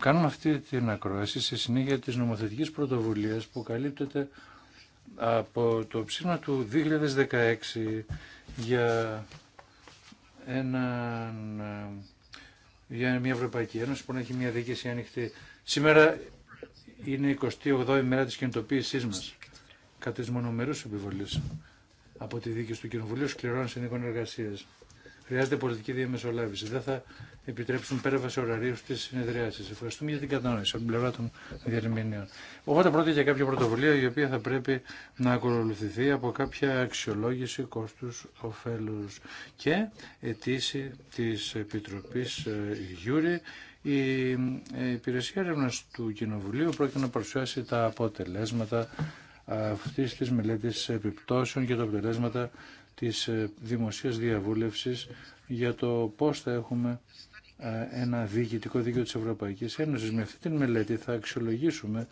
Κάνουμε αυτή την ακρόαση σε συνέχεια της νομοθετικής πρωτοβουλίας που καλύπτεται από το ψήμα του 2016 για, για μια Ευρωπαϊκή Ένωση που να έχει μια διοίκηση ανοιχτή. Σήμερα είναι 28η μέρα της κινητοποίησής μας κατά της μονομερούς επιβολής από τη δίκη του Κοινοβουλίου σκληρών συνδικών εργασίας. Χρειάζεται πολιτική διαμεσολάβηση. Δεν θα επιτρέψουν πέραβαση ωραρίου στι συνεδριάσει. Ευχαριστούμε για την κατανόηση από την πλευρά των διαρμηνίων. Οπότε πρώτα για κάποια πρωτοβουλία η οποία θα πρέπει να ακολουθηθεί από κάποια αξιολόγηση κόστου ωφέλου και αιτήσει τη Επιτροπή ε, Γιούρη. Η ε, Υπηρεσία Έρευνα του Κοινοβουλίου πρόκειται να παρουσιάσει τα αποτελέσματα ε, αυτής της μελέτης επιπτώσεων και τα αποτελέσματα της ε, δημοσίας διαβούλευσης για το πώς θα έχουμε ε, ένα διοικητικό δίκαιο της Ευρωπαϊκής Ένωσης. Με αυτή τη μελέτη θα αξιολογήσουμε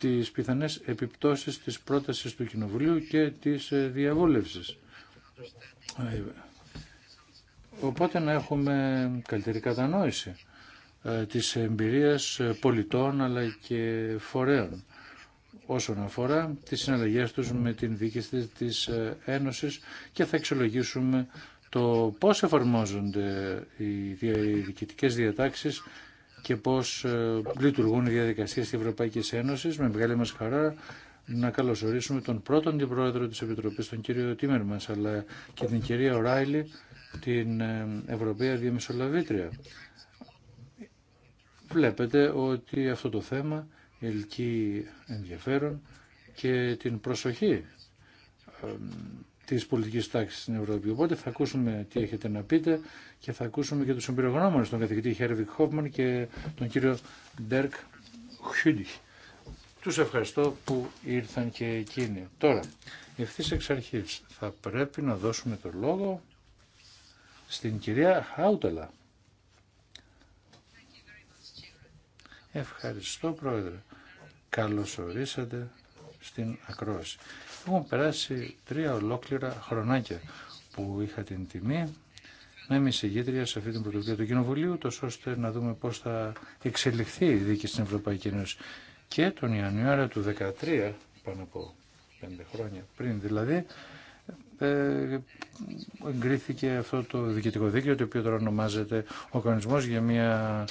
τις πιθανές επιπτώσεις της πρότασης του Κοινοβουλίου και της ε, διαβούλευσης. Οπότε να έχουμε καλύτερη κατανόηση της εμπειρίας πολιτών αλλά και φορέων όσον αφορά τις συναλλαγές τους με την δίκη της ε, Ένωσης και θα εξολογήσουμε το πώς εφαρμόζονται οι διοικητικές διατάξεις και πώς ε, λειτουργούν οι διαδικασίες της Ευρωπαϊκής Ένωσης. Με μεγάλη μας χαρά να καλωσορίσουμε τον πρώτον την πρόεδρο της Επιτροπής, τον κύριο Τίμερ μας, αλλά και την κυρία Οράιλη, την ε, Ευρωπαία Διαμεσολαβήτρια. Βλέπετε ότι αυτό το θέμα ελκύει ενδιαφέρον και την προσοχή της πολιτικής τάξης στην Ευρώπη. Οπότε θα ακούσουμε τι έχετε να πείτε και θα ακούσουμε και τους εμπειρογνώμονες, τον καθηγητή Χέρβικ Χόπμαν και τον κύριο Ντέρκ Χιούντιχ. Τους ευχαριστώ που ήρθαν και εκείνοι. Τώρα, ευθύ εξ αρχής θα πρέπει να δώσουμε το λόγο στην κυρία Χάουτελα. Ευχαριστώ, Πρόεδρε. Καλώς ορίσατε στην ακρόαση. Έχουν περάσει τρία ολόκληρα χρονάκια που είχα την τιμή να είμαι εισηγήτρια σε αυτή την πρωτοβουλία του Κοινοβουλίου, τόσο ώστε να δούμε πώς θα εξελιχθεί η δίκη στην Ευρωπαϊκή Ένωση. Και τον Ιανουάριο του 2013, πάνω από πέντε χρόνια πριν δηλαδή, ε, εγκρίθηκε αυτό το διοικητικό δίκαιο, το οποίο τώρα ονομάζεται ο κανονισμός για μια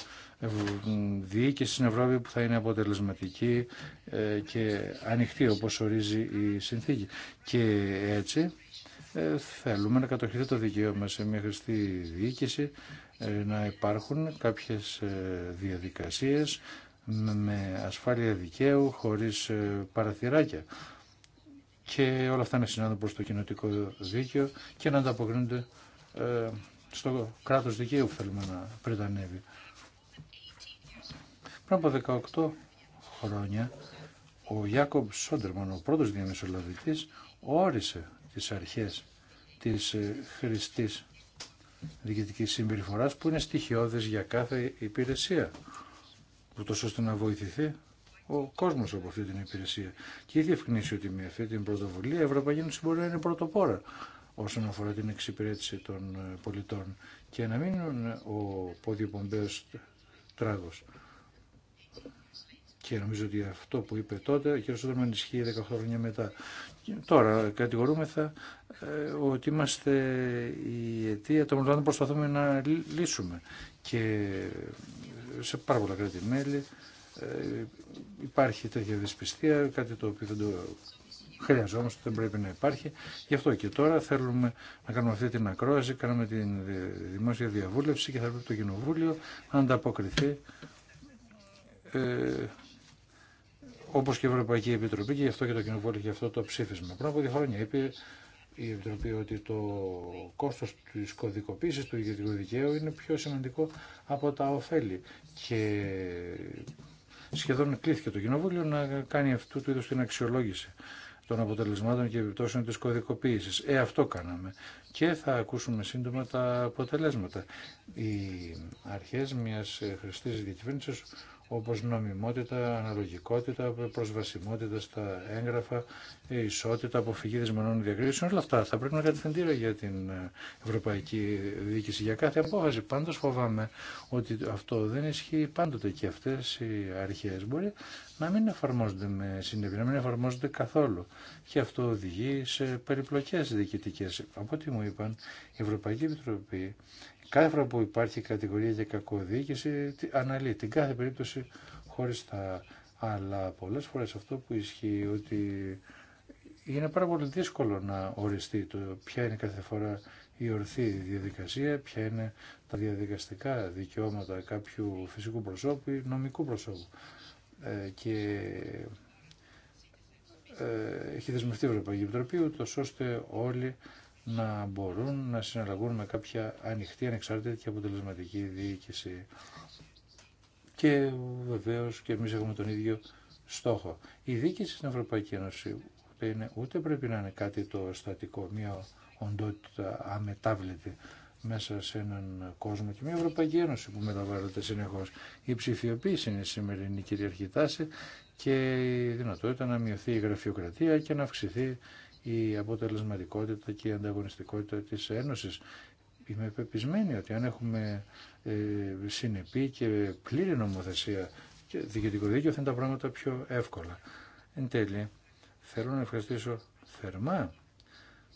διοίκηση στην Ευρώπη που θα είναι αποτελεσματική ε, και ανοιχτή όπως ορίζει η συνθήκη. Και έτσι ε, θέλουμε να κατοχυρεί το δικαίωμα σε μια χρηστή διοίκηση, ε, να υπάρχουν κάποιες διαδικασίες με ασφάλεια δικαίου, χωρίς παραθυράκια. Και όλα αυτά να συνάδουν προς το κοινοτικό δίκαιο και να ανταποκρίνονται στο κράτος δικαίου που θέλουμε να πρετανεύει. Πριν από 18 χρόνια, ο Ιάκομ Σόντερμαν, ο πρώτος διαμεσολαβητής, όρισε τις αρχές της χρηστής διοικητικής συμπεριφοράς που είναι στοιχειώδες για κάθε υπηρεσία, ούτως ώστε να βοηθηθεί ο κόσμο από αυτή την υπηρεσία. Και ήδη ευκνήσει ότι με αυτή την πρωτοβουλία η Ευρωπαϊκή Ένωση μπορεί να είναι πρωτοπόρα όσον αφορά την εξυπηρέτηση των πολιτών και να μην είναι ο πόδιο Πομπέο τράγος. Και νομίζω ότι αυτό που είπε τότε, ο κ. Σούτερμαν ισχύει 18 χρόνια μετά. Τώρα κατηγορούμεθα ε, ότι είμαστε η αιτία των που προσπαθούμε να λύσουμε. Και σε πάρα πολλά κράτη-μέλη ε, υπάρχει τέτοια δυσπιστία, κάτι το οποίο δεν το χρειαζόμαστε, δεν πρέπει να υπάρχει. Γι' αυτό και τώρα θέλουμε να κάνουμε αυτή την ακρόαση, κάναμε τη δημόσια διαβούλευση και θα πρέπει το Κοινοβούλιο να ανταποκριθεί ε, όπως και η Ευρωπαϊκή Επιτροπή και γι' αυτό και το Κοινοβούλιο και αυτό το ψήφισμα. Πριν από δύο χρόνια είπε η Επιτροπή ότι το κόστος της κωδικοποίησης του ιδιωτικού δικαίου είναι πιο σημαντικό από τα ωφέλη και σχεδόν κλείθηκε το Κοινοβούλιο να κάνει αυτού του είδους την αξιολόγηση των αποτελεσμάτων και επιπτώσεων της κωδικοποίησης. Ε, αυτό κάναμε. Και θα ακούσουμε σύντομα τα αποτελέσματα. Οι αρχές μιας χρηστής διακυβέρνησης όπως νομιμότητα, αναλογικότητα, προσβασιμότητα στα έγγραφα, ισότητα, αποφυγή δυσμενών διακρίσεων. Όλα αυτά θα πρέπει να κατευθυντήρω για την ε, ευρωπαϊκή διοίκηση για κάθε απόφαση. Πάντως φοβάμαι ότι αυτό δεν ισχύει πάντοτε και αυτές οι αρχές μπορεί να μην εφαρμόζονται με συνέπεια, να μην εφαρμόζονται καθόλου. Και αυτό οδηγεί σε περιπλοκές διοικητικές. Από ό,τι μου είπαν, η Ευρωπαϊκή Επιτροπή Κάθε φορά που υπάρχει κατηγορία για κακοδιοίκηση, αναλύει την κάθε περίπτωση χωριστά. Αλλά πολλές φορές αυτό που ισχύει ότι είναι πάρα πολύ δύσκολο να οριστεί το ποια είναι κάθε φορά η ορθή διαδικασία, ποια είναι τα διαδικαστικά δικαιώματα κάποιου φυσικού προσώπου ή νομικού προσώπου. Ε, και ε, έχει δεσμευτεί η Ευρωπαϊκή Επιτροπή, ώστε όλοι να μπορούν να συναλλαγούν με κάποια ανοιχτή, ανεξάρτητη και αποτελεσματική διοίκηση. Και βεβαίως και εμείς έχουμε τον ίδιο στόχο. Η διοίκηση στην Ευρωπαϊκή Ένωση ούτε, είναι, ούτε πρέπει να είναι κάτι το στατικό, μια οντότητα αμετάβλητη μέσα σε έναν κόσμο και μια Ευρωπαϊκή Ένωση που μεταβάλλεται συνεχώ. Η ψηφιοποίηση είναι η σημερινή κυριαρχή τάση και η δυνατότητα να μειωθεί η γραφειοκρατία και να αυξηθεί η αποτελεσματικότητα και η ανταγωνιστικότητα της Ένωσης. Είμαι πεπισμένη ότι αν έχουμε ε, συνεπή και πλήρη νομοθεσία και διοικητικό δίκαιο θα είναι τα πράγματα πιο εύκολα. Εν τέλει, θέλω να ευχαριστήσω θερμά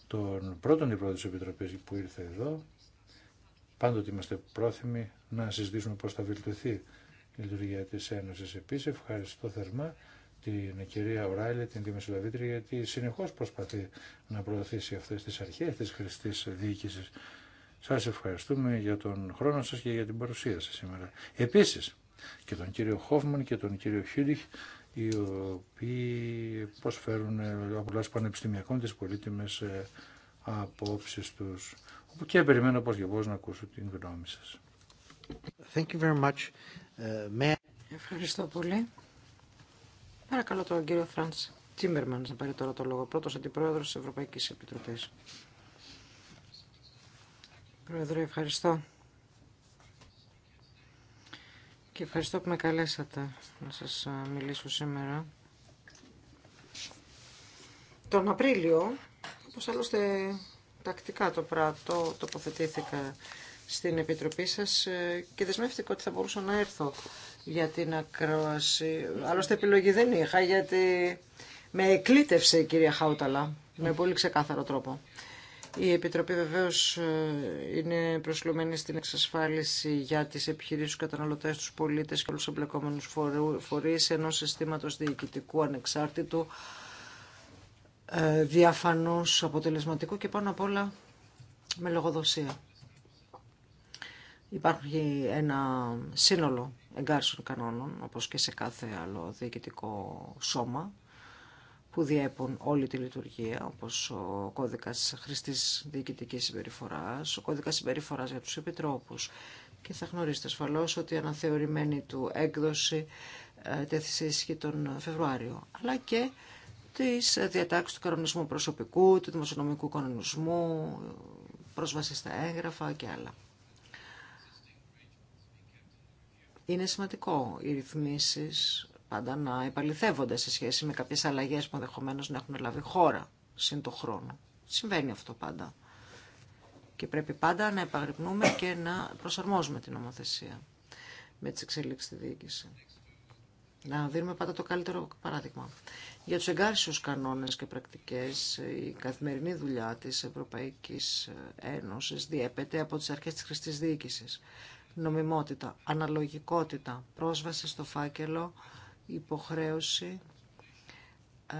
τον πρώτον υπρόεδρο της Επιτροπής που ήρθε εδώ. Πάντοτε είμαστε πρόθυμοι να συζητήσουμε πώς θα βελτιωθεί η λειτουργία της Ένωσης. Επίσης, ευχαριστώ θερμά την κυρία Οράιλε, την Δημοσιολαβήτρια, γιατί συνεχώς προσπαθεί να προωθήσει αυτές τις αρχές της χρηστής διοίκησης. Σας ευχαριστούμε για τον χρόνο σας και για την παρουσία σας σήμερα. Επίσης και τον κύριο Χόφμαν και τον κύριο Χιούντιχ, οι οποίοι προσφέρουν ε, από λάση πανεπιστημιακών τις πολύτιμες ε, απόψεις τους, και περιμένω πώς και πώς να ακούσω την γνώμη σας. Ε, Ευχαριστώ πολύ. Παρακαλώ τον κύριο Φραντ Τίμερμαν να πάρει τώρα το λόγο. Πρώτο αντιπρόεδρο τη Ευρωπαϊκή Επιτροπή. Πρόεδρε, ευχαριστώ. Και ευχαριστώ που με καλέσατε να σας μιλήσω σήμερα. Τον Απρίλιο, όπως άλλωστε τακτικά το πράτο, τοποθετήθηκα στην Επιτροπή σας ε, και δεσμεύτηκα ότι θα μπορούσα να έρθω για την ακρόαση. Άλλωστε επιλογή δεν είχα γιατί με εκλήτευσε η κυρία Χάουταλα με πολύ ξεκάθαρο τρόπο. Η Επιτροπή βεβαίω είναι προσλωμένη στην εξασφάλιση για τι επιχειρήσει, του καταναλωτέ, του πολίτε και όλου του εμπλεκόμενου φορεί ενό συστήματο διοικητικού ανεξάρτητου, ε, διαφανού, αποτελεσματικού και πάνω απ' όλα με λογοδοσία. Υπάρχει ένα σύνολο εγκάρσεων κανόνων, όπως και σε κάθε άλλο διοικητικό σώμα, που διέπουν όλη τη λειτουργία, όπως ο κώδικας χρηστής διοικητικής συμπεριφοράς, ο κώδικας συμπεριφοράς για τους επιτρόπους. Και θα γνωρίζετε ασφαλώ ότι η αναθεωρημένη του έκδοση ε, τέθησε ισχύ τον Φεβρουάριο, αλλά και τις διατάξεις του κανονισμού προσωπικού, του δημοσιονομικού κανονισμού, πρόσβαση στα έγγραφα και άλλα. είναι σημαντικό οι ρυθμίσει πάντα να επαληθεύονται σε σχέση με κάποιε αλλαγέ που ενδεχομένω να έχουν λάβει χώρα σύν το χρόνο. Συμβαίνει αυτό πάντα. Και πρέπει πάντα να επαγρυπνούμε και να προσαρμόζουμε την νομοθεσία με τι εξελίξει στη διοίκηση. Να δίνουμε πάντα το καλύτερο παράδειγμα. Για του εγκάρσιου κανόνε και πρακτικές, η καθημερινή δουλειά τη Ευρωπαϊκή Ένωση διέπεται από τι αρχέ τη χρηστή διοίκηση νομιμότητα, αναλογικότητα, πρόσβαση στο φάκελο, υποχρέωση ε,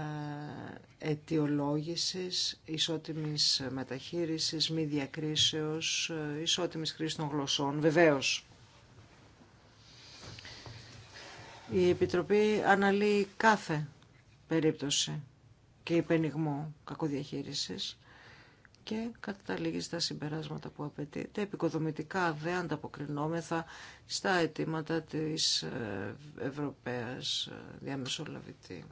αιτιολόγησης, ισότιμης μεταχείρισης, μη διακρίσεως, ε, ισότιμης χρήσης των γλωσσών, βεβαίως. Η Επιτροπή αναλύει κάθε περίπτωση και υπενιγμό κακοδιαχείρισης και καταλήγει στα συμπεράσματα που απαιτείται. Επικοδομητικά δεν ανταποκρινόμεθα στα αιτήματα της ε, Ευρωπαίας ε, διαμεσολαβητή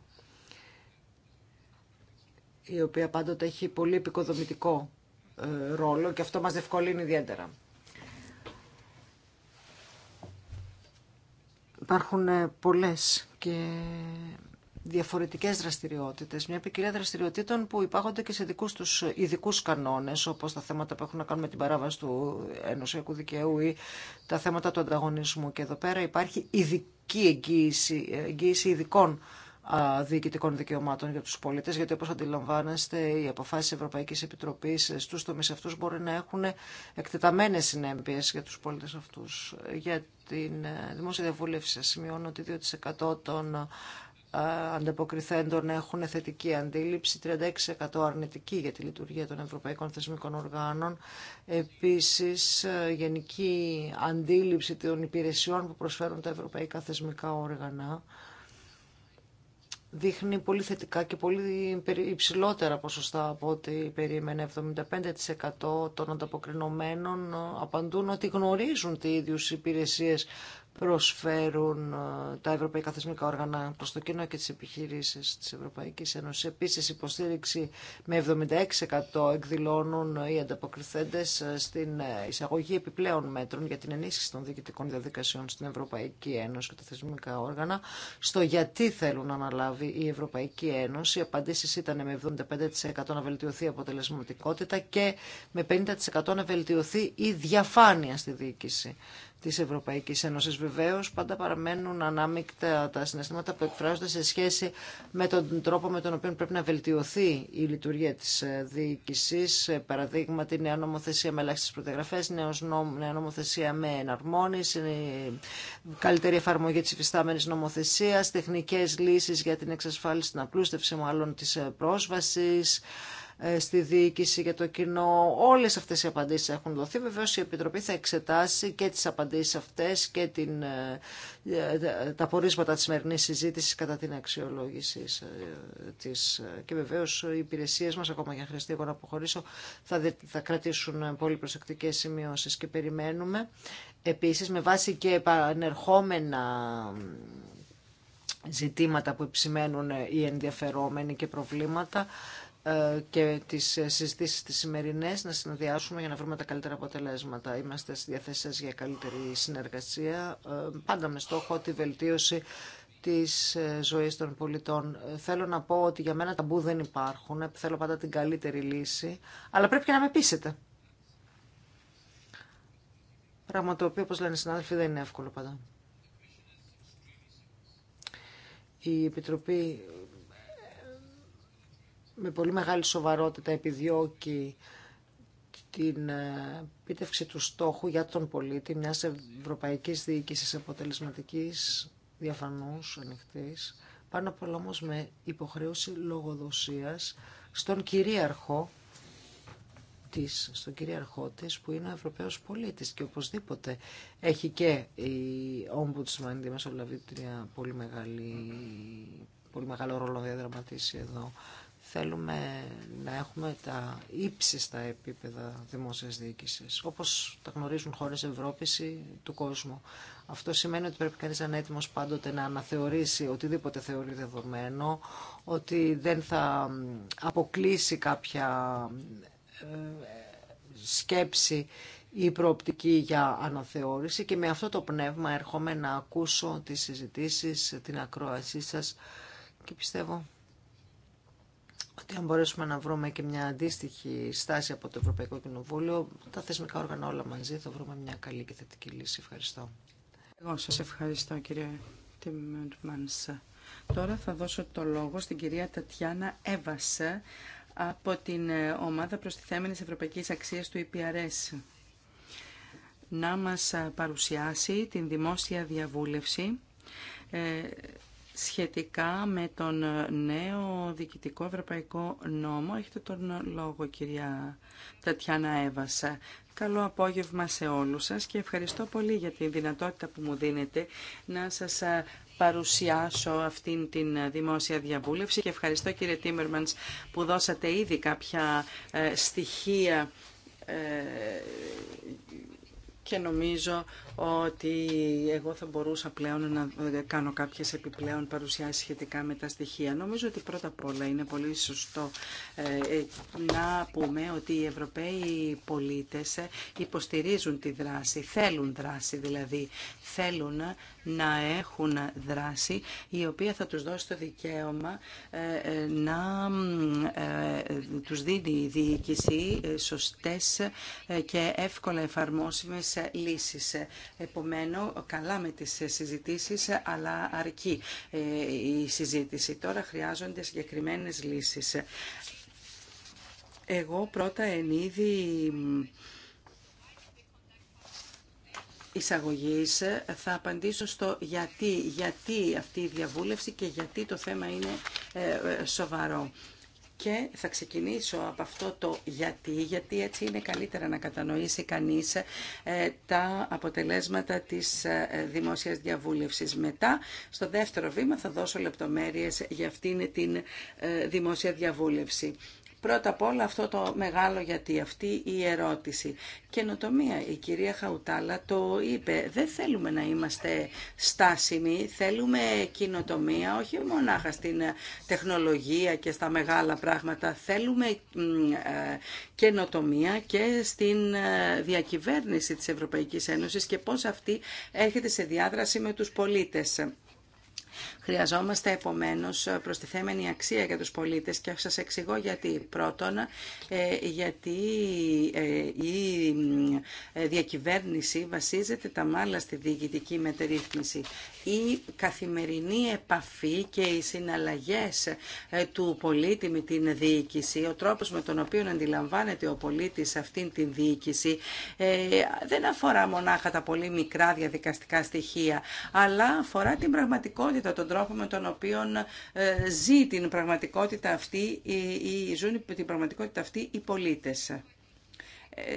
η οποία πάντοτε έχει πολύ επικοδομητικό ε, ρόλο και αυτό μας διευκολύνει ιδιαίτερα. Υπάρχουν πολλές και Διαφορετικέ δραστηριότητε, μια ποικιλία δραστηριοτήτων που υπάρχονται και σε δικού του ειδικού κανόνε όπω τα θέματα που έχουν να κάνουν με την παράβαση του ενωσιακού δικαίου ή τα θέματα του ανταγωνισμού. Και εδώ πέρα υπάρχει ειδική εγγύηση, εγγύηση ειδικών διοικητικών δικαιωμάτων για τους πολίτες, γιατί όπως αντιλαμβάνεστε οι αποφάσεις της Ευρωπαϊκής Επιτροπής στους τομείς αυτούς μπορεί να έχουν εκτεταμένες συνέπειες για τους πολίτες αυτούς. Για την ε, δημόσια διαβούλευση σημειώνω 2% των ε, ανταποκριθέντων έχουν θετική αντίληψη, 36% αρνητική για τη λειτουργία των ευρωπαϊκών θεσμικών οργάνων. Επίσης, ε, γενική αντίληψη των υπηρεσιών που προσφέρουν τα ευρωπαϊκά θεσμικά όργανα δείχνει πολύ θετικά και πολύ υψηλότερα ποσοστά από ό,τι περίμενε. 75% των ανταποκρινωμένων απαντούν ότι γνωρίζουν τι ίδιους υπηρεσίες προσφέρουν ε, τα ευρωπαϊκά θεσμικά όργανα προς το κοινό και τις επιχειρήσεις της Ευρωπαϊκής Ένωσης. Επίσης, υποστήριξη με 76% εκδηλώνουν οι ανταποκριθέντες ε, στην ε, εισαγωγή επιπλέον μέτρων για την ενίσχυση των διοικητικών διαδικασιών στην Ευρωπαϊκή Ένωση και τα θεσμικά όργανα. Στο γιατί θέλουν να αναλάβει η Ευρωπαϊκή Ένωση, οι απαντήσεις ήταν με 75% να βελτιωθεί η αποτελεσματικότητα και με 50% να βελτιωθεί η διαφάνεια στη διοίκηση Τη Ευρωπαϊκή Ένωση, βεβαίω, πάντα παραμένουν ανάμεικτα τα συναισθήματα που εκφράζονται σε σχέση με τον τρόπο με τον οποίο πρέπει να βελτιωθεί η λειτουργία της διοίκησης. Ε, παραδείγματι νέα νομοθεσία με ελάχιστε προδιαγραφέ, νέα νομοθεσία με εναρμόνιση, ε, καλύτερη εφαρμογή τη υφιστάμενη νομοθεσία, τεχνικέ λύσει για την εξασφάλιση, την απλούστευση μάλλον της ε, πρόσβασης, ε, στη διοίκηση, για το κοινό. Όλες αυτέ οι απαντήσει έχουν δοθεί. βεβαίω η Επιτροπή θα εξετάσει και τι απαντήσει αυτές και την, ε, ε, τα πορίσματα τη σημερινή συζήτηση κατά την αξιολόγηση της. Και βεβαίω οι υπηρεσίε μα ακόμα για χρηστή, εγώ να αποχωρήσω, θα, θα κρατήσουν πολύ προσεκτικέ σημειώσει και περιμένουμε. Επίσης, με βάση και επανερχόμενα ζητήματα που επισημαίνουν οι ενδιαφερόμενοι και προβλήματα, ε, και τι συζητήσει τι σημερινέ να συνδυάσουμε για να βρούμε τα καλύτερα αποτελέσματα. Είμαστε στη διαθέση για καλύτερη συνεργασία, ε, πάντα με στόχο τη βελτίωση της ε, ζωής των πολιτών. Θέλω να πω ότι για μένα ταμπού δεν υπάρχουν, θέλω πάντα την καλύτερη λύση, αλλά πρέπει και να με πείσετε. Πράγμα το οποίο, όπω λένε οι συνάδελφοι, δεν είναι εύκολο πάντα. Η Επιτροπή με πολύ μεγάλη σοβαρότητα επιδιώκει την ε, πίτευξη του στόχου για τον πολίτη μιας ευρωπαϊκής διοίκησης αποτελεσματικής, διαφανούς, ανοιχτής, πάνω απ' όλα όμως με υποχρέωση λογοδοσίας στον κυρίαρχο της, στον κυρίαρχό της που είναι ο Ευρωπαίος πολίτης και οπωσδήποτε έχει και η Ombudsman, η Μεσολαβήτρια, πολύ, μεγάλη, πολύ μεγάλο ρόλο διαδραματίσει εδώ θέλουμε να έχουμε τα ύψιστα επίπεδα δημόσιας διοίκησης, όπως τα γνωρίζουν χώρες Ευρώπης ή του κόσμου. Αυτό σημαίνει ότι πρέπει κανείς να είναι πάντοτε να αναθεωρήσει οτιδήποτε θεωρεί δεδομένο, ότι δεν θα αποκλείσει κάποια ε, σκέψη η προοπτική για αναθεώρηση και με αυτό το πνεύμα έρχομαι να ακούσω τις συζητήσεις, την ακρόασή σας και πιστεύω ότι αν μπορέσουμε να βρούμε και μια αντίστοιχη στάση από το Ευρωπαϊκό Κοινοβούλιο, τα θεσμικά όργανα όλα μαζί θα βρούμε μια καλή και θετική λύση. Ευχαριστώ. Εγώ σας ευχαριστώ κύριε Τιμμαντμάνς. Τώρα θα δώσω το λόγο στην κυρία Τατιάνα Έβασε από την ομάδα προστιθέμενης ευρωπαϊκής αξίας του EPRS να μας παρουσιάσει την δημόσια διαβούλευση ε, σχετικά με τον νέο διοικητικό ευρωπαϊκό νόμο. Έχετε τον λόγο, κυρία Τατιάνα Έβασα. Καλό απόγευμα σε όλους σας και ευχαριστώ πολύ για τη δυνατότητα που μου δίνετε να σας ε, παρουσιάσω αυτήν την δημόσια διαβούλευση και ευχαριστώ κύριε Τίμερμανς που δώσατε ήδη κάποια ε, στοιχεία ε, και νομίζω ότι εγώ θα μπορούσα πλέον να κάνω κάποιες επιπλέον παρουσιάσεις σχετικά με τα στοιχεία. Νομίζω ότι πρώτα απ' όλα είναι πολύ σωστό ε, ε, να πούμε ότι οι Ευρωπαίοι πολίτες ε, υποστηρίζουν τη δράση, θέλουν δράση δηλαδή, θέλουν να έχουν δράση η οποία θα τους δώσει το δικαίωμα ε, ε, να ε, τους δίνει η διοίκηση σωστές και εύκολα εφαρμόσιμες λύσεις. Επομένω, καλά με τις συζητήσεις, αλλά αρκεί η συζήτηση. Τώρα χρειάζονται συγκεκριμένες λύσεις. Εγώ πρώτα εν είδη εισαγωγής θα απαντήσω στο γιατί, γιατί αυτή η διαβούλευση και γιατί το θέμα είναι ε, ε, σοβαρό. Και θα ξεκινήσω από αυτό το γιατί, γιατί έτσι είναι καλύτερα να κατανοήσει κανείς ε, τα αποτελέσματα της δημόσιας διαβούλευσης. Μετά, στο δεύτερο βήμα, θα δώσω λεπτομέρειες για αυτήν την δημόσια διαβούλευση. Πρώτα απ' όλα αυτό το μεγάλο γιατί, αυτή η ερώτηση. Καινοτομία, η κυρία Χαουτάλα το είπε, δεν θέλουμε να είμαστε στάσιμοι, θέλουμε κοινοτομία, όχι μονάχα στην τεχνολογία και στα μεγάλα πράγματα, θέλουμε ε, καινοτομία και στην ε, διακυβέρνηση της Ευρωπαϊκής Ένωσης και πώς αυτή έρχεται σε διάδραση με τους πολίτες. Χρειαζόμαστε επομένως προστιθέμενη αξία για τους πολίτες και σα εξηγώ γιατί. Πρώτον, ε, γιατί ε, η ε, διακυβέρνηση βασίζεται τα μάλλα στη διοικητική μετερρύθμιση η καθημερινή επαφή και οι συναλλαγές ε, του πολίτη με την διοίκηση, ο τρόπος με τον οποίο αντιλαμβάνεται ο πολίτης αυτήν την διοίκηση, ε, δεν αφορά μονάχα τα πολύ μικρά διαδικαστικά στοιχεία, αλλά αφορά την πραγματικότητα, τον τρόπο με τον οποίο ε, ζει την πραγματικότητα αυτή, ζουν την πραγματικότητα αυτή οι πολίτες.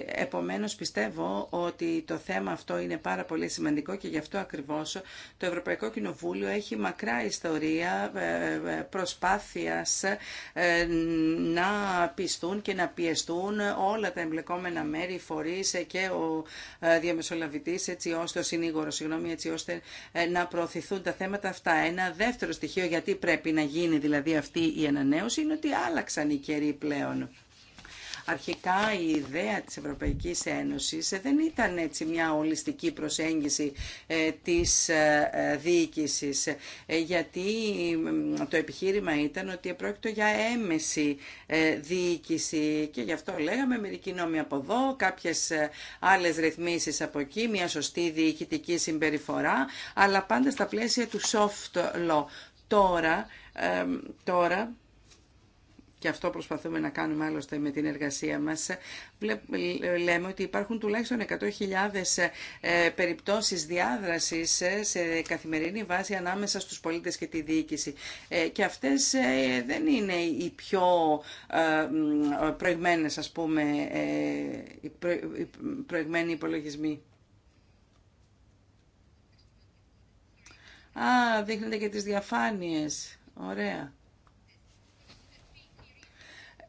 Επομένως πιστεύω ότι το θέμα αυτό είναι πάρα πολύ σημαντικό και γι' αυτό ακριβώς το Ευρωπαϊκό Κοινοβούλιο έχει μακρά ιστορία ε, ε, προσπάθειας ε, να πιστούν και να πιεστούν όλα τα εμπλεκόμενα μέρη, φορείς και ο διαμεσολαβητής έτσι ώστε ο συνήγορο συγγνώμη, έτσι ώστε να προωθηθούν τα θέματα αυτά. Ένα δεύτερο στοιχείο γιατί πρέπει να γίνει δηλαδή αυτή η ανανέωση είναι ότι άλλαξαν οι καιροί πλέον. Αρχικά η ιδέα της Ευρωπαϊκής Ένωσης δεν ήταν έτσι μια ολιστική προσέγγιση ε, της ε, ε, διοίκησης, γιατί το επιχείρημα ήταν ότι πρόκειται για έμεση διοίκηση και γι' αυτό λέγαμε μερικοί νόμοι από εδώ, κάποιες άλλες ρυθμίσεις από εκεί, μια σωστή διοικητική συμπεριφορά, αλλά πάντα στα πλαίσια του soft law. Τώρα, τώρα και αυτό προσπαθούμε να κάνουμε άλλωστε με την εργασία μας, λέμε ότι υπάρχουν τουλάχιστον 100.000 ε, περιπτώσεις διάδρασης ε, σε καθημερινή βάση ανάμεσα στους πολίτες και τη διοίκηση. Ε, και αυτές δεν είναι οι πιο προηγμένες, ας πούμε, οι προηγμένοι υπολογισμοί. Α, δείχνετε και τις διαφάνειες. Ωραία.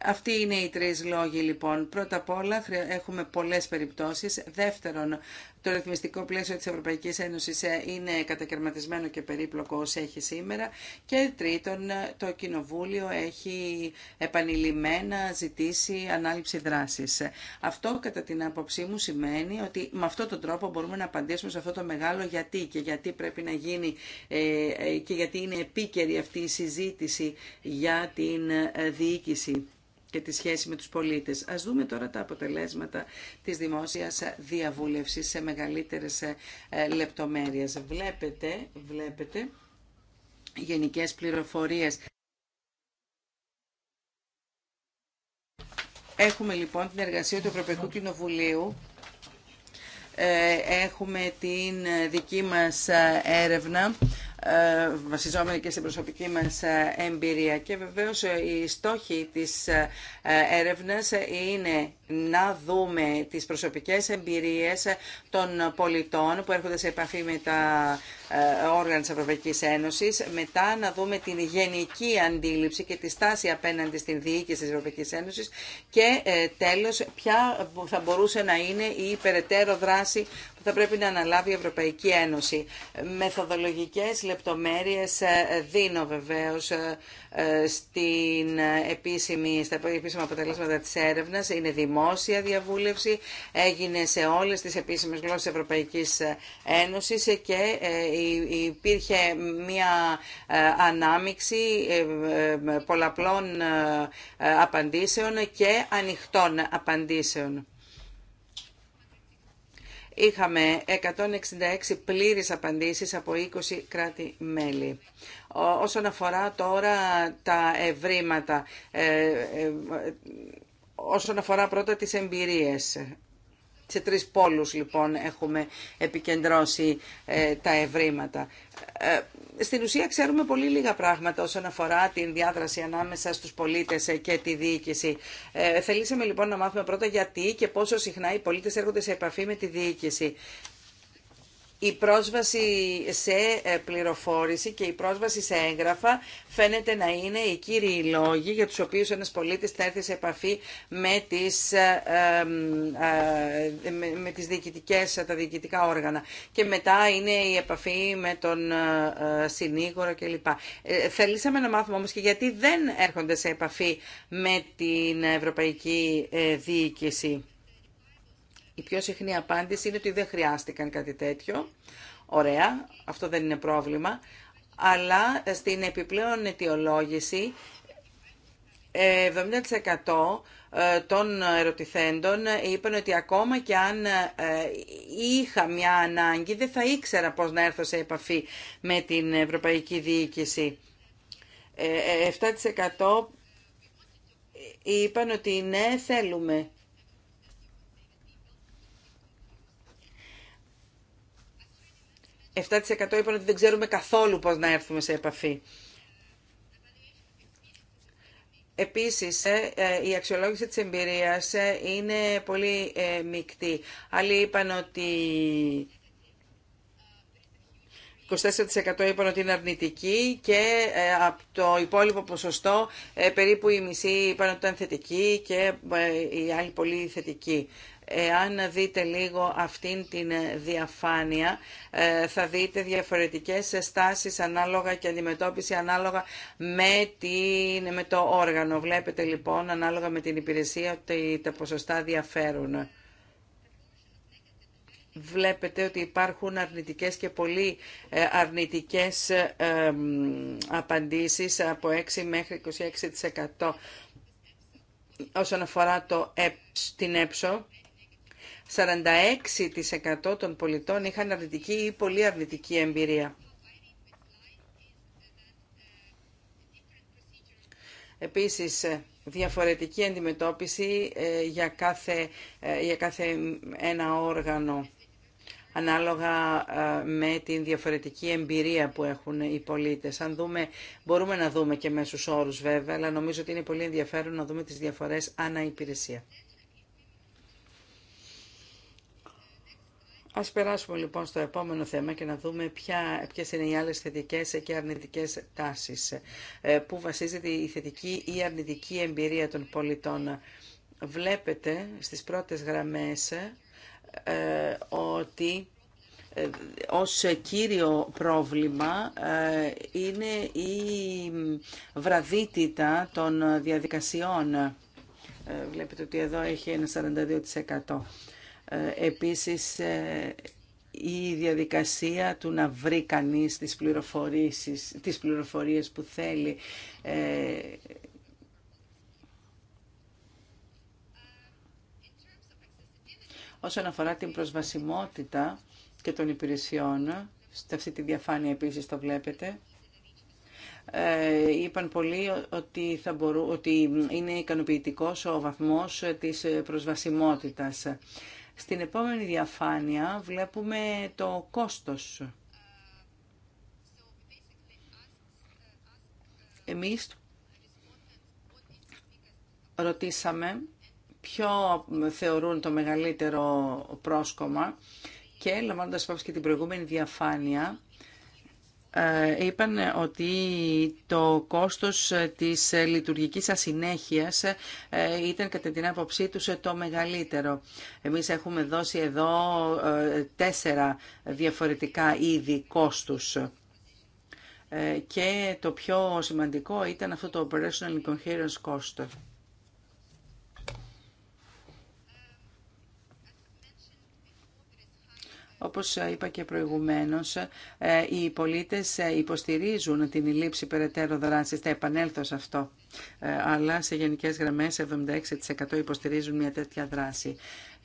Αυτοί είναι οι τρεις λόγοι λοιπόν. Πρώτα απ' όλα έχουμε πολλές περιπτώσεις. Δεύτερον, το ρυθμιστικό πλαίσιο της Ευρωπαϊκής Ένωσης ε, είναι κατακαιρματισμένο και περίπλοκο όσο έχει σήμερα. Και τρίτον, το Κοινοβούλιο έχει επανειλημμένα ζητήσει ανάληψη δράσης. Αυτό κατά την άποψή μου σημαίνει ότι με αυτόν τον τρόπο μπορούμε να απαντήσουμε σε αυτό το μεγάλο γιατί και γιατί πρέπει να γίνει ε, ε, και γιατί είναι επίκαιρη αυτή η συζήτηση για την διοίκηση και τη σχέση με τους πολίτες. Ας δούμε τώρα τα αποτελέσματα της δημόσιας διαβούλευσης σε μεγαλύτερες ε, λεπτομέρειες. Βλέπετε, βλέπετε γενικές πληροφορίες. Έχουμε λοιπόν την εργασία του Ευρωπαϊκού Κοινοβουλίου ε, έχουμε την ε, δική μας έρευνα ε, βασιζόμενοι και στην προσωπική μας ε, εμπειρία. Και βεβαίως η ε, στόχη της έρευνας είναι να δούμε τις προσωπικές εμπειρίες των πολιτών που έρχονται σε επαφή με τα όργανα της Ευρωπαϊκής Ένωσης, μετά να δούμε την γενική αντίληψη και τη στάση απέναντι στην διοίκηση της Ευρωπαϊκής Ένωσης και τέλος ποια θα μπορούσε να είναι η υπεραιτέρω δράση θα πρέπει να αναλάβει η Ευρωπαϊκή Ένωση. Μεθοδολογικές λεπτομέρειες ε, δίνω βεβαίως ε, ε, στην επίσημη, στα επίσημα αποτελέσματα της έρευνας. Είναι δημόσια διαβούλευση, έγινε σε όλες τις επίσημες γλώσσες Ευρωπαϊκής Ένωσης και υπήρχε μια ανάμιξη πολλαπλών απαντήσεων και ανοιχτών απαντήσεων. Είχαμε 166 πλήρεις απαντήσεις από 20 κράτη-μέλη. Όσον αφορά τώρα τα ευρήματα, ε, ε, ε, όσον αφορά πρώτα τις εμπειρίες, σε τρεις πόλους λοιπόν έχουμε επικεντρώσει ε, τα ευρήματα. Ε, στην ουσία ξέρουμε πολύ λίγα πράγματα όσον αφορά την διάδραση ανάμεσα στους πολίτες ε, και τη διοίκηση. Ε, θελήσαμε λοιπόν να μάθουμε πρώτα γιατί και πόσο συχνά οι πολίτες έρχονται σε επαφή με τη διοίκηση η πρόσβαση σε ε, πληροφόρηση και η πρόσβαση σε έγγραφα φαίνεται να είναι οι κύριοι λόγοι για τους οποίους ένας πολίτης θα έρθει σε επαφή με τις, ε, ε, με τις τα διοικητικά όργανα. Και μετά είναι η επαφή με τον συνήγορο κλπ. Θέλησαμε να μάθουμε όμως και γιατί δεν έρχονται σε επαφή με την Ευρωπαϊκή Διοίκηση. Η πιο συχνή απάντηση είναι ότι δεν χρειάστηκαν κάτι τέτοιο. Ωραία, αυτό δεν είναι πρόβλημα. Αλλά στην επιπλέον αιτιολόγηση 70% ε, των ερωτηθέντων είπαν ότι ακόμα και αν ε, είχα μια ανάγκη δεν θα ήξερα πώς να έρθω σε επαφή με την Ευρωπαϊκή Διοίκηση. 7% ε, είπαν ότι ναι θέλουμε 7% είπαν ότι δεν ξέρουμε καθόλου πώς να έρθουμε σε επαφή. Επίσης, ε, ε, η αξιολόγηση της εμπειρίας ε, είναι πολύ μεικτή. Άλλοι είπαν ότι 24% είπαν ότι είναι αρνητική και από το υπόλοιπο ποσοστό περίπου η μισή είπαν ότι ήταν θετική και οι άλλοι πολύ θετικοί. Εάν δείτε λίγο αυτήν την διαφάνεια, ε, θα δείτε διαφορετικές στάσεις ανάλογα και αντιμετώπιση ανάλογα με, την, με το όργανο. Βλέπετε λοιπόν, ανάλογα με την υπηρεσία, ότι τα ποσοστά διαφέρουν βλέπετε ότι υπάρχουν αρνητικές και πολύ ε, αρνητικές ε, απαντήσεις από 6 μέχρι 26% όσον αφορά το, την έψο. 46% των πολιτών είχαν αρνητική ή πολύ αρνητική εμπειρία. Επίσης, διαφορετική αντιμετώπιση ε, για κάθε, ε, για κάθε ένα όργανο ανάλογα ε, με την διαφορετική εμπειρία που έχουν οι πολίτες. Αν δούμε, μπορούμε να δούμε και μέσους όρους βέβαια, αλλά νομίζω ότι είναι πολύ ενδιαφέρον να δούμε τις διαφορές ανά υπηρεσία. Ας περάσουμε λοιπόν στο επόμενο θέμα και να δούμε ποια, ποιες είναι οι άλλες θετικές και αρνητικές τάσεις ε, που βασίζεται η θετική ή αρνητική εμπειρία των πολιτών. Βλέπετε στις πρώτες γραμμές ε, ότι ε, ως κύριο πρόβλημα είναι η βραδύτητα των διαδικασιών. Βλέπετε ότι εδώ έχει ένα 42%. Ε, επίσης, ε, η διαδικασία του να βρει κανείς τις, πληροφορίες, τις που θέλει ε, όσον αφορά την προσβασιμότητα και των υπηρεσιών, σε αυτή τη διαφάνεια επίσης το βλέπετε, είπαν πολλοί ότι, θα μπορού, ότι είναι ικανοποιητικός ο βαθμός της προσβασιμότητας. Στην επόμενη διαφάνεια βλέπουμε το κόστος. Εμείς ρωτήσαμε ποιο θεωρούν το μεγαλύτερο πρόσκομα και λαμβάνοντας υπόψη και την προηγούμενη διαφάνεια είπαν ότι το κόστος της λειτουργικής ασυνέχειας ε, ήταν κατά την άποψή τους το μεγαλύτερο. Εμείς έχουμε δώσει εδώ ε, τέσσερα διαφορετικά είδη κόστους ε, και το πιο σημαντικό ήταν αυτό το operational incoherence cost. Όπως είπα και προηγουμένως, ε, οι πολίτες ε, υποστηρίζουν την λήψη περαιτέρω δράσης. Θα επανέλθω σε αυτό. Ε, αλλά σε γενικές γραμμές 76% υποστηρίζουν μια τέτοια δράση.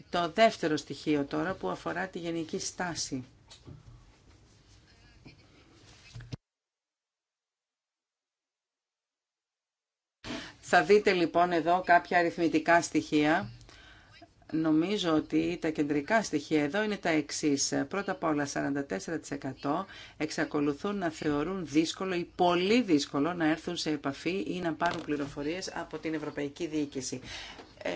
Το δεύτερο στοιχείο τώρα που αφορά τη γενική στάση. Θα δείτε λοιπόν εδώ κάποια αριθμητικά στοιχεία Νομίζω ότι τα κεντρικά στοιχεία εδώ είναι τα εξής. Πρώτα απ' όλα 44% εξακολουθούν να θεωρούν δύσκολο ή πολύ δύσκολο να έρθουν σε επαφή ή να πάρουν πληροφορίες από την Ευρωπαϊκή Διοίκηση. Ε,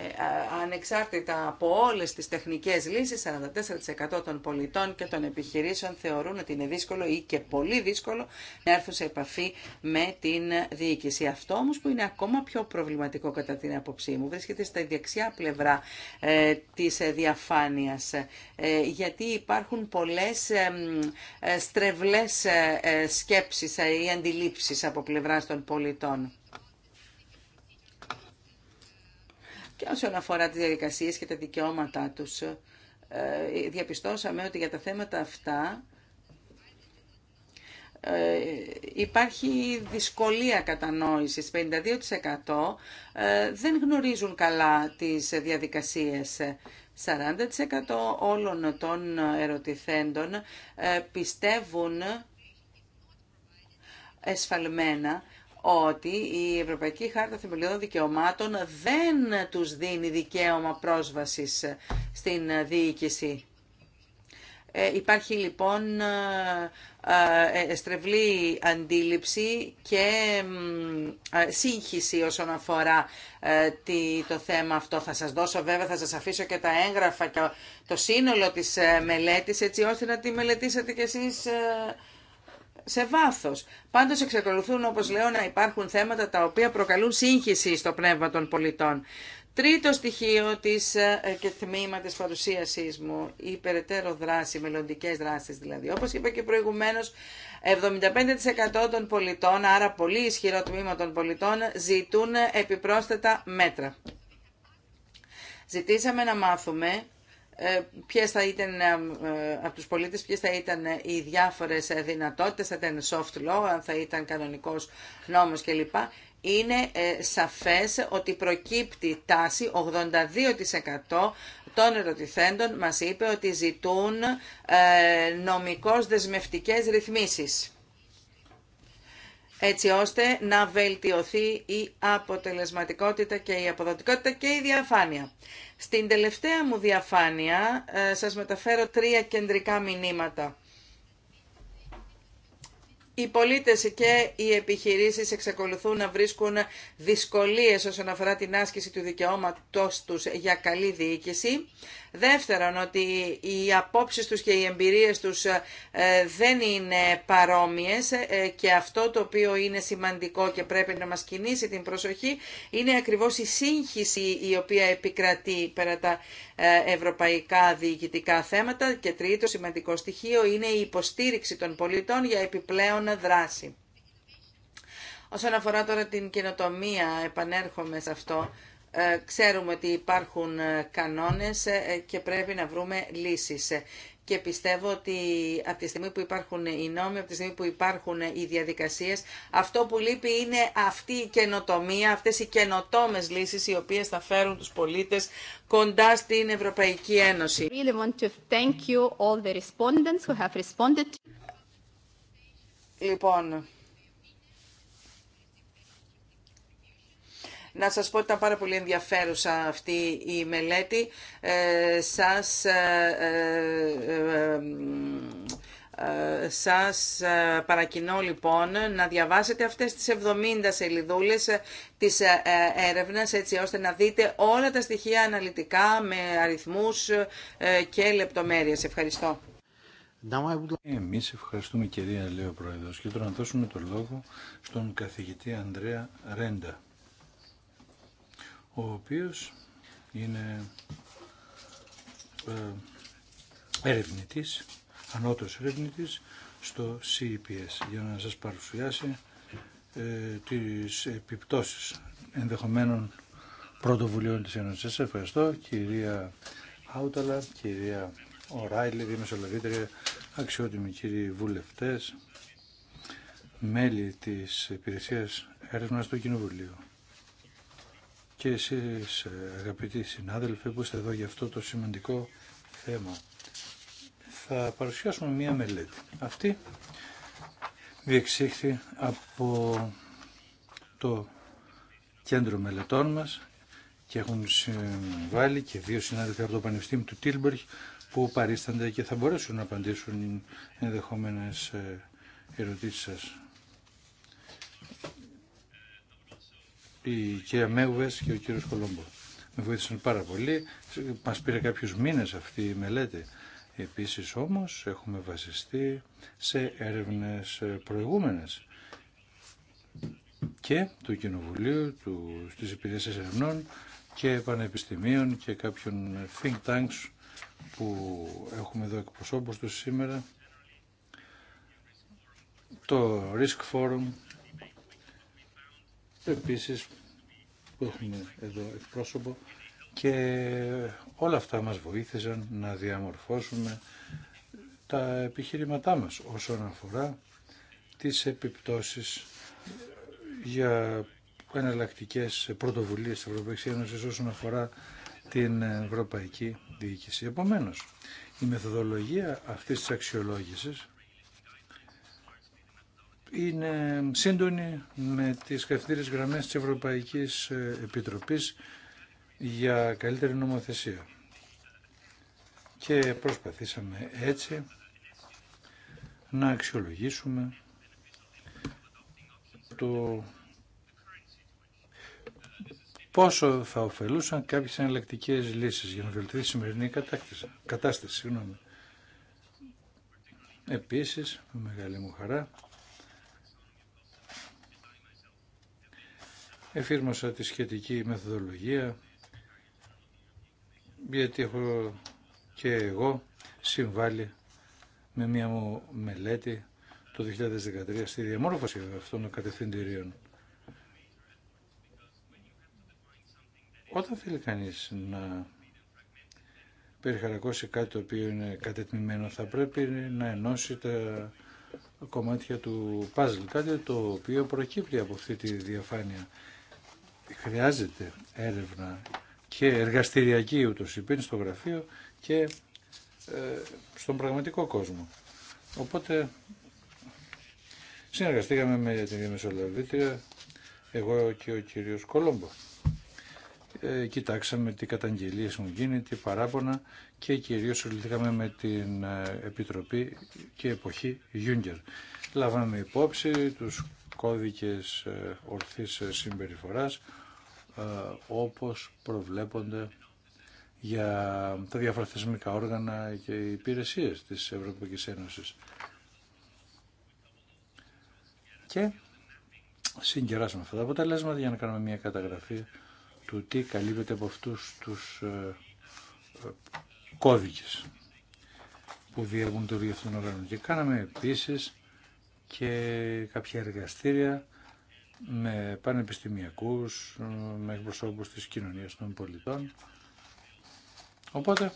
ανεξάρτητα από όλες τις τεχνικές λύσεις, 44% των πολιτών και των επιχειρήσεων θεωρούν ότι είναι δύσκολο ή και πολύ δύσκολο να έρθουν σε επαφή με την διοίκηση. Αυτό όμως που είναι ακόμα πιο προβληματικό κατά την άποψή μου βρίσκεται στα δεξιά πλευρά ε, της διαφάνειας ε, γιατί υπάρχουν πολλές ε, στρεβλές ε, σκέψεις ή αντιλήψεις από πλευράς των πολιτών. Και όσον αφορά τις διαδικασίες και τα δικαιώματά τους, ε, διαπιστώσαμε ότι για τα θέματα αυτά ε, υπάρχει δυσκολία κατανόησης. 52% ε, δεν γνωρίζουν καλά τις διαδικασίες. 40% όλων των ερωτηθέντων πιστεύουν εσφαλμένα ότι η Ευρωπαϊκή Χάρτα Θεμελιωδών Δικαιωμάτων δεν τους δίνει δικαίωμα πρόσβασης στην διοίκηση. Ε, υπάρχει λοιπόν ε, ε στρεβλή αντίληψη και ε, σύγχυση όσον αφορά ε, το θέμα αυτό. Θα σας δώσω βέβαια, θα σας αφήσω και τα έγγραφα και το σύνολο της μελέτης έτσι ώστε να τη μελετήσετε κι εσείς σε βάθος. Πάντω εξακολουθούν, όπως λέω, να υπάρχουν θέματα τα οποία προκαλούν σύγχυση στο πνεύμα των πολιτών. Τρίτο στοιχείο της ε, και τμήμα τη παρουσίασής μου, η περαιτέρω δράση, μελλοντικέ δράσεις δηλαδή. Όπως είπα και προηγουμένως, 75% των πολιτών, άρα πολύ ισχυρό τμήμα των πολιτών, ζητούν επιπρόσθετα μέτρα. Ζητήσαμε να μάθουμε ε, ποιες θα ήταν ε, ε, από τους πολίτες, ποιες θα ήταν οι διάφορες δυνατότητες, θα ήταν soft law, αν θα ήταν κανονικός νόμος κλπ. Είναι σαφές ότι προκύπτει τάση 82% των ερωτηθέντων μας είπε ότι ζητούν νομικώς δεσμευτικές ρυθμίσεις έτσι ώστε να βελτιωθεί η αποτελεσματικότητα και η αποδοτικότητα και η διαφάνεια. Στην τελευταία μου διαφάνεια ε, σας μεταφέρω τρία κεντρικά μηνύματα. Οι πολίτες και οι επιχειρήσεις εξακολουθούν να βρίσκουν δυσκολίες όσον αφορά την άσκηση του δικαιώματος τους για καλή διοίκηση. Δεύτερον, ότι οι απόψεις τους και οι εμπειρίες τους ε, δεν είναι παρόμοιες ε, και αυτό το οποίο είναι σημαντικό και πρέπει να μας κινήσει την προσοχή είναι ακριβώς η σύγχυση η οποία επικρατεί πέρα τα ε, ευρωπαϊκά διοικητικά θέματα και τρίτο σημαντικό στοιχείο είναι η υποστήριξη των πολιτών για επιπλέον δράση. Όσον αφορά τώρα την καινοτομία, επανέρχομαι σε αυτό, ε, ξέρουμε ότι υπάρχουν ε, κανόνες ε, και πρέπει να βρούμε λύσεις. Και πιστεύω ότι από τη στιγμή που υπάρχουν οι νόμοι, από τη στιγμή που υπάρχουν οι διαδικασίες, αυτό που λείπει είναι αυτή η καινοτομία, αυτές οι καινοτόμες λύσεις οι οποίες θα φέρουν τους πολίτες κοντά στην Ευρωπαϊκή Ένωση. Λοιπόν, Να σας πω ότι ήταν πάρα πολύ ενδιαφέρουσα αυτή η μελέτη. Ε, σας... Ε, ε, ε σας ε, παρακινώ λοιπόν να διαβάσετε αυτές τις 70 σελιδούλες της έρευνας έτσι ώστε να δείτε όλα τα στοιχεία αναλυτικά με αριθμούς και λεπτομέρειες. Ευχαριστώ. Εμείς ευχαριστούμε κυρία Λέω Πρόεδρος και τώρα να δώσουμε το λόγο στον καθηγητή Ανδρέα Ρέντα ο οποίος είναι ε, ερευνητής, ανώτερος ερευνητής στο CPS, e για να σας παρουσιάσει ε, τις επιπτώσεις ενδεχομένων πρωτοβουλίων της Ένωσης. Σας ευχαριστώ κυρία Άουταλα, κυρία Οράιλη, Δημεσολαβήτρια, αξιότιμοι κύριοι βουλευτές, μέλη της Υπηρεσίας Έρευνας του Κοινοβουλίου και εσείς αγαπητοί συνάδελφοι που είστε εδώ για αυτό το σημαντικό θέμα. Θα παρουσιάσουμε μία μελέτη. Αυτή διεξήχθη από το κέντρο μελετών μας και έχουν συμβάλει και δύο συνάδελφοι από το Πανεπιστήμιο του Τίλμπεργκ που παρίστανται και θα μπορέσουν να απαντήσουν ενδεχόμενες ε, ερωτήσεις σας η κυρία Μέγουβες και ο κύριος Κολόμπο. Με βοήθησαν πάρα πολύ. Μας πήρε κάποιους μήνες αυτή η μελέτη. Επίσης όμως έχουμε βασιστεί σε έρευνες προηγούμενες και του Κοινοβουλίου, του, στις υπηρεσίες ερευνών και πανεπιστημίων και κάποιων think tanks που έχουμε εδώ εκπροσώπους τους σήμερα. Το Risk Forum Επίσης που έχουμε εδώ εκπρόσωπο και όλα αυτά μας βοήθησαν να διαμορφώσουμε τα επιχειρηματά μας όσον αφορά τις επιπτώσεις για εναλλακτικέ πρωτοβουλίες της Ευρωπαϊκής Ένωσης όσον αφορά την Ευρωπαϊκή Διοίκηση. Επομένως, η μεθοδολογία αυτής της αξιολόγησης είναι σύντονη με τις καυτήρες γραμμές της Ευρωπαϊκής ε, Επιτροπής για καλύτερη νομοθεσία. Και προσπαθήσαμε έτσι να αξιολογήσουμε το πόσο θα ωφελούσαν κάποιες εναλλακτικέ λύσεις για να βελτιωθεί η σημερινή κατάσταση. Επίσης, με μεγάλη μου χαρά, εφήρμοσα τη σχετική μεθοδολογία γιατί έχω και εγώ συμβάλει με μία μου μελέτη το 2013 στη διαμόρφωση αυτών των κατευθυντηρίων. Όταν θέλει κανείς να περιχαρακώσει κάτι το οποίο είναι κατετμημένο θα πρέπει να ενώσει τα κομμάτια του παζλ, κάτι το οποίο προκύπτει από αυτή τη διαφάνεια χρειάζεται έρευνα και εργαστηριακή ούτως υπήν στο γραφείο και ε, στον πραγματικό κόσμο. Οπότε συνεργαστήκαμε με την Μεσολαβήτρια, εγώ και ο κύριος Κολόμπο. Ε, κοιτάξαμε τι καταγγελίες μου γίνει, τι παράπονα και κυρίως συλληφθήκαμε με την ε, Επιτροπή και Εποχή Γιούγκερ. Λάβαμε υπόψη τους κώδικες ε, ορθής ε, συμπεριφοράς ε, όπως προβλέπονται για τα διάφορα όργανα και υπηρεσίες της Ευρωπαϊκής Ένωσης. Και συγκεράσουμε αυτά τα αποτελέσματα για να κάνουμε μια καταγραφή του τι καλύπτεται από αυτούς τους κώδικες που διεύγουν το διευθυνό όργανο. Και κάναμε επίσης και κάποια εργαστήρια με πανεπιστημιακούς, με εκπροσώπους της κοινωνίας των πολιτών. Οπότε,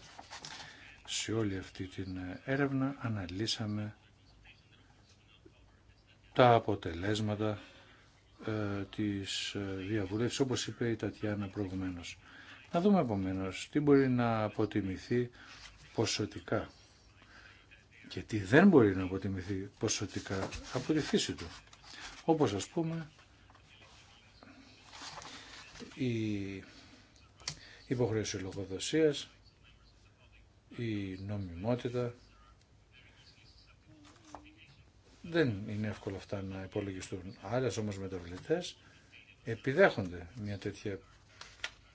σε όλη αυτή την έρευνα αναλύσαμε τα αποτελέσματα ε, της ε, διαβουλεύσης, όπως είπε η Τατιάνα προηγουμένως. Να δούμε επομένως τι μπορεί να αποτιμηθεί ποσοτικά γιατί δεν μπορεί να αποτιμηθεί ποσοτικά από τη φύση του. Όπως ας πούμε η υποχρέωση λογοδοσίας, η νομιμότητα. Δεν είναι εύκολο αυτά να υπολογιστούν. Άλλες όμως μεταβλητές επιδέχονται μια τέτοια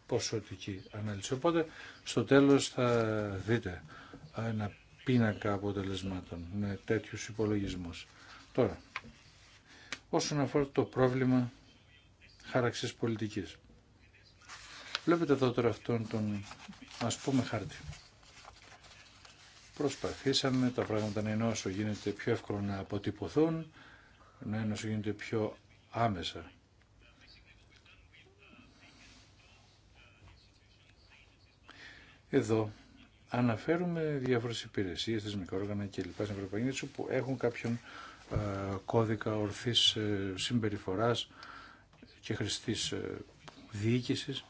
ποσοτική ανάλυση. Οπότε στο τέλος θα δείτε ένα πίνακα αποτελεσμάτων με τέτοιους υπολογισμούς. Τώρα, όσον αφορά το πρόβλημα χάραξης πολιτικής. Βλέπετε εδώ τώρα αυτόν τον ας πούμε χάρτη. Προσπαθήσαμε τα πράγματα να είναι όσο γίνεται πιο εύκολο να αποτυπωθούν, να είναι όσο γίνεται πιο άμεσα. Εδώ αναφέρουμε διάφορες υπηρεσίες, θεσμικά όργανα και λοιπά στην Ευρωπαϊκή Ένωση που έχουν κάποιον ε, κώδικα ορθής ε, συμπεριφοράς και χρηστής ε, διοίκησης.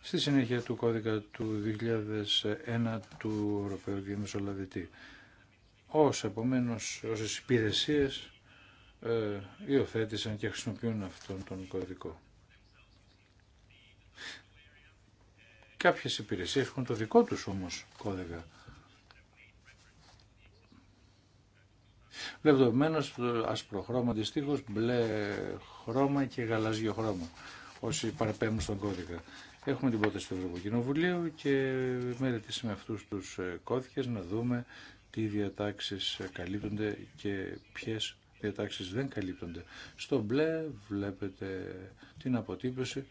Στη συνέχεια του κώδικα του 2001 του Ευρωπαίου Διεμεσολαβητή. ως επομένως όσες υπηρεσίες ε, υιοθέτησαν και χρησιμοποιούν αυτόν τον κωδικό. Κάποιες υπηρεσίες έχουν το δικό τους όμως κώδικα. Βλέπετε επομένως άσπρο χρώμα μπλε χρώμα και γαλάζιο χρώμα όσοι παραπέμπουν στον κώδικα. Έχουμε την πρόταση του Ευρωκοινοβουλίου και μελετήσει με αυτούς τους ε, κώδικες να δούμε τι διατάξεις ε, καλύπτονται και ποιες διατάξεις δεν καλύπτονται. Στο μπλε βλέπετε την αποτύπωση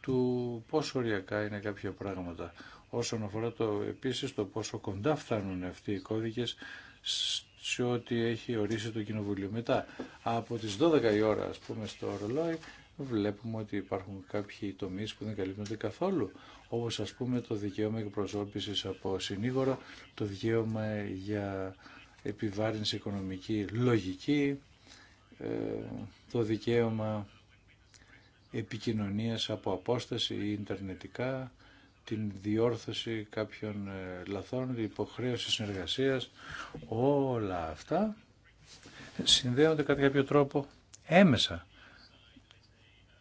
του πόσο οριακά είναι κάποια πράγματα όσον αφορά το, επίσης το πόσο κοντά φτάνουν αυτοί οι κώδικες σε ό,τι έχει ορίσει το Κοινοβουλίο. Μετά από τις 12 η ώρα ας πούμε στο ρολόι βλέπουμε ότι υπάρχουν κάποιοι τομείς που δεν καλύπτονται καθόλου όπως ας πούμε το δικαίωμα εκπροσώπησης από συνήγορο, το δικαίωμα για επιβάρυνση οικονομική λογική, ε, το δικαίωμα επικοινωνίας από απόσταση ή ιντερνετικά, την διόρθωση κάποιων ε, λαθών, την υποχρέωση συνεργασίας, όλα αυτά συνδέονται κατά κάποιο τρόπο έμεσα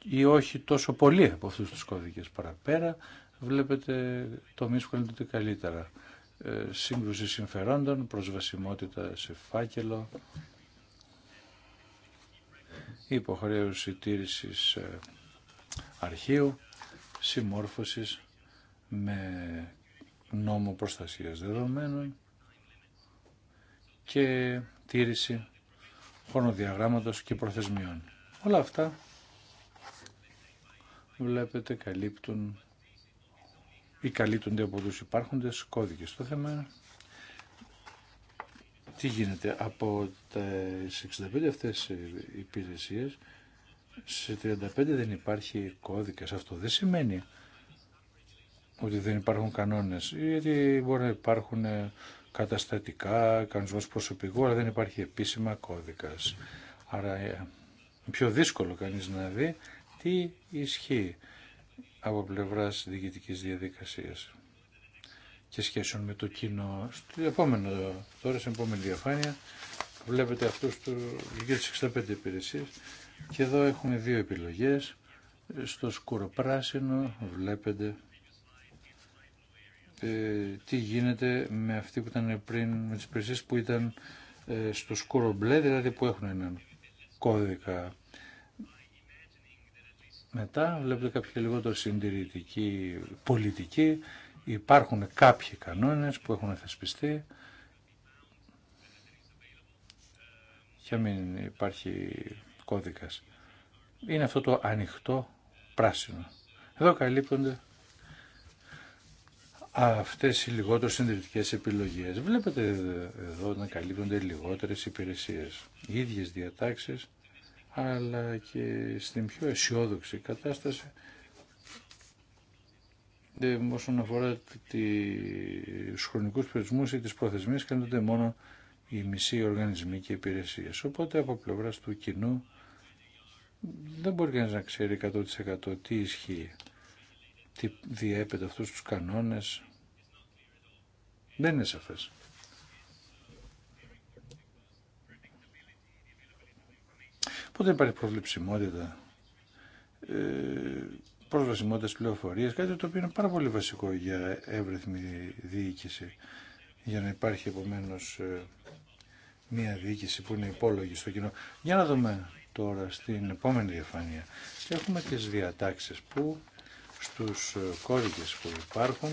ή όχι τόσο πολύ από αυτούς τους κώδικες παραπέρα, βλέπετε το που το καλύτερα. Ε, σύγκρουση συμφερόντων, προσβασιμότητα σε φάκελο, υποχρέωση τήρησης ε, αρχείο συμμόρφωσης με νόμο προστασίας δεδομένων και τήρηση χρονοδιαγράμματος και προθεσμιών. Όλα αυτά βλέπετε καλύπτουν ή καλύπτονται από τους υπάρχοντες κώδικες. Το θέμα τι γίνεται από τις 65 αυτές υπηρεσίες σε 35 δεν υπάρχει κώδικας. Αυτό δεν σημαίνει ότι δεν υπάρχουν κανόνες, γιατί μπορεί να υπάρχουν ε, καταστατικά, κανονισμός προσωπικού, αλλά δεν υπάρχει επίσημα κώδικας. Άρα ε, πιο δύσκολο κανείς να δει τι ισχύει από πλευράς διοικητικής διαδικασίας και σχέσεων με το κοινό. Στην επόμενο, τώρα, στην επόμενη διαφάνεια, βλέπετε αυτούς του τις 65 υπηρεσίες και εδώ έχουμε δύο επιλογές. Στο πράσινο βλέπετε ε, τι γίνεται με αυτή που ήταν πριν, με τις υπηρεσίες που ήταν ε, στο σκούρο μπλε, δηλαδή που έχουν έναν κώδικα. Μετά βλέπετε κάποια λιγότερο συντηρητική πολιτική. Υπάρχουν κάποιοι κανόνες που έχουν θεσπιστεί και μην υπάρχει κώδικας. Είναι αυτό το ανοιχτό πράσινο. Εδώ καλύπτονται αυτές οι λιγότερο συντηρητικές επιλογές. Βλέπετε εδώ να καλύπτονται λιγότερες υπηρεσίες. Οι ίδιες διατάξεις, αλλά και στην πιο αισιόδοξη κατάσταση ε, όσον αφορά τους χρονικούς περιορισμούς ή τις προθεσμίες καλύπτονται μόνο οι μισοί οργανισμοί και υπηρεσίες. Οπότε από πλευράς του κοινού δεν μπορεί κανείς να ξέρει 100% τι ισχύει, τι διέπεται αυτούς τους κανόνες. Δεν είναι σαφές. Πότε υπάρχει προβληψιμότητα, ε, πρόσβασιμότητα στις πληροφορίες, κάτι το οποίο είναι πάρα πολύ βασικό για εύρεθμη διοίκηση, για να υπάρχει επομένως ε, μια διοίκηση που είναι υπόλογη στο κοινό. Για να δούμε Τώρα στην επόμενη διαφάνεια έχουμε τις διατάξεις που στους ε, κώδικες που υπάρχουν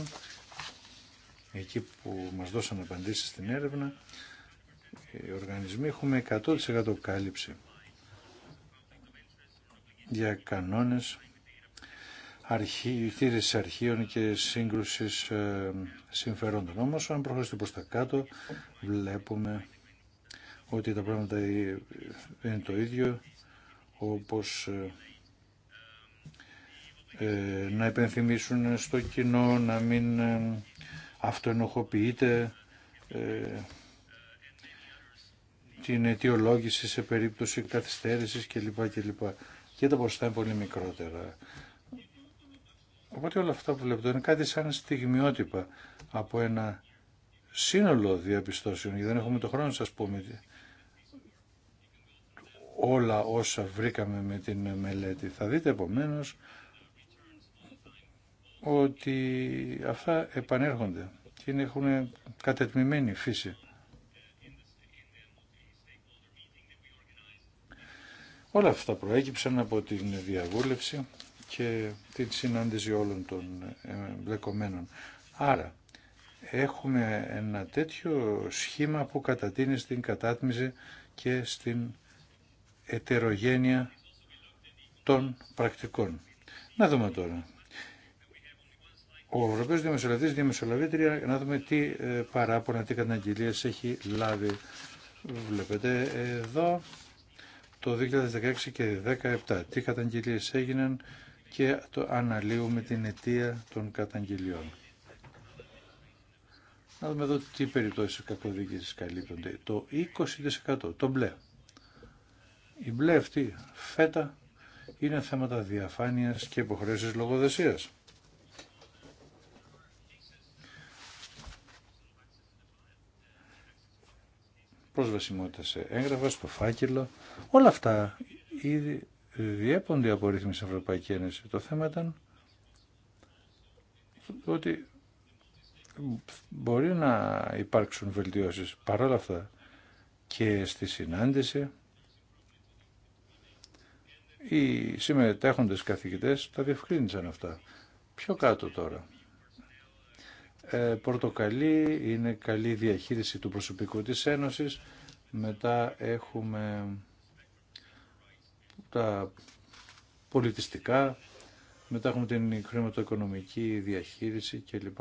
εκεί που μας δώσαν απαντήσεις στην έρευνα οι οργανισμοί έχουμε 100% κάλυψη για κανόνες αρχή, αρχείων και σύγκρουσης ε, συμφερόντων. Όμως αν προχωρήσετε προς τα κάτω βλέπουμε ότι τα πράγματα ε, είναι το ίδιο όπως ε, ε να υπενθυμίσουν στο κοινό, να μην ε, αυτοενοχοποιείται ε, την αιτιολόγηση σε περίπτωση καθυστέρησης κλπ. Και τα ποσοστά είναι πολύ μικρότερα. Οπότε όλα αυτά που βλέπω είναι κάτι σαν στιγμιότυπα από ένα σύνολο διαπιστώσεων, γιατί δεν έχουμε το χρόνο να σας πούμε όλα όσα βρήκαμε με την μελέτη. Θα δείτε επομένως ότι αυτά επανέρχονται και έχουν κατετμημένη φύση. Όλα αυτά προέκυψαν από την διαβούλευση και την συνάντηση όλων των ε, εμπλεκομένων. Άρα, έχουμε ένα τέτοιο σχήμα που κατατείνει στην κατάτμιση και στην ετερογένεια των πρακτικών. Να δούμε τώρα. Ο Ευρωπαίος Διαμεσολαβητής, Δημοσιολαβήτρια, να δούμε τι ε, παράπονα, τι καταγγελίες έχει λάβει. Βλέπετε εδώ το 2016 και 2017. Τι καταγγελίες έγιναν και το αναλύουμε την αιτία των καταγγελιών. Να δούμε εδώ τι περιπτώσεις κακοδίκησης καλύπτονται. Το 20% το μπλε. Η μπλε αυτή φέτα είναι θέματα διαφάνειας και υποχρέωσης λογοδεσίας. Προσβασιμότητα σε έγγραφα, στο φάκελο, όλα αυτά ήδη διέπονται από ρύθμιση Ευρωπαϊκή Ένωση. Το θέμα ήταν ότι μπορεί να υπάρξουν βελτιώσεις παρόλα αυτά και στη συνάντηση οι συμμετέχοντες καθηγητές τα διευκρίνησαν αυτά. Πιο κάτω τώρα. Ε, πορτοκαλί είναι καλή διαχείριση του προσωπικού της Ένωσης. Μετά έχουμε τα πολιτιστικά. Μετά έχουμε την χρηματοοικονομική διαχείριση κλπ.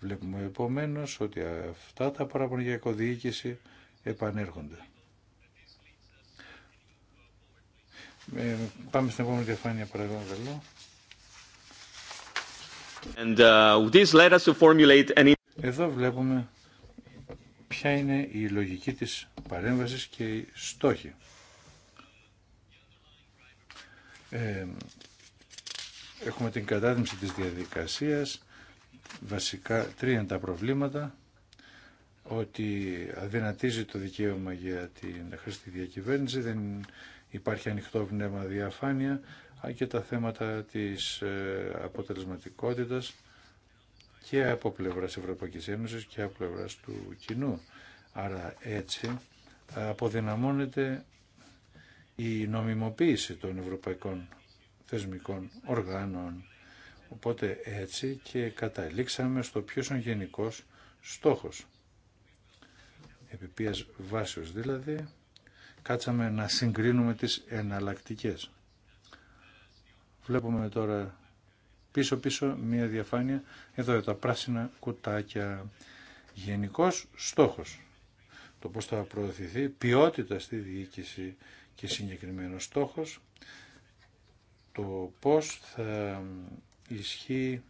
Βλέπουμε επομένως ότι αυτά τα παραπονιακοδιοίκηση επανέρχονται. Ε, πάμε στην επόμενη διαφάνεια παρακαλώ. And, uh, this led us formulate Εδώ βλέπουμε ποια είναι η λογική της παρέμβασης και οι στόχοι. Ε, έχουμε την κατάδυμση της διαδικασίας, βασικά τρία τα προβλήματα, ότι αδυνατίζει το δικαίωμα για την χρηστή διακυβέρνηση, δεν υπάρχει ανοιχτό πνεύμα διαφάνεια και τα θέματα της ε, αποτελεσματικότητας και από πλευράς Ευρωπαϊκής Ένωσης και από πλευράς του κοινού. Άρα έτσι ε, αποδυναμώνεται η νομιμοποίηση των ευρωπαϊκών θεσμικών οργάνων. Οπότε έτσι και καταλήξαμε στο πιο είναι γενικός στόχος. Επιπίας βάσεως δηλαδή κάτσαμε να συγκρίνουμε τις εναλλακτικέ. Βλέπουμε τώρα πίσω-πίσω μία διαφάνεια, εδώ τα πράσινα κουτάκια. Γενικός στόχος, το πώς θα προωθηθεί, ποιότητα στη διοίκηση και συγκεκριμένο στόχος, το πώς θα ισχύει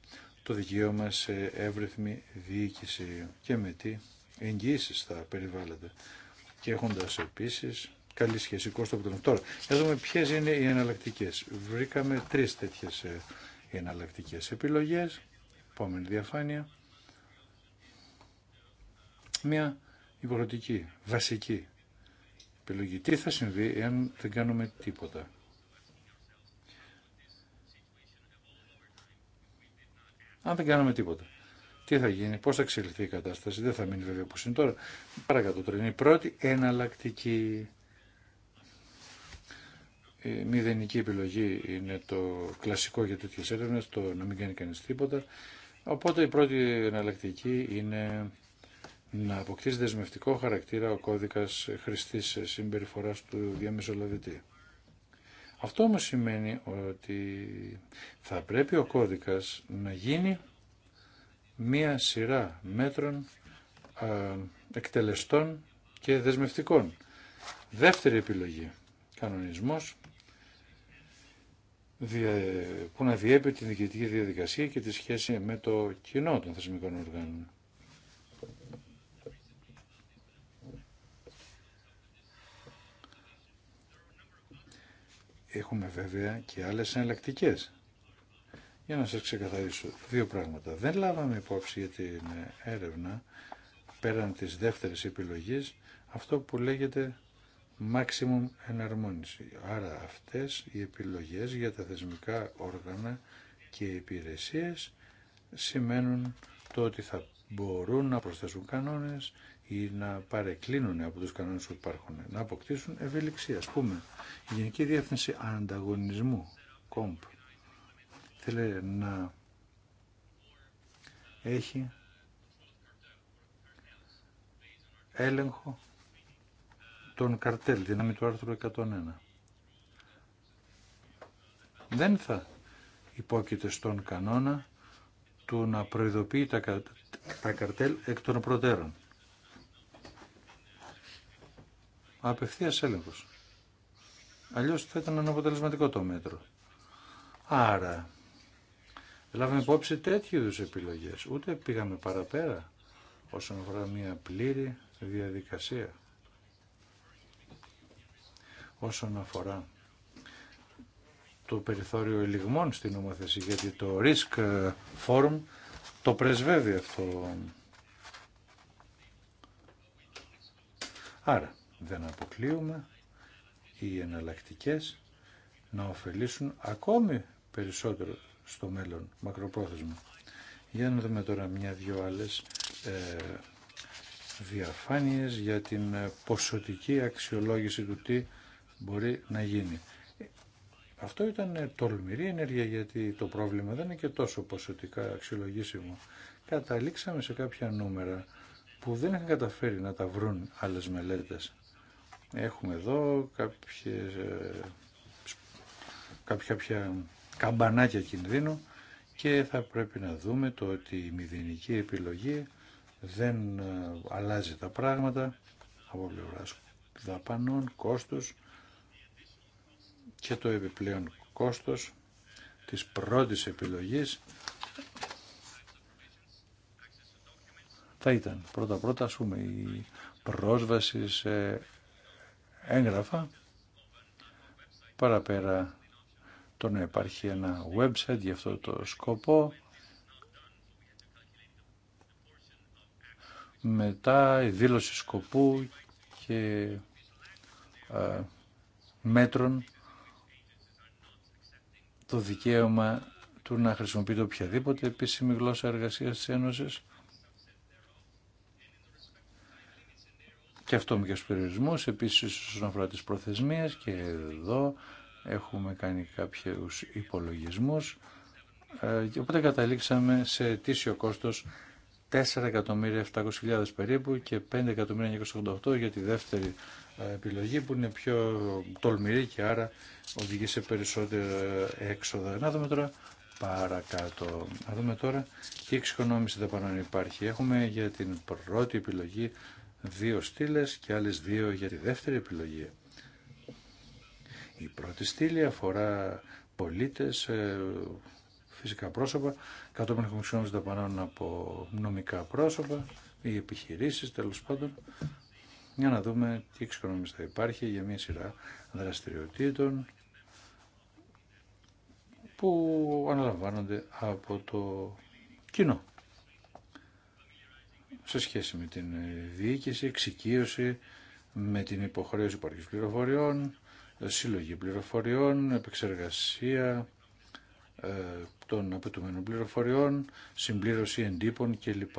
το δικαίωμα σε εύρυθμη διοίκηση και με τι εγγύησεις θα περιβάλλεται και έχοντας επίσης καλή σχέση κόστο-αποτελεσμα. Τώρα, να δούμε ποιε είναι οι εναλλακτικέ. Βρήκαμε τρει τέτοιε εναλλακτικέ επιλογέ. Επόμενη διαφάνεια. Μια υποχρεωτική, βασική επιλογή. Τι θα συμβεί εάν δεν κάνουμε τίποτα. Αν δεν κάνουμε τίποτα. Τι θα γίνει, πώς θα εξελιχθεί η κατάσταση, δεν θα μείνει βέβαια που είναι τώρα. Παρακάτω τώρα είναι η πρώτη εναλλακτική η μηδενική επιλογή είναι το κλασικό για τέτοιε έρευνε, το να μην κάνει κανείς τίποτα. Οπότε η πρώτη εναλλακτική είναι να αποκτήσει δεσμευτικό χαρακτήρα ο κώδικας χρηστής συμπεριφοράς του διαμεσολαβητή. Αυτό όμω σημαίνει ότι θα πρέπει ο κώδικας να γίνει μία σειρά μέτρων εκτελεστών και δεσμευτικών. Δεύτερη επιλογή, κανονισμός που να διέπει την διοικητική διαδικασία και τη σχέση με το κοινό των θεσμικών οργάνων. Έχουμε βέβαια και άλλες εναλλακτικέ. Για να σας ξεκαθαρίσω δύο πράγματα. Δεν λάβαμε υπόψη για την έρευνα πέραν της δεύτερης επιλογής αυτό που λέγεται maximum εναρμόνιση. Άρα αυτές οι επιλογές για τα θεσμικά όργανα και οι υπηρεσίες σημαίνουν το ότι θα μπορούν να προσθέσουν κανόνες ή να παρεκκλίνουν από τους κανόνες που υπάρχουν, να αποκτήσουν ευελιξία. Ας πούμε, η Γενική Διεύθυνση Ανταγωνισμού, ΚΟΜΠ, θέλει να έχει έλεγχο των καρτέλ, δύναμη του άρθρου 101. Δεν θα υπόκειται στον κανόνα του να προειδοποιεί τα, τα καρτέλ εκ των προτέρων. Απευθείας έλεγχος. Αλλιώς θα ήταν αναποτελεσματικό το μέτρο. Άρα, λάβαμε υπόψη τέτοιου είδους επιλογές. Ούτε πήγαμε παραπέρα όσον αφορά μια πλήρη διαδικασία όσον αφορά το περιθώριο ελιγμών στην νομοθεσία, γιατί το Risk ε, Forum το πρεσβεύει αυτό. Άρα δεν αποκλείουμε οι εναλλακτικέ να ωφελήσουν ακόμη περισσότερο στο μέλλον, μακροπρόθεσμα. Για να δούμε τώρα μια-δυο άλλες ε, διαφάνειες για την ε, ποσοτική αξιολόγηση του τι μπορεί να γίνει. Αυτό ήταν ε, τολμηρή ενέργεια γιατί το πρόβλημα δεν είναι και τόσο ποσοτικά αξιολογήσιμο. Καταλήξαμε σε κάποια νούμερα που δεν είχαν καταφέρει να τα βρουν άλλες μελέτες. Έχουμε εδώ κάποιες, ε, κάποια, καμπανάκια κινδύνου και θα πρέπει να δούμε το ότι η μηδενική επιλογή δεν ε, αλλάζει τα πράγματα από πλευράς δαπανών, κόστους και το επιπλέον κόστος της πρώτης επιλογής θα ήταν πρώτα πρώτα ας η πρόσβαση σε έγγραφα παραπέρα το να υπάρχει ένα website για αυτό το σκοπό μετά η δήλωση σκοπού και μέτρων το δικαίωμα του να χρησιμοποιείται οποιαδήποτε επίσημη γλώσσα εργασίας της Ένωσης και αυτό με επίσης όσον αφορά τις προθεσμίες και εδώ έχουμε κάνει κάποιους υπολογισμούς ε, οπότε καταλήξαμε σε αιτήσιο κόστος 4.700.000 περίπου και 5.988 για τη δεύτερη επιλογή που είναι πιο τολμηρή και άρα οδηγεί σε περισσότερο έξοδο. Να δούμε τώρα παρακάτω. Να δούμε τώρα τι εξοικονόμηση δαπανών υπάρχει. Έχουμε για την πρώτη επιλογή δύο στήλες και άλλες δύο για τη δεύτερη επιλογή. Η πρώτη στήλη αφορά πολίτες, ε, φυσικά πρόσωπα, κατόπιν έχουμε εξοικονόμηση δαπανών από νομικά πρόσωπα ή επιχειρήσεις τέλος πάντων για να δούμε τι εξοικονομίες θα υπάρχει για μια σειρά δραστηριοτήτων που αναλαμβάνονται από το κοινό σε σχέση με την διοίκηση, εξοικείωση, με την υποχρέωση υπαρχής πληροφοριών, συλλογή πληροφοριών, επεξεργασία ε, των απαιτουμένων πληροφοριών, συμπλήρωση εντύπων κλπ.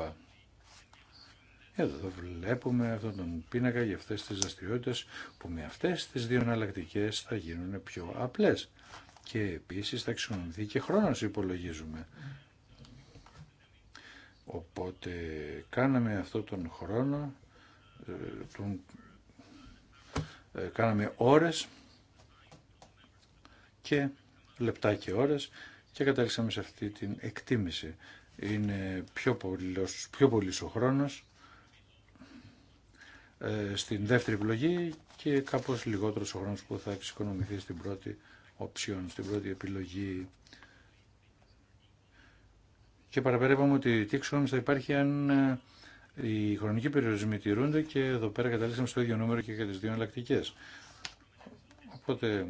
Εδώ βλέπουμε αυτόν τον πίνακα για αυτές τις δραστηριότητε που με αυτές τις δύο εναλλακτικέ θα γίνουν πιο απλές. Και επίσης θα εξοικονομηθεί και χρόνος υπολογίζουμε. Οπότε κάναμε αυτό τον χρόνο, ε, τον, ε, κάναμε ώρες και λεπτά και ώρες και καταλήξαμε σε αυτή την εκτίμηση. Είναι πιο πολύ, πιο πολύ ο χρόνος ε, στην δεύτερη επιλογή και κάπως λιγότερος ο χρόνος που θα εξοικονομηθεί στην πρώτη οψιόν, στην πρώτη επιλογή. Και παραπέρα ότι τι εξοικονόμηση θα υπάρχει αν ε, οι χρονικοί περιορισμοί τηρούνται και εδώ πέρα καταλήξαμε στο ίδιο νούμερο και για τις δύο εναλλακτικέ. Οπότε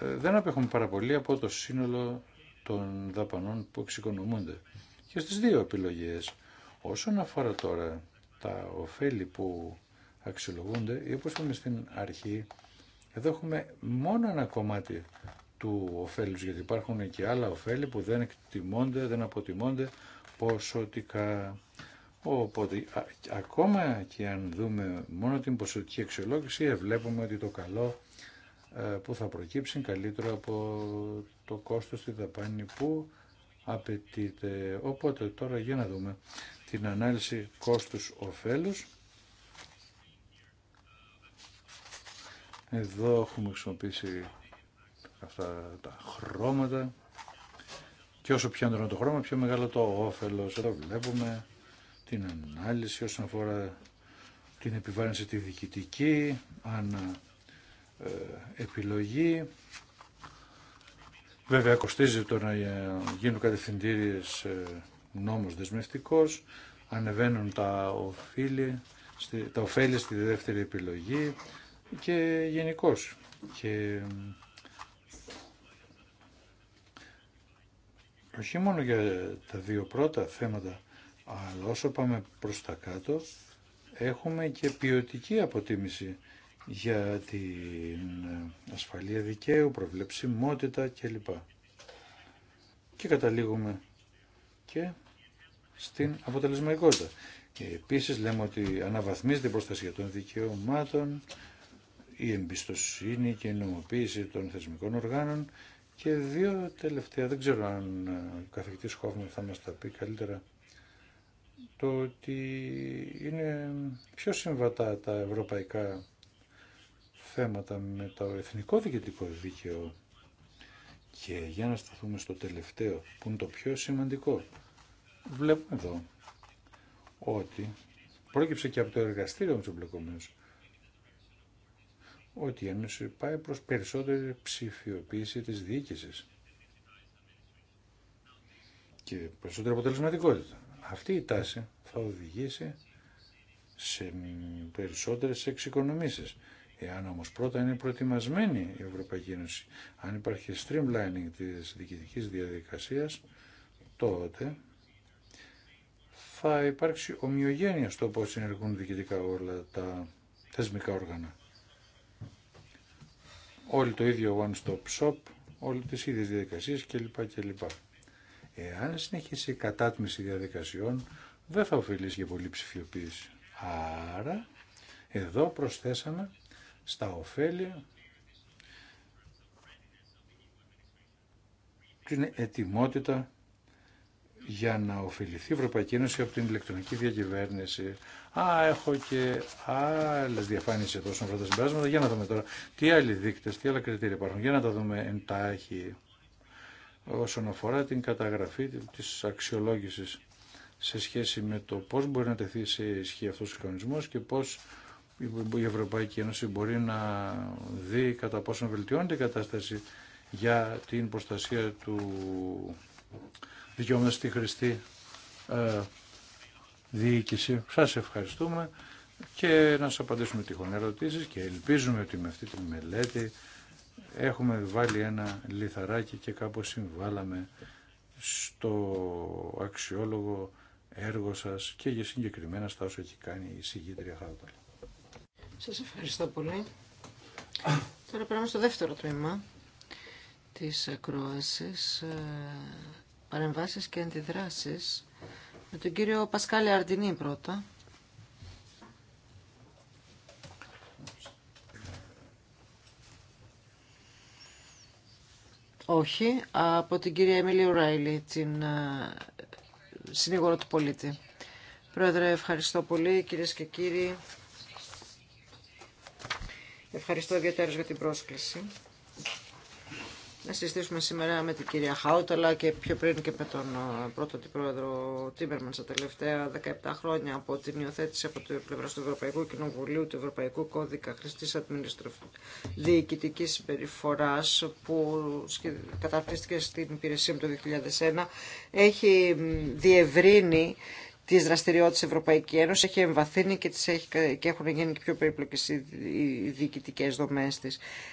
ε, δεν απέχουμε πάρα πολύ από το σύνολο των δαπανών που εξοικονομούνται και στις δύο επιλογές. Όσον αφορά τώρα τα ωφέλη που αξιολογούνται όπως είπαμε στην αρχή εδώ έχουμε μόνο ένα κομμάτι του ωφέλους γιατί υπάρχουν και άλλα ωφέλη που δεν εκτιμώνται, δεν αποτιμώνται ποσοτικά. Οπότε ακόμα και αν δούμε μόνο την ποσοτική αξιολόγηση ε, βλέπουμε ότι το καλό ε, που θα προκύψει καλύτερο από το κόστος τη δαπάνη που απαιτείται. Οπότε τώρα για να δούμε την ανάλυση κόστους οφέλους. Εδώ έχουμε χρησιμοποιήσει αυτά τα χρώματα και όσο πιο έντονο το χρώμα πιο μεγάλο το όφελος. Εδώ βλέπουμε την ανάλυση όσον αφορά την επιβάρυνση τη διοικητική, αν ε, επιλογή. Βέβαια κοστίζει το να γίνουν κατευθυντήριες ε, νόμος δεσμευτικός, ανεβαίνουν τα, οφείλη, τα ωφέλη στη δεύτερη επιλογή και γενικώ. Και όχι μόνο για τα δύο πρώτα θέματα, αλλά όσο πάμε προς τα κάτω, έχουμε και ποιοτική αποτίμηση για την ασφαλεία δικαίου, προβλεψιμότητα κλπ. Και καταλήγουμε και στην αποτελεσματικότητα. Και επίσης λέμε ότι αναβαθμίζεται η προστασία των δικαιωμάτων, η εμπιστοσύνη και η νομοποίηση των θεσμικών οργάνων και δύο τελευταία, δεν ξέρω αν ε, ο καθηγητής Χόφμαν θα μας τα πει καλύτερα, το ότι είναι πιο συμβατά τα ευρωπαϊκά θέματα με το εθνικό διοικητικό δίκαιο και για να σταθούμε στο τελευταίο που είναι το πιο σημαντικό βλέπουμε εδώ ότι πρόκειψε και από το εργαστήριο με του ότι η Ένωση πάει προς περισσότερη ψηφιοποίηση της διοίκησης και περισσότερη αποτελεσματικότητα. Αυτή η τάση θα οδηγήσει σε περισσότερες εξοικονομήσεις. Εάν όμως πρώτα είναι προετοιμασμένη η Ευρωπαϊκή Ένωση, αν υπάρχει streamlining της διοικητικής διαδικασίας, τότε θα υπάρξει ομοιογένεια στο πώς συνεργούν διοικητικά όλα τα θεσμικά όργανα. Όλοι το ίδιο one-stop shop, όλοι τις ίδιες διαδικασίες κλπ. κλπ. Εάν συνεχίσει η κατάτμιση διαδικασιών, δεν θα ωφελήσει για πολύ ψηφιοποίηση. Άρα, εδώ προσθέσαμε στα ωφέλη την ετοιμότητα για να ωφεληθεί η Ευρωπαϊκή Ένωση από την ηλεκτρονική διακυβέρνηση. Α, έχω και άλλε διαφάνειε εδώ στον πρώτα συμπεράσματα. Για να δούμε τώρα τι άλλοι δείκτε, τι άλλα κριτήρια υπάρχουν. Για να τα δούμε εντάχει όσον αφορά την καταγραφή τη αξιολόγηση σε σχέση με το πώς μπορεί να τεθεί σε ισχύ αυτός ο οικονομισμό και πώ η Ευρωπαϊκή Ένωση μπορεί να δει κατά πόσο βελτιώνεται η κατάσταση για την προστασία του δικαιώματα στη χρηστή ε, διοίκηση. Σας ευχαριστούμε και να σας απαντήσουμε τυχόν ερωτήσεις και ελπίζουμε ότι με αυτή τη μελέτη έχουμε βάλει ένα λιθαράκι και κάπως συμβάλαμε στο αξιόλογο έργο σας και για συγκεκριμένα στα όσα έχει κάνει η συγγήτρια Χάουταλ. Σας ευχαριστώ πολύ. Τώρα πάμε στο δεύτερο τμήμα της ακρόασης ε, παρεμβάσεις και αντιδράσεις με τον κύριο Πασκάλη Αρντινή πρώτα. Όχι, από την κυρία Εμίλη Ουράιλη, την ε, συνήγορο του πολίτη. Πρόεδρε, ευχαριστώ πολύ, κυρίες και κύριοι. Ευχαριστώ ιδιαίτερα για την πρόσκληση να συζητήσουμε σήμερα με την κυρία Χάουταλα και πιο πριν και με τον ε, πρώτο πρόεδρο Τίμερμαν στα τελευταία 17 χρόνια από την υιοθέτηση από το πλευρά του Ευρωπαϊκού Κοινοβουλίου του Ευρωπαϊκού Κώδικα Χρηστή Διοικητική Συμπεριφορά που καταρτίστηκε στην υπηρεσία μου το 2001 έχει διευρύνει τις δραστηριότητε τη Ευρωπαϊκή Ένωση έχει εμβαθύνει και, τις έχει, και έχουν γίνει και πιο περίπλοκες οι διοικητικέ δομές τη.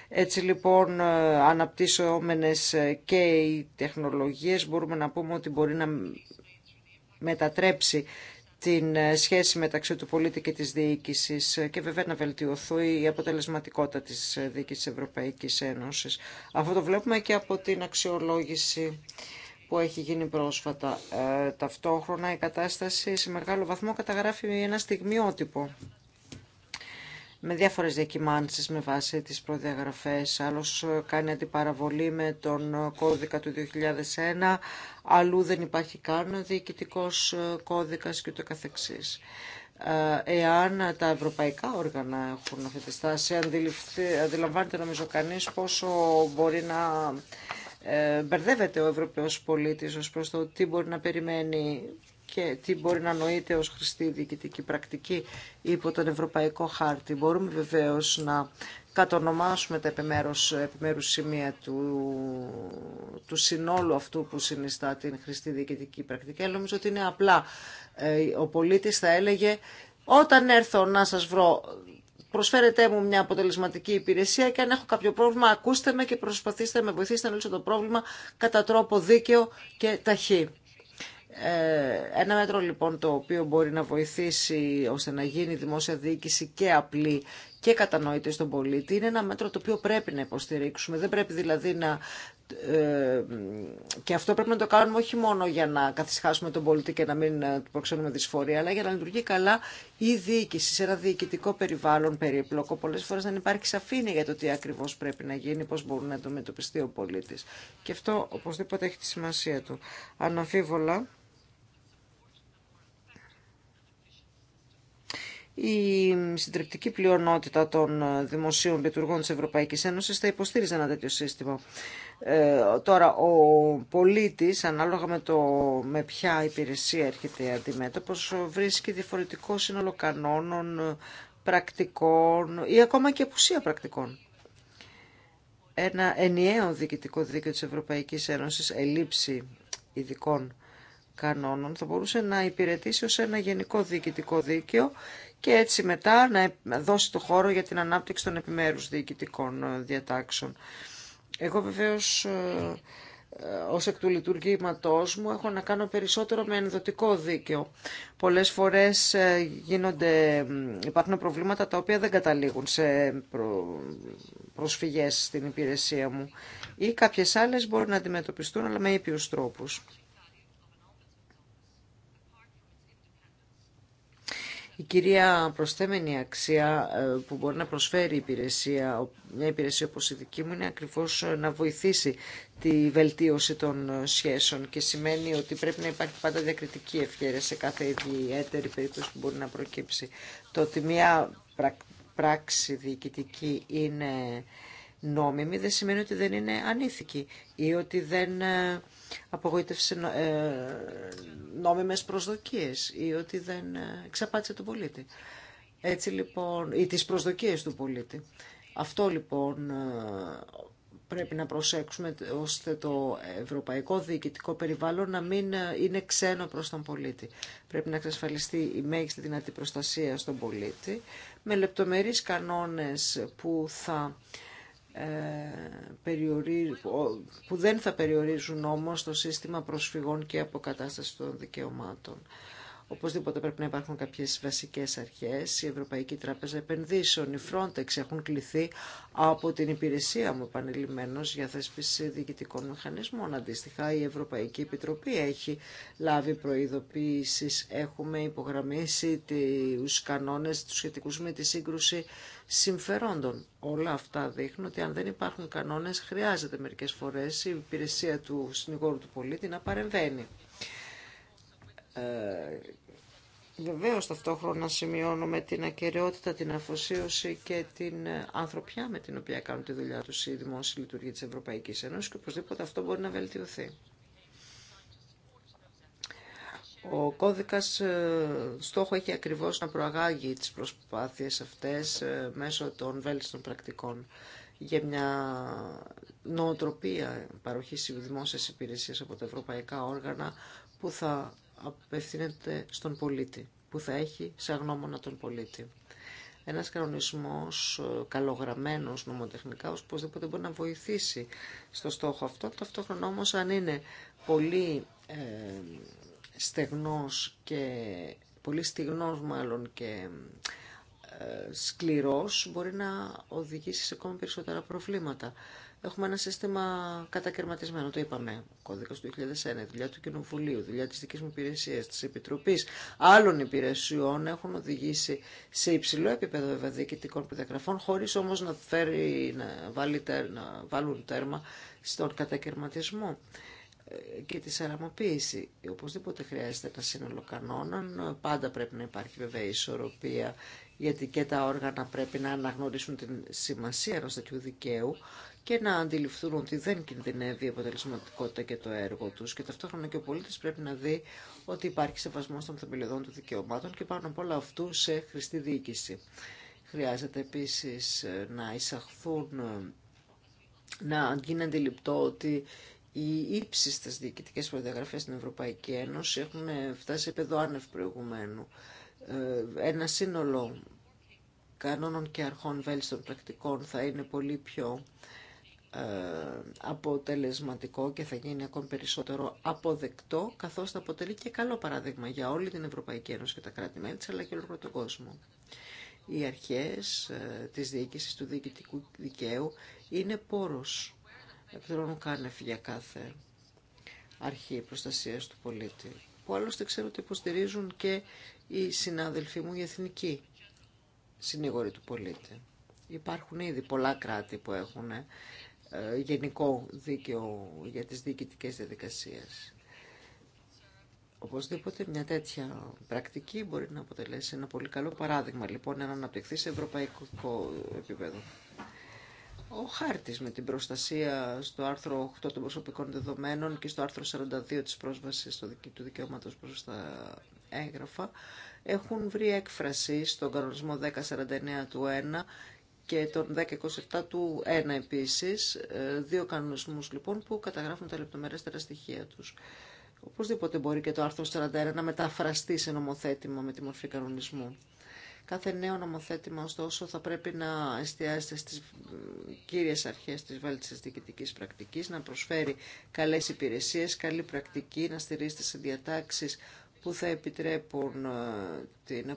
Έτσι λοιπόν ε, αναπτύσσομενε ε, και οι τεχνολογίες μπορούμε να πούμε ότι μπορεί να μετατρέψει την ε, σχέση μεταξύ του πολίτη και της διοίκησης και βέβαια να βελτιωθεί η αποτελεσματικότητα της διοίκησης της Ευρωπαϊκής Ένωσης. Αυτό το βλέπουμε και από την αξιολόγηση που έχει γίνει πρόσφατα. Ε, ταυτόχρονα η κατάσταση σε μεγάλο βαθμό καταγράφει ένα στιγμιότυπο με διάφορες διακυμάνσεις με βάση τις προδιαγραφές. Άλλος ε, κάνει αντιπαραβολή με τον ε, κώδικα του 2001, αλλού δεν υπάρχει καν διοικητικός κώδικας και το καθεξής. Εάν τα ευρωπαϊκά όργανα έχουν αυτή τη στάση, αντιλαμβάνεται νομίζω κανείς πόσο μπορεί να ε, μπερδεύεται ο Ευρωπαίος πολίτης ως προς το τι μπορεί να περιμένει και τι μπορεί να νοείται ως χρηστή διοικητική πρακτική υπό τον Ευρωπαϊκό Χάρτη. Μπορούμε βεβαίως να κατονομάσουμε τα επιμέρους, επιμέρους σημεία του, του συνόλου αυτού που συνιστά την χρηστή διοικητική πρακτική. Αλλά νομίζω ότι είναι απλά. Ε, ο πολίτης θα έλεγε όταν έρθω να σας βρω προσφέρετε μου μια αποτελεσματική υπηρεσία και αν έχω κάποιο πρόβλημα ακούστε με και προσπαθήστε με βοηθήστε να λύσω το πρόβλημα κατά τρόπο δίκαιο και ταχύ. Ε, ένα μέτρο λοιπόν το οποίο μπορεί να βοηθήσει ώστε να γίνει η δημόσια διοίκηση και απλή και κατανοητή στον πολίτη είναι ένα μέτρο το οποίο πρέπει να υποστηρίξουμε. Δεν πρέπει δηλαδή να ε, και αυτό πρέπει να το κάνουμε όχι μόνο για να καθισχάσουμε τον πολίτη και να μην ε, προξενούμε δυσφορία, αλλά για να λειτουργεί καλά η διοίκηση σε ένα διοικητικό περιβάλλον περίπλοκο. Πολλέ φορέ δεν υπάρχει σαφήνεια για το τι ακριβώ πρέπει να γίνει, πώ μπορεί να το μετωπιστεί ο πολίτη. Και αυτό οπωσδήποτε έχει τη σημασία του. Αναμφίβολα, η συντριπτική πλειονότητα των δημοσίων λειτουργών της Ευρωπαϊκής Ένωσης θα υποστήριζε ένα τέτοιο σύστημα. Ε, τώρα, ο πολίτης, ανάλογα με, το, με ποια υπηρεσία έρχεται αντιμέτωπος, βρίσκει διαφορετικό σύνολο κανόνων, πρακτικών ή ακόμα και απουσία πρακτικών. Ένα ενιαίο διοικητικό δίκαιο της Ευρωπαϊκής Ένωσης, ελήψη ειδικών κανόνων, θα μπορούσε να υπηρετήσει ως ένα γενικό διοικητικό δίκαιο και έτσι μετά να δώσει το χώρο για την ανάπτυξη των επιμέρους διοικητικών ε, διατάξεων. Εγώ βεβαίως ε, ε, ως εκ του λειτουργήματός μου έχω να κάνω περισσότερο με ενδοτικό δίκαιο. Πολλές φορές γίνονται, υπάρχουν προβλήματα τα οποία δεν καταλήγουν σε προσφυγές στην υπηρεσία μου ή κάποιες άλλες μπορούν να αντιμετωπιστούν αλλά με ήπιους τρόπους. η κυρία προσθέμενη αξία ε, που μπορεί να προσφέρει η υπηρεσία, μια υπηρεσία όπως η δική μου είναι ακριβώς ε, να βοηθήσει τη βελτίωση των ε, σχέσεων και σημαίνει ότι πρέπει να υπάρχει πάντα διακριτική ευχαίρεια σε κάθε ιδιαίτερη περίπτωση που μπορεί να προκύψει. Το ότι μια πράξη διοικητική είναι νόμιμη δεν σημαίνει ότι δεν είναι ανήθικη ή ότι δεν απογοήτευσε νόμιμες προσδοκίες ή ότι δεν ε, εξαπάτησε τον πολίτη. Έτσι λοιπόν, ή τις προσδοκίες του πολίτη. Αυτό λοιπόν ε, πρέπει να προσέξουμε ώστε το ευρωπαϊκό διοικητικό περιβάλλον να μην ε, είναι ξένο προς τον πολίτη. Πρέπει να εξασφαλιστεί η μέγιστη δυνατή προστασία στον πολίτη με λεπτομερείς κανόνες που θα ε, που δεν θα περιορίζουν όμως το σύστημα προσφυγών και αποκατάσταση των δικαιωμάτων. Οπωσδήποτε πρέπει να υπάρχουν κάποιες βασικές αρχές. Η Ευρωπαϊκή Τράπεζα Επενδύσεων, η Frontex έχουν κληθεί από την υπηρεσία μου επανειλημμένως για θέσπιση διοικητικών μηχανισμών. Αντίστοιχα η Ευρωπαϊκή Επιτροπή έχει λάβει προειδοποίησεις. Έχουμε υπογραμμίσει τους κανόνες τους σχετικούς με τη σύγκρουση συμφερόντων. Όλα αυτά δείχνουν ότι αν δεν υπάρχουν κανόνες χρειάζεται μερικές φορές η υπηρεσία του συνηγόρου του πολίτη να παρεμβαίνει. Ε, Βεβαίω ταυτόχρονα σημειώνουμε την ακαιρεότητα, την αφοσίωση και την ανθρωπιά με την οποία κάνουν τη δουλειά τους οι δημόσιοι λειτουργοί της Ευρωπαϊκής Ένωσης και οπωσδήποτε αυτό μπορεί να βελτιωθεί. Ο κώδικας ε, στόχο έχει ακριβώς να προαγάγει τις προσπάθειες αυτές ε, μέσω των βέλτιστων πρακτικών για μια νοοτροπία παροχής δημόσιας υπηρεσίας από τα ευρωπαϊκά όργανα που θα απευθύνεται στον πολίτη, που θα έχει σε αγνώμονα τον πολίτη. Ένας κανονισμό ε, καλογραμμένο, νομοτεχνικά οπωσδήποτε μπορεί να βοηθήσει στο στόχο αυτό. Ταυτόχρονα όμω αν είναι πολύ ε, στεγνός και πολύ στιγνός μάλλον και ε, σκληρός μπορεί να οδηγήσει σε ακόμα περισσότερα προβλήματα. Έχουμε ένα σύστημα κατακαιρματισμένο, το είπαμε. Ο κώδικα του 2001, δουλειά του Κοινοβουλίου, δουλειά τη δική μου υπηρεσία, τη Επιτροπή, άλλων υπηρεσιών έχουν οδηγήσει σε υψηλό επίπεδο διοικητικών προδιαγραφών, χωρί όμω να, να, να βάλουν τέρμα στον κατακαιρματισμό ε, και τη σαραμοποίηση. Οπωσδήποτε χρειάζεται ένα σύνολο κανόνων. Πάντα πρέπει να υπάρχει βέβαια ισορροπία, γιατί και τα όργανα πρέπει να αναγνωρίσουν την σημασία ενό τέτοιου δικαίου και να αντιληφθούν ότι δεν κινδυνεύει η αποτελεσματικότητα και το έργο τους και ταυτόχρονα και ο πολίτης πρέπει να δει ότι υπάρχει σεβασμός των θεμελιωδών του δικαιωμάτων και πάνω απ' όλα αυτού σε χρηστή διοίκηση. Χρειάζεται επίσης ε, να εισαχθούν, ε, να γίνει αντιληπτό ότι οι ύψιστε διοικητικέ προδιαγραφέ στην Ευρωπαϊκή Ένωση έχουν φτάσει επίπεδο άνευ προηγουμένου. Ε, ένα σύνολο κανόνων και αρχών βέλτιστων πρακτικών θα είναι πολύ πιο ε, αποτελεσματικό και θα γίνει ακόμη περισσότερο αποδεκτό, καθώς θα αποτελεί και καλό παράδειγμα για όλη την Ευρωπαϊκή Ένωση και τα κράτη-μέλη αλλά και όλο τον κόσμο. Οι αρχές ε, της διοίκησης του διοικητικού δικαίου είναι πόρος, εκδρώνουν κάνευ για κάθε αρχή προστασίας του πολίτη, που άλλωστε ξέρω ότι υποστηρίζουν και οι συνάδελφοί μου οι εθνικοί συνήγοροι του πολίτη. Υπάρχουν ήδη πολλά κράτη που έχουν ε, ε, γενικό δίκαιο για τις διοικητικές διαδικασίες. Οπωσδήποτε μια τέτοια πρακτική μπορεί να αποτελέσει ένα πολύ καλό παράδειγμα, λοιπόν, να αναπτυχθεί σε ευρωπαϊκό επίπεδο. Ο χάρτης με την προστασία στο άρθρο 8 των προσωπικών δεδομένων και στο άρθρο 42 της πρόσβασης του δικαιώματος προς τα έγγραφα έχουν βρει έκφραση στον κανονισμό 1049 του 1 και τον 1027 του 1 επίσης, ε, δύο κανονισμούς λοιπόν που καταγράφουν τα λεπτομερέστερα στοιχεία τους. Οπωσδήποτε μπορεί και το άρθρο 41 να μεταφραστεί σε νομοθέτημα με τη μορφή κανονισμού. Κάθε νέο νομοθέτημα, ωστόσο, θα πρέπει να εστιάζεται στις κύριε αρχέ τη βέλτιστη διοικητικής πρακτική, να προσφέρει καλέ υπηρεσίε, καλή πρακτική, να στηρίζεται σε διατάξει που θα επιτρέπουν ε, την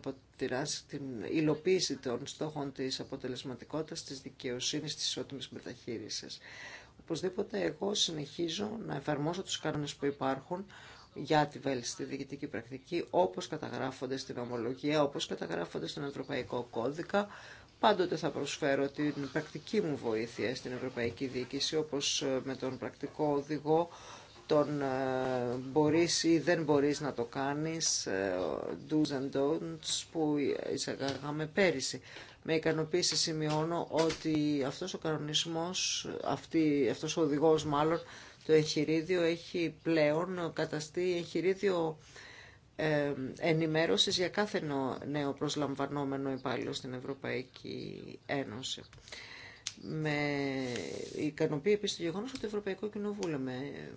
την υλοποίηση των στόχων της αποτελεσματικότητας, της δικαιοσύνης, της ισότιμης μεταχείρισης. Οπωσδήποτε εγώ συνεχίζω να εφαρμόζω τους κανόνες που υπάρχουν για τη βέλτιστη διοικητική πρακτική, όπως καταγράφονται στην ομολογία, όπως καταγράφονται στον Ευρωπαϊκό Κώδικα, Πάντοτε θα προσφέρω την πρακτική μου βοήθεια στην Ευρωπαϊκή Διοίκηση, όπως ε, με τον πρακτικό οδηγό, τον ε, μπορείς ή δεν μπορείς να το κάνεις, ε, do's and don'ts που εισαγάγαμε πέρυσι. Με ικανοποίηση σημειώνω ότι αυτός ο κανονισμός, αυτή, αυτός ο οδηγός μάλλον, το εγχειρίδιο έχει πλέον καταστεί εγχειρίδιο ε, ενημέρωσης για κάθε νέο προσλαμβανόμενο υπάλληλο στην Ευρωπαϊκή Ένωση με ικανοποιεί επίση το γεγονό ότι το Ευρωπαϊκό Κοινοβούλιο με,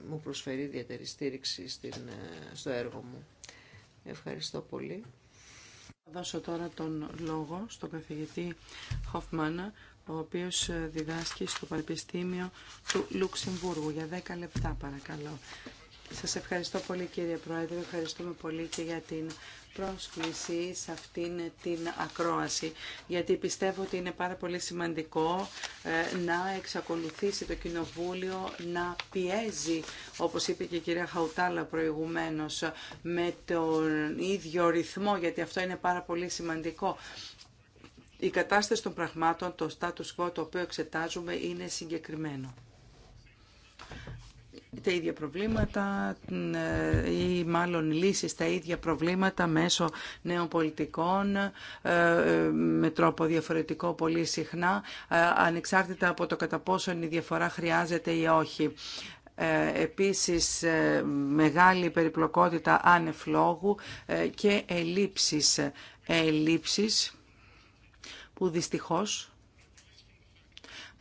μου προσφέρει ιδιαίτερη στήριξη στην, ε, στο έργο μου. Ευχαριστώ πολύ. Θα δώσω τώρα τον λόγο στον καθηγητή Χοφμάνα, ο οποίος ε, διδάσκει στο Πανεπιστήμιο του Λουξεμβούργου για 10 λεπτά παρακαλώ. Σας ευχαριστώ πολύ κύριε Πρόεδρε, ευχαριστούμε πολύ και για την πρόσκληση σε αυτήν την ακρόαση, γιατί πιστεύω ότι είναι πάρα πολύ σημαντικό ε, να εξακολουθήσει το Κοινοβούλιο να πιέζει, όπως είπε και η κυρία Χαουτάλα προηγουμένως, με τον ίδιο ρυθμό, γιατί αυτό είναι πάρα πολύ σημαντικό. Η κατάσταση των πραγμάτων, το status quo το οποίο εξετάζουμε είναι συγκεκριμένο τα ίδια προβλήματα ε, ή μάλλον λύσεις τα ίδια προβλήματα μέσω νέων πολιτικών ε, ε, με τρόπο διαφορετικό πολύ συχνά ανεξάρτητα από το κατά πόσον η διαφορά χρειάζεται ή όχι επίσης μεγάλη περιπλοκότητα άνευ λόγου και ελλείψεις, ελλείψεις που δυστυχώς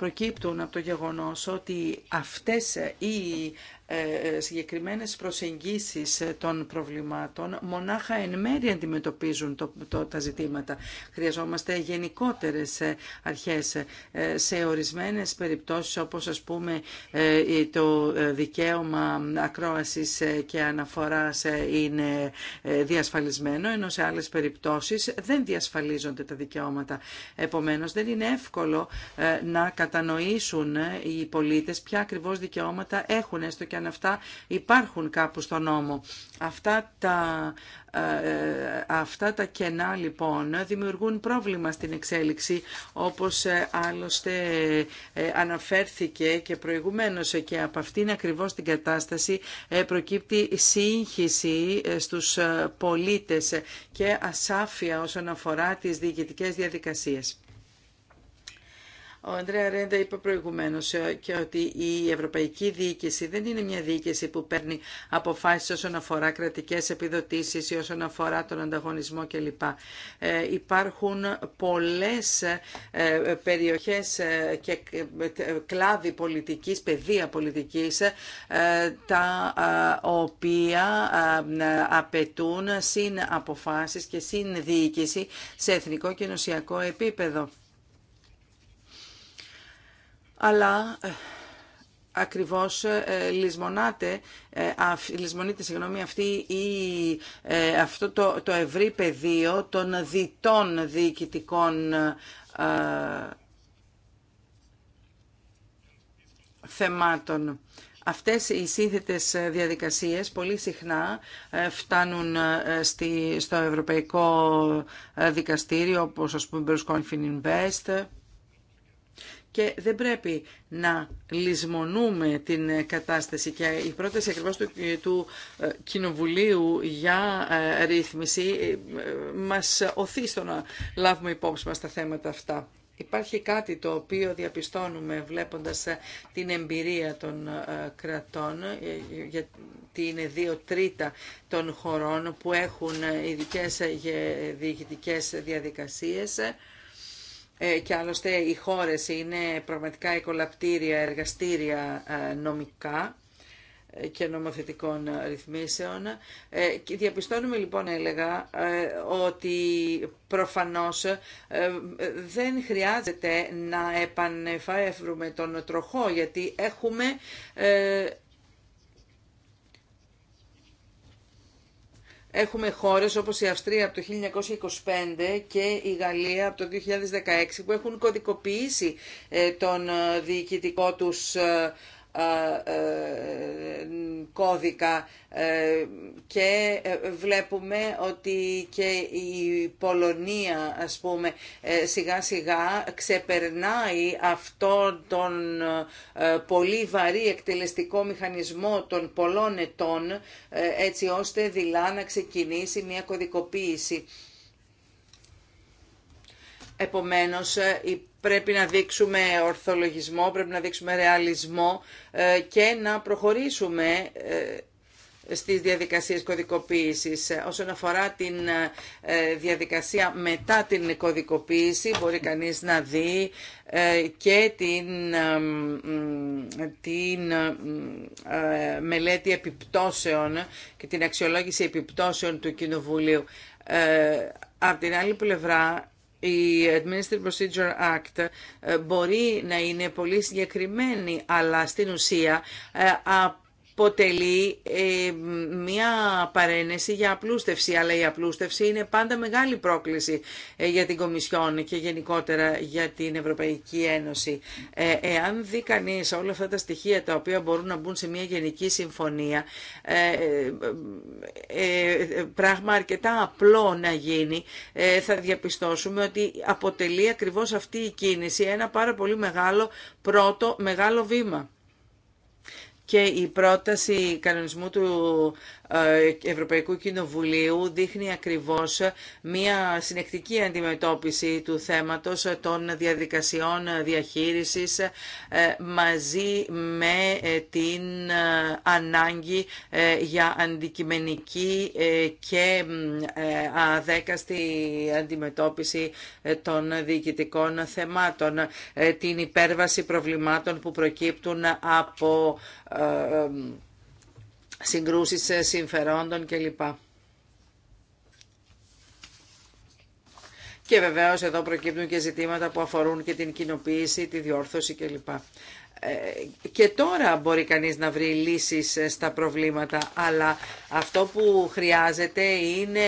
προκύπτουν από το γεγονός ότι αυτές οι ε, ε, συγκεκριμένες προσεγγίσεις των προβλημάτων μονάχα εν μέρη αντιμετωπίζουν το, τα ζητήματα. Χρειαζόμαστε γενικότερες ε, αρχές σε ορισμένες περιπτώσεις όπως ας πούμε το δικαίωμα ακρόασης και αναφοράς είναι διασφαλισμένο ενώ σε άλλες περιπτώσεις δεν διασφαλίζονται τα δικαιώματα. Επομένως δεν είναι εύκολο να κατανοήσουν οι πολίτες ποια ακριβώς δικαιώματα έχουν έστω αν αυτά υπάρχουν κάπου στον νόμο. Αυτά τα, ε, αυτά τα κενά λοιπόν δημιουργούν πρόβλημα στην εξέλιξη όπως ε, άλλωστε ε, αναφέρθηκε και προηγουμένως και από αυτήν ακριβώς την κατάσταση προκύπτει σύγχυση στους πολίτες και ασάφεια όσον αφορά τις διοικητικές διαδικασίες. Ο Ανδρέα Ρέντα είπε προηγουμένω ε, και ότι η Ευρωπαϊκή Διοίκηση δεν είναι μια διοίκηση που παίρνει αποφάσεις όσον αφορά κρατικές επιδοτήσεις ή όσον αφορά τον ανταγωνισμό κλπ. Ε, υπάρχουν πολλές ε, περιοχές και κλάδοι πολιτικής, παιδεία πολιτικής, τα οποία απαιτούν συν αποφάσεις και συν διοίκηση σε εθνικό και νοσιακό επίπεδο αλλά ε, ακριβώς ε, λησμονάται, ε, λησμονείται συγγνώμη, αυτή αυτό το, το ευρύ πεδίο των διτών διοικητικών θεμάτων. Αυτές οι σύνθετες διαδικασίες πολύ συχνά φτάνουν στη, στο Ευρωπαϊκό Δικαστήριο, όπως ας πούμε Best και δεν πρέπει να λησμονούμε την κατάσταση και η πρόταση ακριβώς του, του ε, Κοινοβουλίου για ε, ρύθμιση ε, μας οθεί στο να λάβουμε υπόψη μας τα θέματα αυτά. Υπάρχει κάτι το οποίο διαπιστώνουμε βλέποντας την εμπειρία των κρατών, γιατί είναι δύο τρίτα των χωρών που έχουν ειδικές διοικητικές διαδικασίες, ε, και άλλωστε οι χώρες είναι πραγματικά εκολαπτήρια, εργαστήρια ε, νομικά ε, και νομοθετικών ρυθμίσεων. Διαπιστώνουμε λοιπόν έλεγα ότι προφανώς δεν χρειάζεται να επανεφαεύρουμε τον τροχό γιατί έχουμε Έχουμε χώρες όπως η Αυστρία από το 1925 και η Γαλλία από το 2016 που έχουν κωδικοποιήσει ε, τον ε, διοικητικό τους ε, ε, ε, κώδικα ε, και βλέπουμε ότι και η Πολωνία ας πούμε σιγά σιγά ξεπερνάει αυτό τον πολύ βαρύ εκτελεστικό μηχανισμό των πολλών ετών έτσι ώστε δειλά να ξεκινήσει μια κωδικοποίηση Επομένως ε, πρέπει να δείξουμε ορθολογισμό, πρέπει να δείξουμε ρεαλισμό ε, και να προχωρήσουμε ε, στις διαδικασίες κωδικοποίησης. Όσον αφορά την διαδικασία μετά την κωδικοποίηση, μπορεί κανείς να δει και την, την μελέτη επιπτώσεων και την αξιολόγηση επιπτώσεων του Κοινοβουλίου. Από την άλλη πλευρά, η Administrative Procedure Act ε, μπορεί να είναι πολύ συγκεκριμένη, αλλά στην ουσία ε, αποτελεί ε, μια παρένεση για απλούστευση, αλλά η απλούστευση είναι πάντα μεγάλη πρόκληση ε, για την Κομισιόν και γενικότερα για την Ευρωπαϊκή Ένωση. Ε, εάν δει κανεί όλα αυτά τα στοιχεία τα οποία μπορούν να μπουν σε μια γενική συμφωνία, ε, πράγμα αρκετά απλό να γίνει, θα διαπιστώσουμε ότι αποτελεί ακριβώς αυτή η κίνηση ένα πάρα πολύ μεγάλο πρώτο μεγάλο βήμα και η πρόταση κανονισμού του ε, Ευρωπαϊκού Κοινοβουλίου δείχνει ακριβώς μια συνεκτική αντιμετώπιση του θέματος των διαδικασιών διαχείρισης ε, μαζί με ε, την ανάγκη για αντικειμενική και αδέκαστη αντιμετώπιση των διοικητικών θεμάτων, την υπέρβαση προβλημάτων που προκύπτουν από συγκρούσεις ε, συμφερόντων κλπ. Και βεβαίως εδώ προκύπτουν και ζητήματα που αφορούν και την κοινοποίηση, τη διόρθωση κλπ. Ε, και τώρα μπορεί κανείς να βρει λύσεις ε, στα προβλήματα, αλλά αυτό που χρειάζεται είναι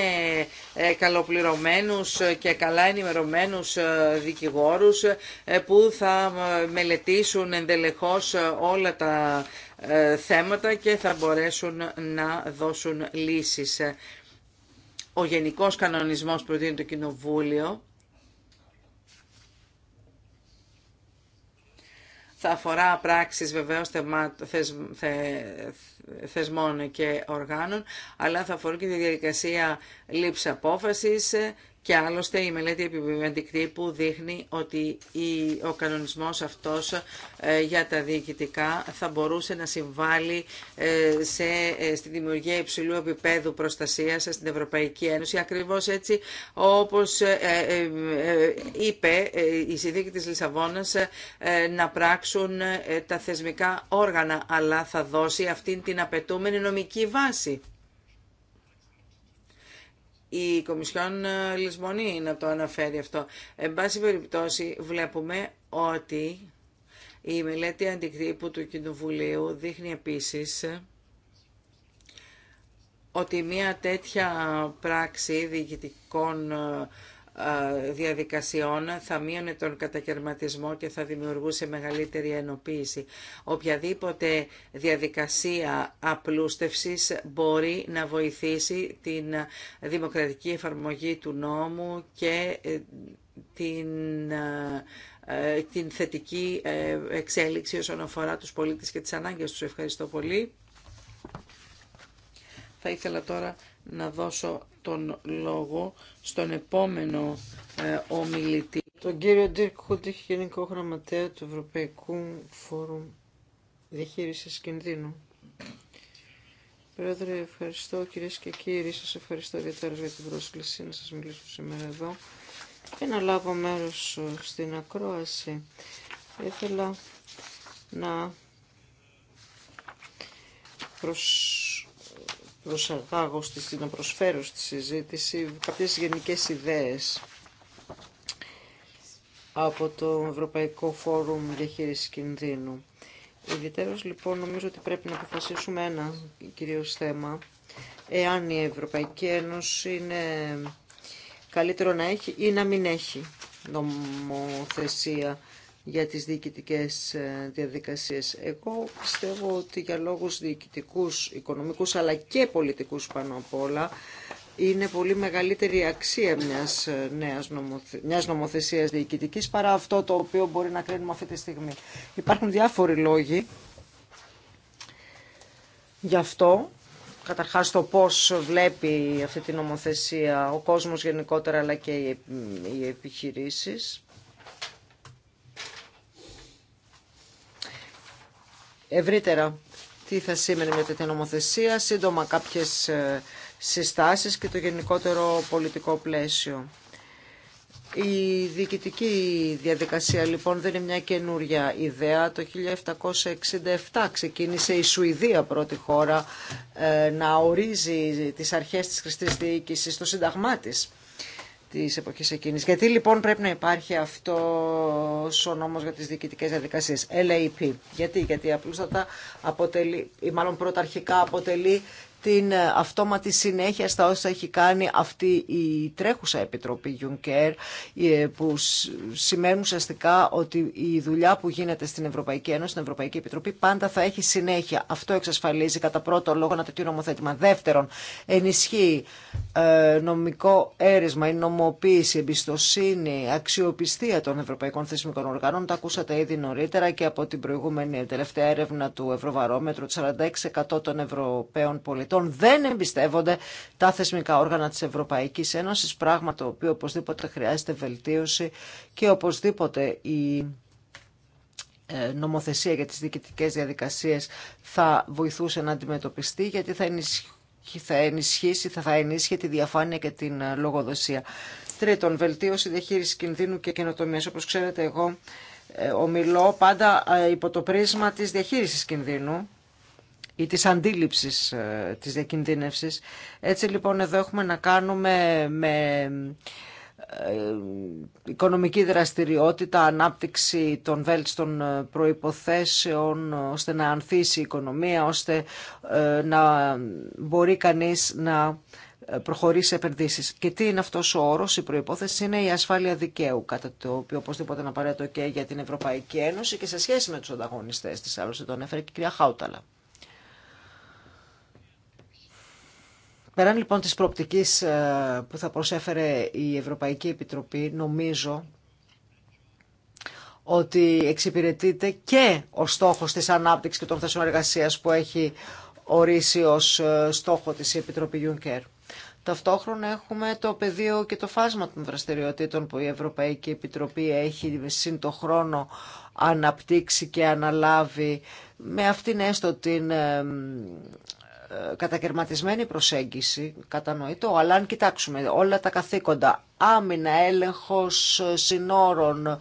καλοπληρωμένους και καλά ενημερωμένους δικηγόρους που θα μελετήσουν ενδελεχώς όλα τα ε, θέματα και θα μπορέσουν να δώσουν λύσεις. Ο γενικός κανονισμός που προτείνει το Κοινοβούλιο θα αφορά πράξεις βεβαίως θεσμών και οργάνων, αλλά θα αφορούν και τη διαδικασία λήψη απόφασης και άλλωστε η μελέτη επιβεβαιωτική δείχνει ότι ο κανονισμός αυτός ε, για τα διοικητικά θα μπορούσε να συμβάλλει ε, σε, ε, στη δημιουργία υψηλού επίπεδου προστασίας στην Ευρωπαϊκή Ένωση. Ακριβώς έτσι όπως είπε η συνθήκη της Λισαβόνας να πράξουν τα θεσμικά όργανα αλλά θα δώσει αυτήν την απαιτούμενη νομική βάση η Κομισιόν ε, Λισμονή να το αναφέρει αυτό. Εν πάση περιπτώσει βλέπουμε ότι η μελέτη αντικρύπου του Κοινοβουλίου δείχνει επίσης ε, ότι μια τέτοια πράξη διοικητικών ε, διαδικασιών θα μείωνε τον κατακαιρματισμό και θα δημιουργούσε μεγαλύτερη ενοποίηση. Οποιαδήποτε διαδικασία απλούστευσης μπορεί να βοηθήσει την δημοκρατική εφαρμογή του νόμου και ε, ε, ε, την θετική εξέλιξη όσον αφορά τους πολίτες και τις ανάγκες τους. Ευχαριστώ πολύ. Θα ήθελα τώρα να δώσω τον λόγο στον επόμενο ε, ομιλητή. Τον κύριο Ντύρκ Χούντιχ, Γενικό Γραμματέα του Ευρωπαϊκού Φόρουμ διαχείριση Κινδύνου. Πρόεδρε, ευχαριστώ κυρίε και κύριοι. Σα ευχαριστώ ιδιαίτερα για την πρόσκληση να σα μιλήσω σήμερα εδώ και να λάβω μέρο ε, στην ακρόαση. Ήθελα να προσ προσαρτάγω στη, να προσφέρω στη συζήτηση κάποιες γενικές ιδέες από το Ευρωπαϊκό Φόρουμ Διαχείρισης Κινδύνου. Ιδιαίτερως λοιπόν νομίζω ότι πρέπει να αποφασίσουμε ένα κυρίως θέμα. Εάν η Ευρωπαϊκή Ένωση είναι καλύτερο να έχει ή να μην έχει νομοθεσία για τις διοικητικές ε, διαδικασίες. Εγώ πιστεύω ότι για λόγους διοικητικούς, οικονομικούς αλλά και πολιτικούς πάνω απ' όλα είναι πολύ μεγαλύτερη αξία μιας, ε, νέας νομοθε... μιας νομοθεσίας διοικητικής παρά αυτό το οποίο μπορεί να κρίνουμε αυτή τη στιγμή. Υπάρχουν διάφοροι λόγοι γι' αυτό. Καταρχάς το πώς βλέπει αυτή τη νομοθεσία ο κόσμος γενικότερα αλλά και οι επιχειρήσεις ευρύτερα τι θα σήμαινε με την νομοθεσία, σύντομα κάποιες ε, συστάσεις και το γενικότερο πολιτικό πλαίσιο. Η διοικητική διαδικασία λοιπόν δεν είναι μια καινούρια ιδέα. Το 1767 ξεκίνησε η Σουηδία πρώτη χώρα ε, να ορίζει τις αρχές της χρηστής διοίκησης στο Σύνταγμά της της εποχής εκείνης. Γιατί λοιπόν πρέπει να υπάρχει αυτό ο νόμος για τις διοικητικές διαδικασίες, LAP. Γιατί, γιατί απλούστατα αποτελεί, ή μάλλον πρωταρχικά αποτελεί την ε, αυτόματη συνέχεια στα όσα έχει κάνει αυτή η τρέχουσα Επιτροπή Juncker ε, που σημαίνει ουσιαστικά ότι η δουλειά που γίνεται στην Ευρωπαϊκή Ένωση, στην Ευρωπαϊκή Επιτροπή πάντα θα έχει συνέχεια. Αυτό εξασφαλίζει κατά πρώτο λόγο ένα τέτοιο νομοθέτημα. Δεύτερον, ενισχύει ε, νομικό έρισμα, η νομοποίηση, εμπιστοσύνη, αξιοπιστία των Ευρωπαϊκών Θεσμικών Οργάνων. Τα ακούσατε ήδη νωρίτερα και από την προηγούμενη τελευταία έρευνα του Ευρωβαρόμετρου, 46% των Ευρωπαίων πολιτών πολιτών δεν εμπιστεύονται τα θεσμικά όργανα της Ευρωπαϊκής Ένωσης, πράγμα το οποίο οπωσδήποτε χρειάζεται βελτίωση και οπωσδήποτε η ε, νομοθεσία για τις διοικητικές διαδικασίες θα βοηθούσε να αντιμετωπιστεί γιατί θα θα ενισχύσει, θα, θα ενίσχυε τη διαφάνεια και την ε, λογοδοσία. Τρίτον, βελτίωση διαχείριση κινδύνου και καινοτομία. Όπω ξέρετε, εγώ ε, ομιλώ πάντα υπό το πρίσμα τη διαχείριση κινδύνου ή της αντίληψης ε, της διακινδύνευσης. Έτσι λοιπόν εδώ έχουμε να κάνουμε με ε, οικονομική δραστηριότητα, ανάπτυξη των βέλτιστων ε, προϋποθέσεων ώστε να ανθίσει η οικονομία, ώστε να μπορεί κανείς να προχωρήσει επενδύσεις. Και τι είναι αυτός ο όρος, η προϋπόθεση είναι η ασφάλεια δικαίου, κατά το οποίο οπωσδήποτε είναι απαραίτητο και για την Ευρωπαϊκή Ένωση και σε σχέση με τους ανταγωνιστές της, άλλωστε τον έφερε και η κυρία Χάουταλα. Πέραν λοιπόν της προοπτικής ε, που θα προσέφερε η Ευρωπαϊκή Επιτροπή, νομίζω ότι εξυπηρετείται και ο στόχος της ανάπτυξης και των θέσεων εργασίας που έχει ορίσει ως ε, στόχο της η Επιτροπή Juncker. Ταυτόχρονα έχουμε το πεδίο και το φάσμα των δραστηριοτήτων που η Ευρωπαϊκή Επιτροπή έχει συν το χρόνο αναπτύξει και αναλάβει με αυτήν έστω την ε, κατακαιρματισμένη προσέγγιση, κατανοητό, αλλά αν κοιτάξουμε όλα τα καθήκοντα, άμυνα, έλεγχος συνόρων,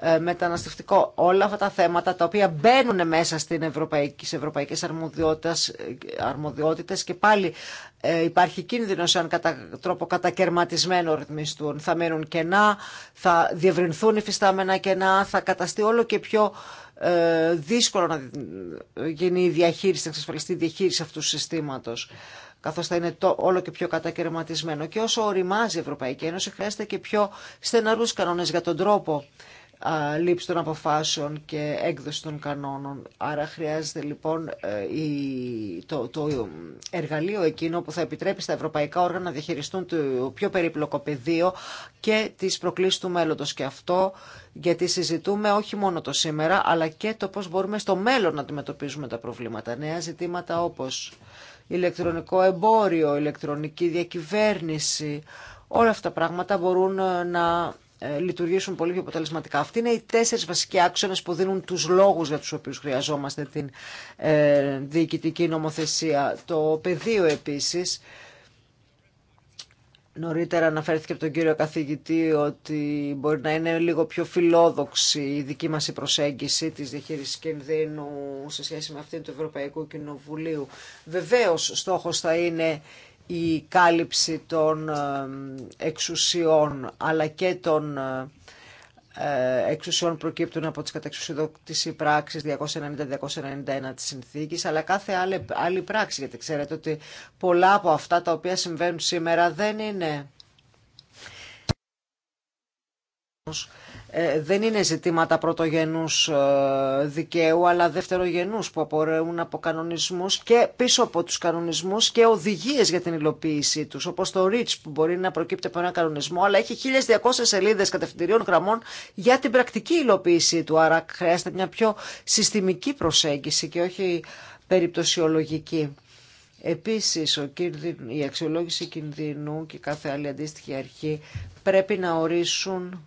ε, μεταναστευτικό, όλα αυτά τα θέματα τα οποία μπαίνουν μέσα στην ευρωπαϊκή, ευρωπαϊκές αρμοδιότητες, ε, αρμοδιότητες και πάλι ε, υπάρχει κίνδυνος αν κατά τρόπο κατακαιρματισμένο ρυθμιστούν. Θα μένουν κενά, θα διευρυνθούν υφιστάμενα κενά, θα καταστεί όλο και πιο ε, δύσκολο να γίνει η διαχείριση, να εξασφαλιστεί η διαχείριση αυτού του συστήματος καθώς θα είναι το όλο και πιο κατακαιρματισμένο. Και όσο οριμάζει η Ευρωπαϊκή Ένωση, χρειάζεται και πιο στεναρούς κανόνες για τον τρόπο λήψη των αποφάσεων και έκδοση των κανόνων. Άρα χρειάζεται λοιπόν ε, το, το εργαλείο εκείνο που θα επιτρέπει στα ευρωπαϊκά όργανα να διαχειριστούν το πιο περίπλοκο πεδίο και τις προκλήσεις του μέλλοντος. Και αυτό γιατί συζητούμε όχι μόνο το σήμερα, αλλά και το πώς μπορούμε στο μέλλον να αντιμετωπίζουμε τα προβλήματα. Νέα ζητήματα όπως ηλεκτρονικό εμπόριο, ηλεκτρονική διακυβέρνηση, όλα αυτά τα πράγματα μπορούν ε, να ε, λειτουργήσουν πολύ πιο αποτελεσματικά. Αυτοί είναι οι τέσσερι βασικοί άξονε που δίνουν τους λόγους για τους οποίους χρειαζόμαστε την ε, διοικητική νομοθεσία. Το πεδίο επίση, Νωρίτερα αναφέρθηκε από τον κύριο καθηγητή ότι μπορεί να είναι λίγο πιο φιλόδοξη η δική μας η προσέγγιση της διαχείρισης κινδύνου σε σχέση με αυτήν του Ευρωπαϊκού Κοινοβουλίου. Βεβαίως στόχος θα είναι η κάλυψη των ε, εξουσιών αλλά και των ε, ε, εξουσιών προκύπτουν από τις κατεξουσιοδότηση πράξεις 290-291 της συνθήκης, αλλά κάθε άλλη, άλλη πράξη, γιατί ξέρετε ότι πολλά από αυτά τα οποία συμβαίνουν σήμερα δεν είναι ε, δεν είναι ζητήματα πρωτογενούς ε, δικαίου, αλλά δευτερογενούς που απορρέουν από κανονισμούς και πίσω από τους κανονισμούς και οδηγίες για την υλοποίησή τους, όπως το REACH που μπορεί να προκύπτει από ένα κανονισμό, αλλά έχει 1200 σελίδες κατευθυντηρίων γραμμών για την πρακτική υλοποίησή του, άρα χρειάζεται μια πιο συστημική προσέγγιση και όχι περιπτωσιολογική. Επίσης, η αξιολόγηση κινδύνου και κάθε άλλη αντίστοιχη αρχή πρέπει να ορίσουν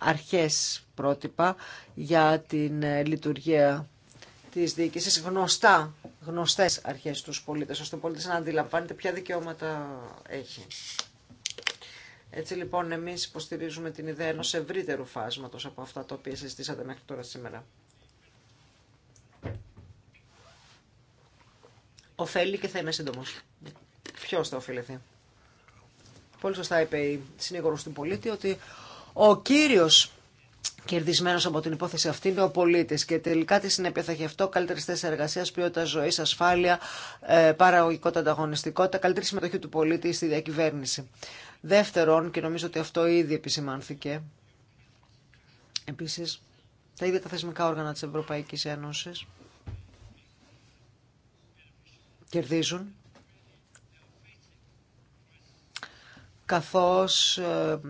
αρχές πρότυπα για την ε, λειτουργία της διοίκησης, γνωστά, γνωστές αρχές στους πολίτες, ώστε ο πολίτης να αντιλαμβάνεται ποια δικαιώματα έχει. Έτσι λοιπόν εμείς υποστηρίζουμε την ιδέα ενός ευρύτερου φάσματος από αυτά τα οποία συζητήσατε μέχρι τώρα σήμερα. Οφέλει και θα είμαι σύντομο. Ποιο θα ωφεληθεί. Πολύ σωστά είπε η συνήγορο του πολίτη ότι ο κύριο κερδισμένος από την υπόθεση αυτή είναι ο πολίτη και τελικά τι συνέπεια θα έχει αυτό, καλύτερες θέση εργασία, ποιότητα ζωή, ασφάλεια, ε, παραγωγικότητα, ανταγωνιστικότητα, καλύτερη συμμετοχή του πολίτη στη διακυβέρνηση. Δεύτερον, και νομίζω ότι αυτό ήδη επισημάνθηκε, επίσης, τα ίδια τα θεσμικά όργανα τη Ευρωπαϊκή Ένωση. κερδίζουν καθώς ε,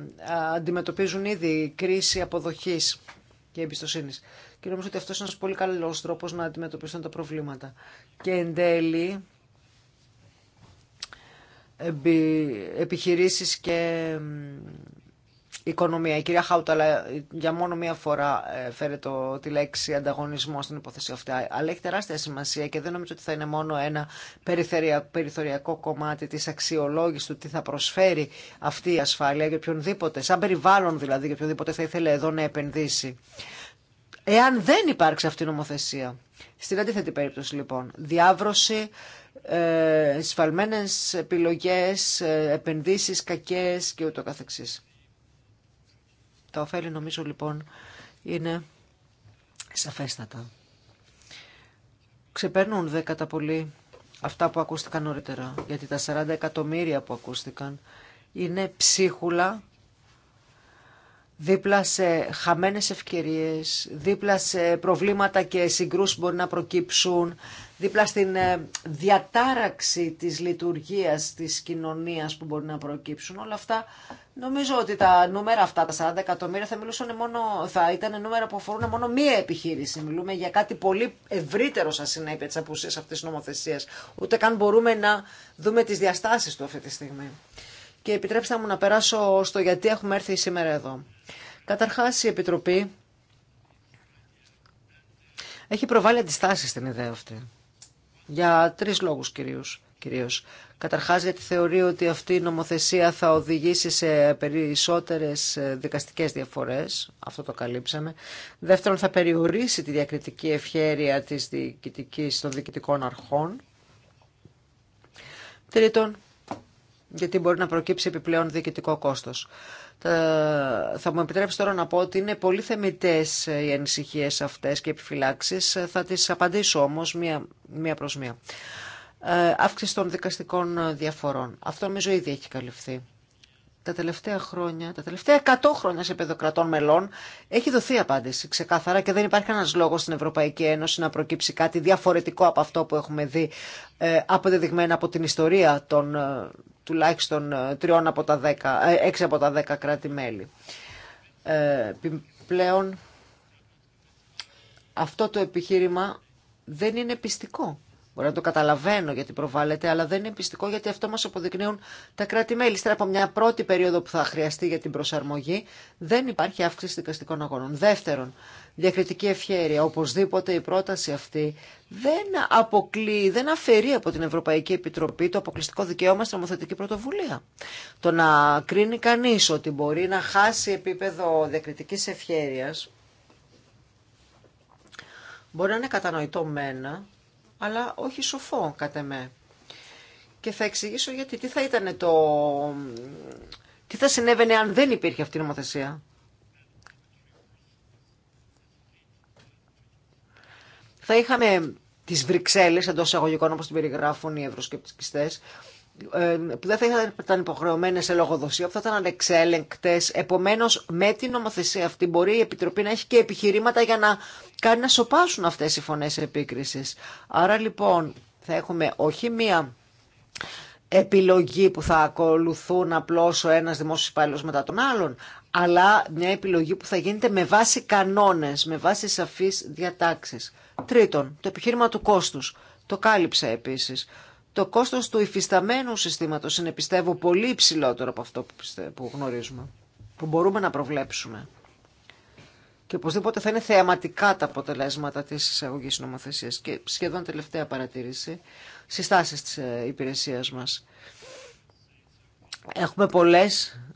αντιμετωπίζουν ήδη κρίση αποδοχής και εμπιστοσύνης. Και νομίζω ότι αυτός είναι ένας πολύ καλός τρόπος να αντιμετωπίσουν τα προβλήματα. Και εν τέλει, επιχειρήσεις και οικονομία. Η κυρία Χάουταλα ε, για μόνο μία φορά ε, φέρε το, τη λέξη ανταγωνισμό στην υπόθεση αυτή. Αλλά έχει τεράστια σημασία και δεν νομίζω ότι θα είναι μόνο ένα περιθωριακό κομμάτι τη αξιολόγηση του τι θα προσφέρει αυτή η ασφάλεια για οποιονδήποτε, σαν περιβάλλον δηλαδή, για οποιονδήποτε θα ήθελε εδώ να επενδύσει. Εάν δεν υπάρξει αυτή η νομοθεσία, στην αντίθετη περίπτωση λοιπόν, διάβρωση, ε, σφαλμένες επιλογές, ε, επενδύσεις κακές και ούτω καθεξής. Τα ωφέλη νομίζω λοιπόν είναι σαφέστατα. Ξεπέρνουν δε κατά πολύ αυτά που ακούστηκαν νωρίτερα, γιατί τα 40 εκατομμύρια που ακούστηκαν είναι ψίχουλα δίπλα σε χαμένες ευκαιρίες, δίπλα σε προβλήματα και συγκρούσεις που μπορεί να προκύψουν, δίπλα στην ε, διατάραξη της λειτουργίας της κοινωνίας που μπορεί να προκύψουν. Όλα αυτά νομίζω ότι τα νούμερα αυτά, τα 40 εκατομμύρια, θα, μιλούσαν μόνο, θα ήταν νούμερα που αφορούν μόνο μία επιχείρηση. Μιλούμε για κάτι πολύ ευρύτερο σαν συνέπεια της απουσίας αυτής της νομοθεσίας. Ούτε καν μπορούμε να δούμε τις διαστάσεις του αυτή τη στιγμή και επιτρέψτε μου να περάσω στο γιατί έχουμε έρθει σήμερα εδώ. Καταρχάς η Επιτροπή έχει προβάλει αντιστάσεις στην ιδέα αυτή. Για τρεις λόγους κυρίως. κυρίως. Καταρχάς γιατί θεωρεί ότι αυτή η νομοθεσία θα οδηγήσει σε περισσότερες δικαστικές διαφορές. Αυτό το καλύψαμε. Δεύτερον θα περιορίσει τη διακριτική ευχέρεια της διοικητικής, των διοικητικών αρχών. Τρίτον, γιατί μπορεί να προκύψει επιπλέον διοικητικό κόστο. Θα μου επιτρέψει τώρα να πω ότι είναι πολύ θεμητέ οι ανησυχίε αυτέ και επιφυλάξει. Θα τι απαντήσω όμω μία, μία προς μία. Ε, αύξηση των δικαστικών διαφορών. Αυτό νομίζω ήδη έχει καλυφθεί. Τα τελευταία χρόνια, τα τελευταία 100 χρόνια σε παιδοκρατών μελών έχει δοθεί απάντηση ξεκάθαρα και δεν υπάρχει κανένα λόγο στην Ευρωπαϊκή Ένωση να προκύψει κάτι διαφορετικό από αυτό που έχουμε δει ε, αποδεδειγμένα από την ιστορία των ε, τουλάχιστον ε, τριών από τα 10, 6 ε, από τα 10 κράτη-μέλη. Ε, πλέον αυτό το επιχείρημα δεν είναι πιστικό. Μπορεί να το καταλαβαίνω γιατί προβάλλεται, αλλά δεν είναι πιστικό γιατί αυτό μα αποδεικνύουν τα κράτη-μέλη. Στερα από μια πρώτη περίοδο που θα χρειαστεί για την προσαρμογή, δεν υπάρχει αύξηση δικαστικών αγώνων. Δεύτερον, διακριτική ευχέρεια. Οπωσδήποτε η πρόταση αυτή δεν αποκλεί, δεν αφαιρεί από την Ευρωπαϊκή Επιτροπή το αποκλειστικό δικαίωμα στην νομοθετική πρωτοβουλία. Το να κρίνει κανεί ότι μπορεί να χάσει επίπεδο διακριτική ευχέρεια. Μπορεί να είναι κατανοητό μένα, αλλά όχι σοφό κατά με. Και θα εξηγήσω γιατί τι θα ήταν το... Τι θα συνέβαινε αν δεν υπήρχε αυτή η νομοθεσία. Θα είχαμε τις Βρυξέλλες εντό εισαγωγικών όπως την περιγράφουν οι ευρωσκεπτικιστές ε, που δεν θα ήταν υποχρεωμένε σε λογοδοσία, που θα ήταν ανεξέλεγκτε. Επομένω, με την νομοθεσία αυτή μπορεί η Επιτροπή να έχει και επιχειρήματα για να κάνει να σοπάσουν αυτέ οι φωνέ επίκριση. Άρα λοιπόν θα έχουμε όχι μία επιλογή που θα ακολουθούν απλώ ο ένα δημόσιο υπάλληλο μετά τον άλλον, αλλά μια επιλογή που θα γίνεται με βάση κανόνε, με βάση σαφεί διατάξει. Τρίτον, το επιχείρημα του κόστου. Το κάλυψα επίσης το κόστος του υφισταμένου συστήματος είναι πιστεύω πολύ υψηλότερο από αυτό που, που γνωρίζουμε, που μπορούμε να προβλέψουμε. Και οπωσδήποτε θα είναι θεαματικά τα αποτελέσματα της εισαγωγής νομοθεσίας. Και σχεδόν τελευταία παρατήρηση, συστάσεις της ε, υπηρεσίας μας. Έχουμε πολλέ,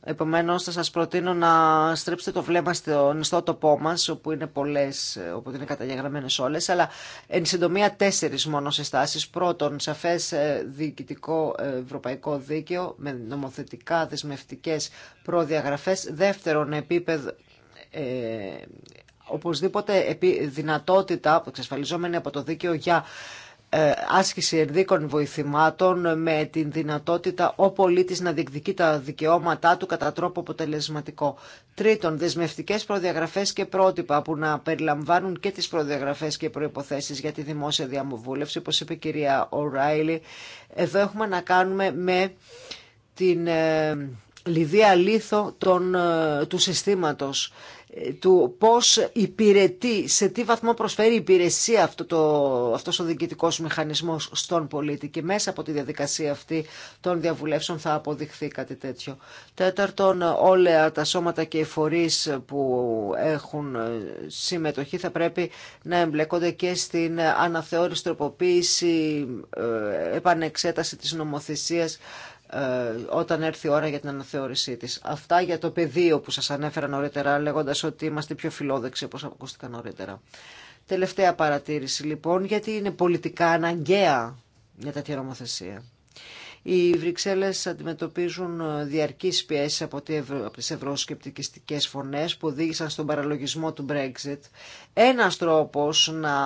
επομένω θα σας προτείνω να στρέψετε το βλέμμα στον τοπό μας, όπου είναι πολλές, όπου είναι καταγεγραμμένες όλες, αλλά εν συντομία τέσσερι μόνο συστάσει. Πρώτον, σαφές ε, διοικητικό ε, ευρωπαϊκό δίκαιο με νομοθετικά δεσμευτικέ προδιαγραφές. Δεύτερον, επίπεδο, ε, οπωσδήποτε επί, δυνατότητα, εξασφαλιζόμενη από το δίκαιο για ε, άσκηση ενδίκων βοηθημάτων με την δυνατότητα ο πολίτης να διεκδικεί τα δικαιώματά του κατά τρόπο αποτελεσματικό. Τρίτον, δεσμευτικές προδιαγραφές και πρότυπα που να περιλαμβάνουν και τις προδιαγραφές και προϋποθέσεις για τη δημόσια διαμοβούλευση, όπως είπε η κυρία O'Reilly. Εδώ έχουμε να κάνουμε με την ε, λιδία λίθο των, ε, του συστήματος του πώς υπηρετεί, σε τι βαθμό προσφέρει υπηρεσία αυτό το, αυτός ο διοικητικός μηχανισμός στον πολίτη και μέσα από τη διαδικασία αυτή των διαβουλεύσεων θα αποδειχθεί κάτι τέτοιο. Τέταρτον, όλα τα σώματα και οι φορείς που έχουν ε, συμμετοχή θα πρέπει να εμπλέκονται και στην αναθεώρηση, τροποποίηση, ε, επανεξέταση της νομοθεσίας ε, όταν έρθει η ώρα για την αναθεώρησή της. Αυτά για το πεδίο που σας ανέφερα νωρίτερα, λέγοντας ότι είμαστε πιο φιλόδεξοι, όπω ακούστηκαν νωρίτερα. Τελευταία παρατήρηση, λοιπόν, γιατί είναι πολιτικά αναγκαία μια τέτοια νομοθεσία. Οι Βρυξέλλες αντιμετωπίζουν διαρκείς πιέσει από τι ευρωσκεπτικιστικές φωνέ που οδήγησαν στον παραλογισμό του Brexit. Ένα τρόπο να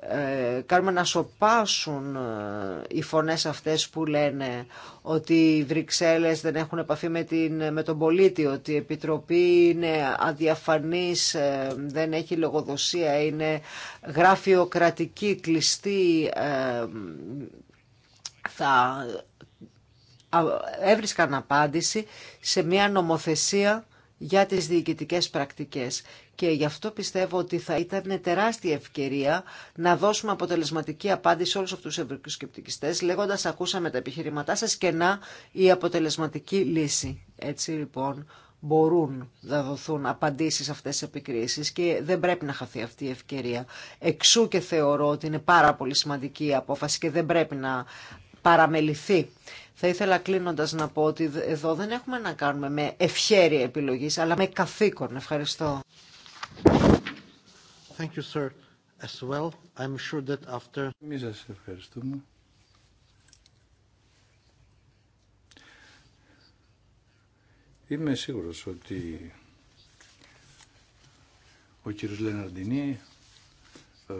ε, κάνουμε να σοπάσουν ε, οι φωνές αυτές που λένε ότι οι Βρυξέλλες δεν έχουν επαφή με, την, τον πολίτη, ότι η Επιτροπή είναι αδιαφανής, ε, δεν έχει λογοδοσία, είναι γραφειοκρατική, κλειστή, θα έβρισκαν απάντηση σε μια νομοθεσία για τις διοικητικές πρακτικές. Και γι' αυτό πιστεύω ότι θα ήταν τεράστια ευκαιρία να δώσουμε αποτελεσματική απάντηση σε όλους αυτούς τους ευρωσκεπτικιστές, λέγοντας ακούσαμε τα επιχειρηματά σας και να η αποτελεσματική λύση. Έτσι λοιπόν μπορούν να δοθούν απαντήσεις σε αυτές τις επικρίσεις και δεν πρέπει να χαθεί αυτή η ευκαιρία. Εξού και θεωρώ ότι είναι πάρα πολύ σημαντική η απόφαση και δεν πρέπει να παραμεληθεί. Θα ήθελα κλείνοντας να πω ότι εδώ δεν έχουμε να κάνουμε με ευχέρεια επιλογής, αλλά με καθήκον. Ευχαριστώ. Thank you, sir. As well, I'm sure that after... ευχαριστούμε. Είμαι σίγουρος ότι ο κύριος Λεναρντινή ε,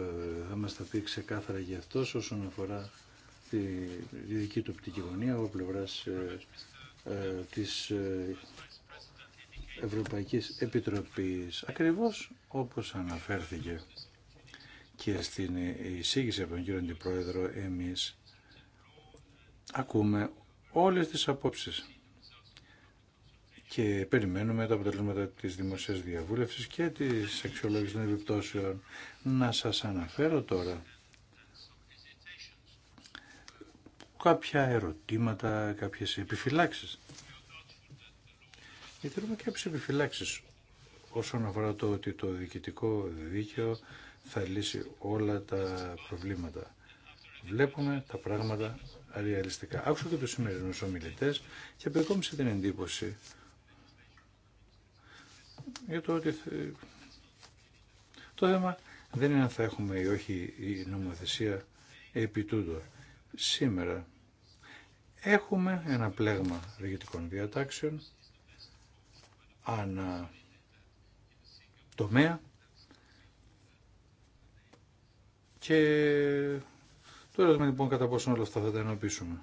θα μας τα πει ξεκάθαρα για αυτός όσον αφορά τη δική του οπτική γωνία από πλευράς ε, ε, της ε, Ευρωπαϊκής Επιτροπής ακριβώς όπως αναφέρθηκε και στην εισήγηση από τον κύριο Αντιπρόεδρο εμείς ακούμε όλες τις απόψεις και περιμένουμε τα αποτελέσματα της δημοσίας διαβούλευσης και τη αξιολόγησης των επιπτώσεων. Να σας αναφέρω τώρα κάποια ερωτήματα, κάποιες επιφυλάξεις. και κάποιες επιφυλάξεις όσον αφορά το ότι το διοικητικό δίκαιο θα λύσει όλα τα προβλήματα. Βλέπουμε τα πράγματα αριαλιστικά. Άκουσα και τους σημερινούς ομιλητές και απεκόμισε την εντύπωση για το ότι ε, το θέμα δεν είναι αν θα έχουμε ή όχι η νομοθεσία επί τούτο σήμερα έχουμε ένα πλέγμα ρηγητικών διατάξεων ανά τομέα και τώρα ερώτημα λοιπόν κατά πόσο όλα αυτά θα τα ενοποιήσουμε.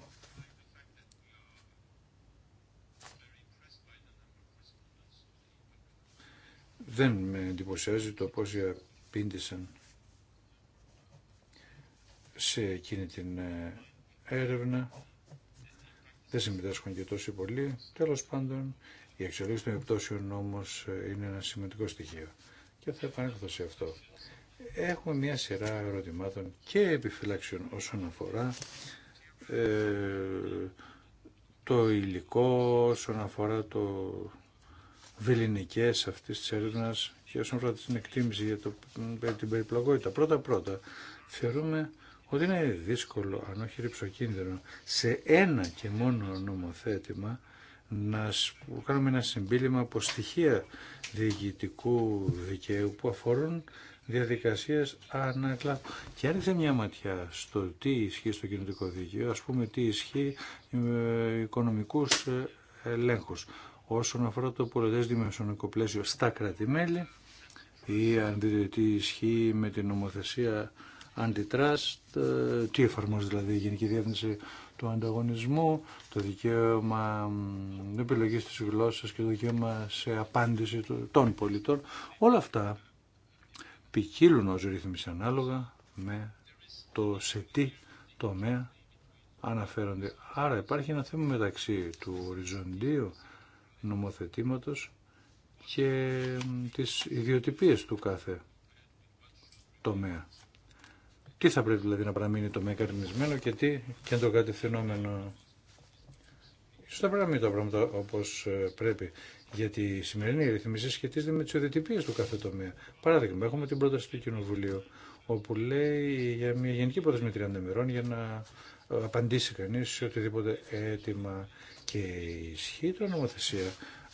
Δεν με εντυπωσιάζει το πώς απήντησαν σε εκείνη την ε, έρευνα. Δεν συμμετάσχουν και τόσο πολύ. Τέλος πάντων, η αξιολόγηση των επιπτώσεων όμως ε, είναι ένα σημαντικό στοιχείο. Και θα επανέλθω σε αυτό. Έχουμε μια σειρά ερωτημάτων και επιφυλάξεων όσον αφορά ε, το υλικό, όσον αφορά το βεληνικές αυτής της έρευνα και όσον αφορά την εκτίμηση για το, την περιπλοκότητα. Πρώτα-πρώτα θεωρούμε ότι είναι δύσκολο, αν όχι ρηψοκίνδυνο, σε ένα και μόνο νομοθέτημα να κάνουμε ένα συμπίλημα από στοιχεία διοικητικού δικαίου που αφορούν διαδικασίες ανακλάδου. Και άρχισε μια ματιά στο τι ισχύει στο κοινωτικό δίκαιο, ας πούμε τι ισχύει με οικονομικούς ε, ελέγχους όσον αφορά το πολιτές δημοσιονομικό πλαίσιο στα κράτη-μέλη ή αν δείτε τι ισχύει με την νομοθεσία αντιτράστ, ε, τι εφαρμόζει δηλαδή η Γενική Διεύθυνση του Ανταγωνισμού, το δικαίωμα επιλογής της γλώσσας και το δικαίωμα σε απάντηση των πολιτών. Όλα αυτά ποικίλουν ως ρύθμιση ανάλογα με το σε τι τομέα αναφέρονται. Άρα υπάρχει ένα θέμα μεταξύ του οριζοντίου νομοθετήματος και της ιδιοτυπίες του κάθε τομέα. Τι θα πρέπει δηλαδή να παραμείνει το μεκαρνισμένο και τι και το κατευθυνόμενο. Ίσως θα πρέπει να μην τα πράγματα όπως ε, πρέπει. Γιατί η σημερινή ρυθμίση σχετίζεται με τις οδιοτυπίε του κάθε τομέα. Παράδειγμα, έχουμε την πρόταση του Κοινοβουλίου, όπου λέει για μια γενική πρόταση με 30 μερών για να ε, απαντήσει κανείς σε οτιδήποτε αίτημα. Και ισχύει το νομοθεσία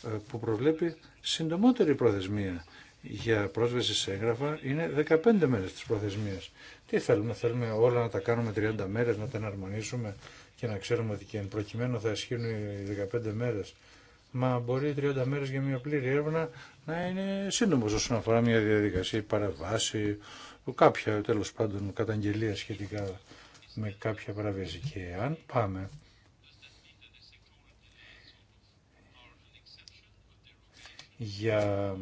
ε, που προβλέπει συντομότερη προθεσμία για πρόσβαση σε έγγραφα είναι 15 μέρες της προθεσμίας. Τι θέλουμε, θέλουμε όλα να τα κάνουμε 30 μέρες, να τα εναρμονίσουμε και να ξέρουμε ότι και εν προκειμένου θα ισχύουν οι 15 μέρες. Μα μπορεί 30 μέρες για μια πλήρη έρευνα να είναι σύντομο όσον αφορά μια διαδικασία, παραβάση, κάποια τέλος πάντων καταγγελία σχετικά με κάποια παραβίαση. Και αν πάμε για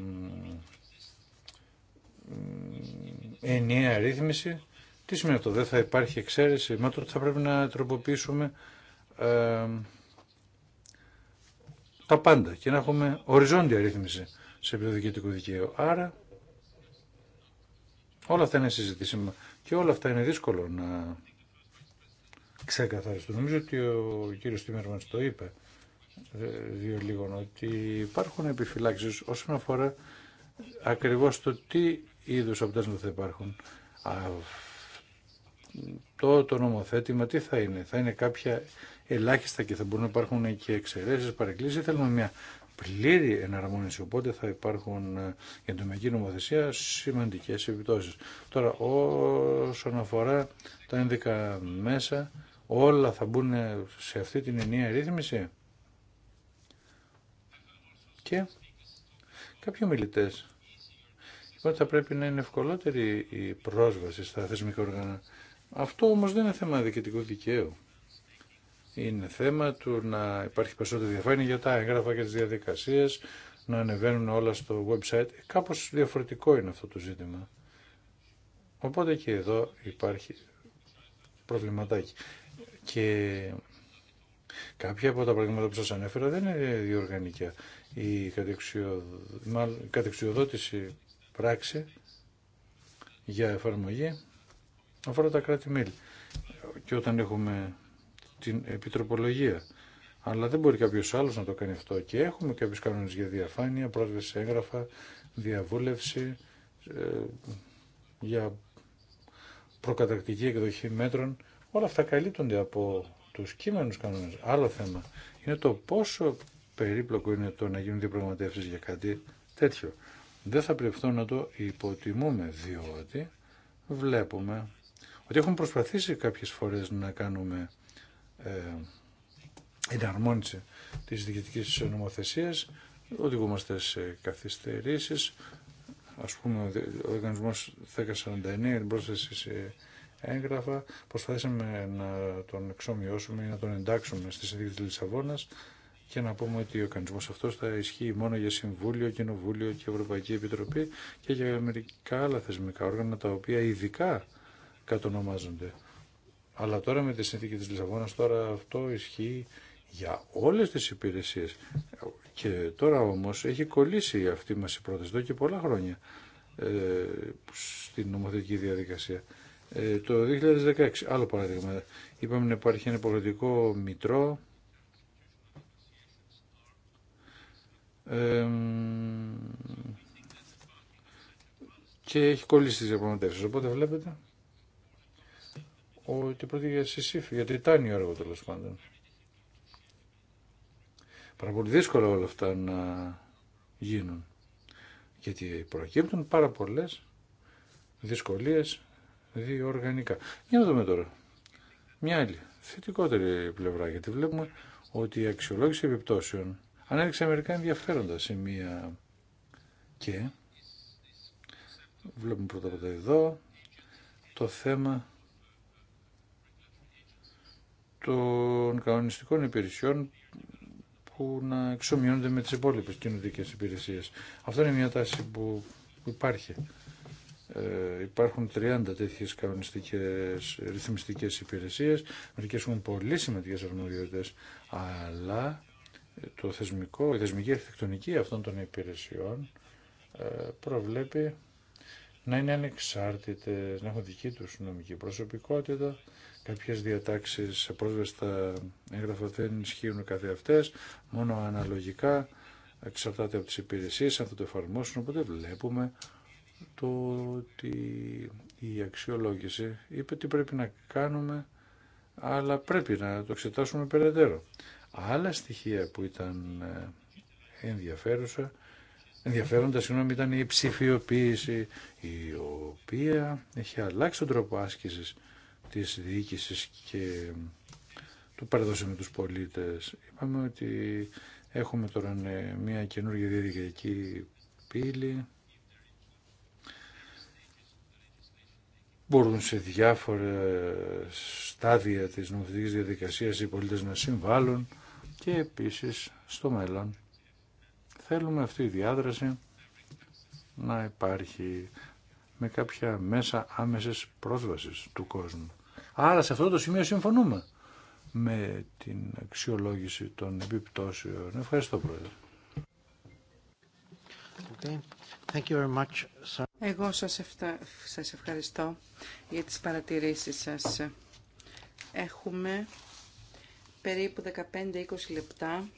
ενιαία ρύθμιση τι σημαίνει αυτό, δεν θα υπάρχει εξαίρεση, μα τότε θα πρέπει να τροποποιήσουμε ε, τα πάντα και να έχουμε οριζόντια ρύθμιση σε επίπεδο διοικητικού δικαίου. Άρα όλα αυτά είναι συζητήσιμα και όλα αυτά είναι δύσκολο να ξεκαθαριστούν. Νομίζω ότι ο κύριος Τίμερμανς το είπε ε, δύο λίγων ότι υπάρχουν επιφυλάξεις όσον αφορά ακριβώς το τι είδους αποτέλεσμα θα υπάρχουν το, το νομοθέτημα τι θα είναι. Θα είναι κάποια ελάχιστα και θα μπορούν να υπάρχουν και εξαιρέσεις, παρεκκλήσεις. Θέλουμε μια πλήρη εναρμόνιση, οπότε θα υπάρχουν ε, για το νομική νομοθεσία σημαντικές επιπτώσεις. Τώρα όσον αφορά τα ένδικα μέσα, όλα θα μπουν σε αυτή την ενιαία ρύθμιση. Και κάποιοι μιλητές Οπότε θα πρέπει να είναι ευκολότερη η πρόσβαση στα θεσμικά όργανα αυτό όμως δεν είναι θέμα διοικητικού δικαίου. Είναι θέμα του να υπάρχει περισσότερη διαφάνεια για τα έγγραφα και τις διαδικασίες, να ανεβαίνουν όλα στο website. Κάπως διαφορετικό είναι αυτό το ζήτημα. Οπότε και εδώ υπάρχει προβληματάκι. Και κάποια από τα πράγματα που σας ανέφερα δεν είναι διοργανικά. Η κατεξιοδότηση πράξη για εφαρμογή αφορά τα κράτη-μέλη και όταν έχουμε την επιτροπολογία. Αλλά δεν μπορεί κάποιο άλλο να το κάνει αυτό. Και έχουμε κάποιου κανόνε για διαφάνεια, πρόσβαση έγγραφα, διαβούλευση, ε, για προκατακτική εκδοχή μέτρων. Όλα αυτά καλύπτονται από του κείμενου κανόνε. Άλλο θέμα είναι το πόσο περίπλοκο είναι το να γίνουν διαπραγματεύσει για κάτι τέτοιο. Δεν θα πρέπει να το υποτιμούμε, διότι βλέπουμε ότι έχουμε προσπαθήσει κάποιες φορές να κάνουμε ε, εναρμόνιση της διοικητικής νομοθεσίας, οδηγούμαστε σε καθυστερήσεις, ας πούμε ο οργανισμός 1049 την πρόσθεση σε έγγραφα, προσπαθήσαμε να τον εξομοιώσουμε ή να τον εντάξουμε στη συνθήκη της Λισαβόνας και να πούμε ότι ο οργανισμός αυτός θα ισχύει μόνο για Συμβούλιο, Κοινοβούλιο και Ευρωπαϊκή Επιτροπή και για μερικά άλλα θεσμικά όργανα τα οποία ειδικά κατονομάζονται. Αλλά τώρα με τη συνθήκη της Λισαβόνας τώρα αυτό ισχύει για όλες τις υπηρεσίες. Και τώρα όμως έχει κολλήσει αυτή μας η πρόταση εδώ και πολλά χρόνια ε, στην νομοθετική διαδικασία. Ε, το 2016, άλλο παράδειγμα, είπαμε να υπάρχει ένα υποχρεωτικό μητρό και έχει κολλήσει τις διαπραγματεύσεις. Οπότε βλέπετε ότι πρόκειται για συσύφη, για Τριτάνιο έργο τέλο πάντων. Πάρα πολύ δύσκολο όλα αυτά να γίνουν. Γιατί προκύπτουν πάρα πολλέ δυσκολίε διοργανικά. Για να δούμε τώρα. Μια άλλη θετικότερη πλευρά, γιατί βλέπουμε ότι η αξιολόγηση επιπτώσεων ανέδειξε μερικά ενδιαφέροντα σημεία και βλέπουμε πρώτα εδώ το θέμα των κανονιστικών υπηρεσιών που να εξομοιώνονται με τις υπόλοιπες κοινωνικές υπηρεσίες. Αυτό είναι μια τάση που υπάρχει. Ε, υπάρχουν 30 τέτοιε κανονιστικέ ρυθμιστικέ υπηρεσίε, Μερικέ έχουν πολύ σημαντικέ αρμοδιότητε, αλλά το θεσμικό, η θεσμική αρχιτεκτονική αυτών των υπηρεσιών ε, προβλέπει να είναι ανεξάρτητες, να έχουν δική τους νομική προσωπικότητα, Κάποιες διατάξεις σε πρόσβαση στα έγγραφα δεν ισχύουν αυτές, μόνο αναλογικά εξαρτάται από τις υπηρεσίες, αν θα το εφαρμόσουν, οπότε βλέπουμε το ότι η αξιολόγηση είπε τι πρέπει να κάνουμε, αλλά πρέπει να το εξετάσουμε περαιτέρω. Άλλα στοιχεία που ήταν ε, ενδιαφέρουσα, ενδιαφέροντα συγγνώμη, ήταν η ψηφιοποίηση, η οποία έχει αλλάξει τον τρόπο άσκησης της διοίκησης και του με τους πολίτες. Είπαμε ότι έχουμε τώρα ναι, μια καινούργια διαδικαϊκή πύλη. Μπορούν σε διάφορα στάδια της νομοθετικής διαδικασίας οι πολίτες να συμβάλλουν και επίσης στο μέλλον. Θέλουμε αυτή η διάδραση να υπάρχει με κάποια μέσα άμεσης πρόσβασης του κόσμου. Άρα σε αυτό το σημείο συμφωνούμε με την αξιολόγηση των επιπτώσεων. Ευχαριστώ, Πρόεδρε. Okay. Thank you very much, Εγώ σας, σας ευχαριστώ για τις παρατηρήσεις σας. Έχουμε περίπου 15-20 λεπτά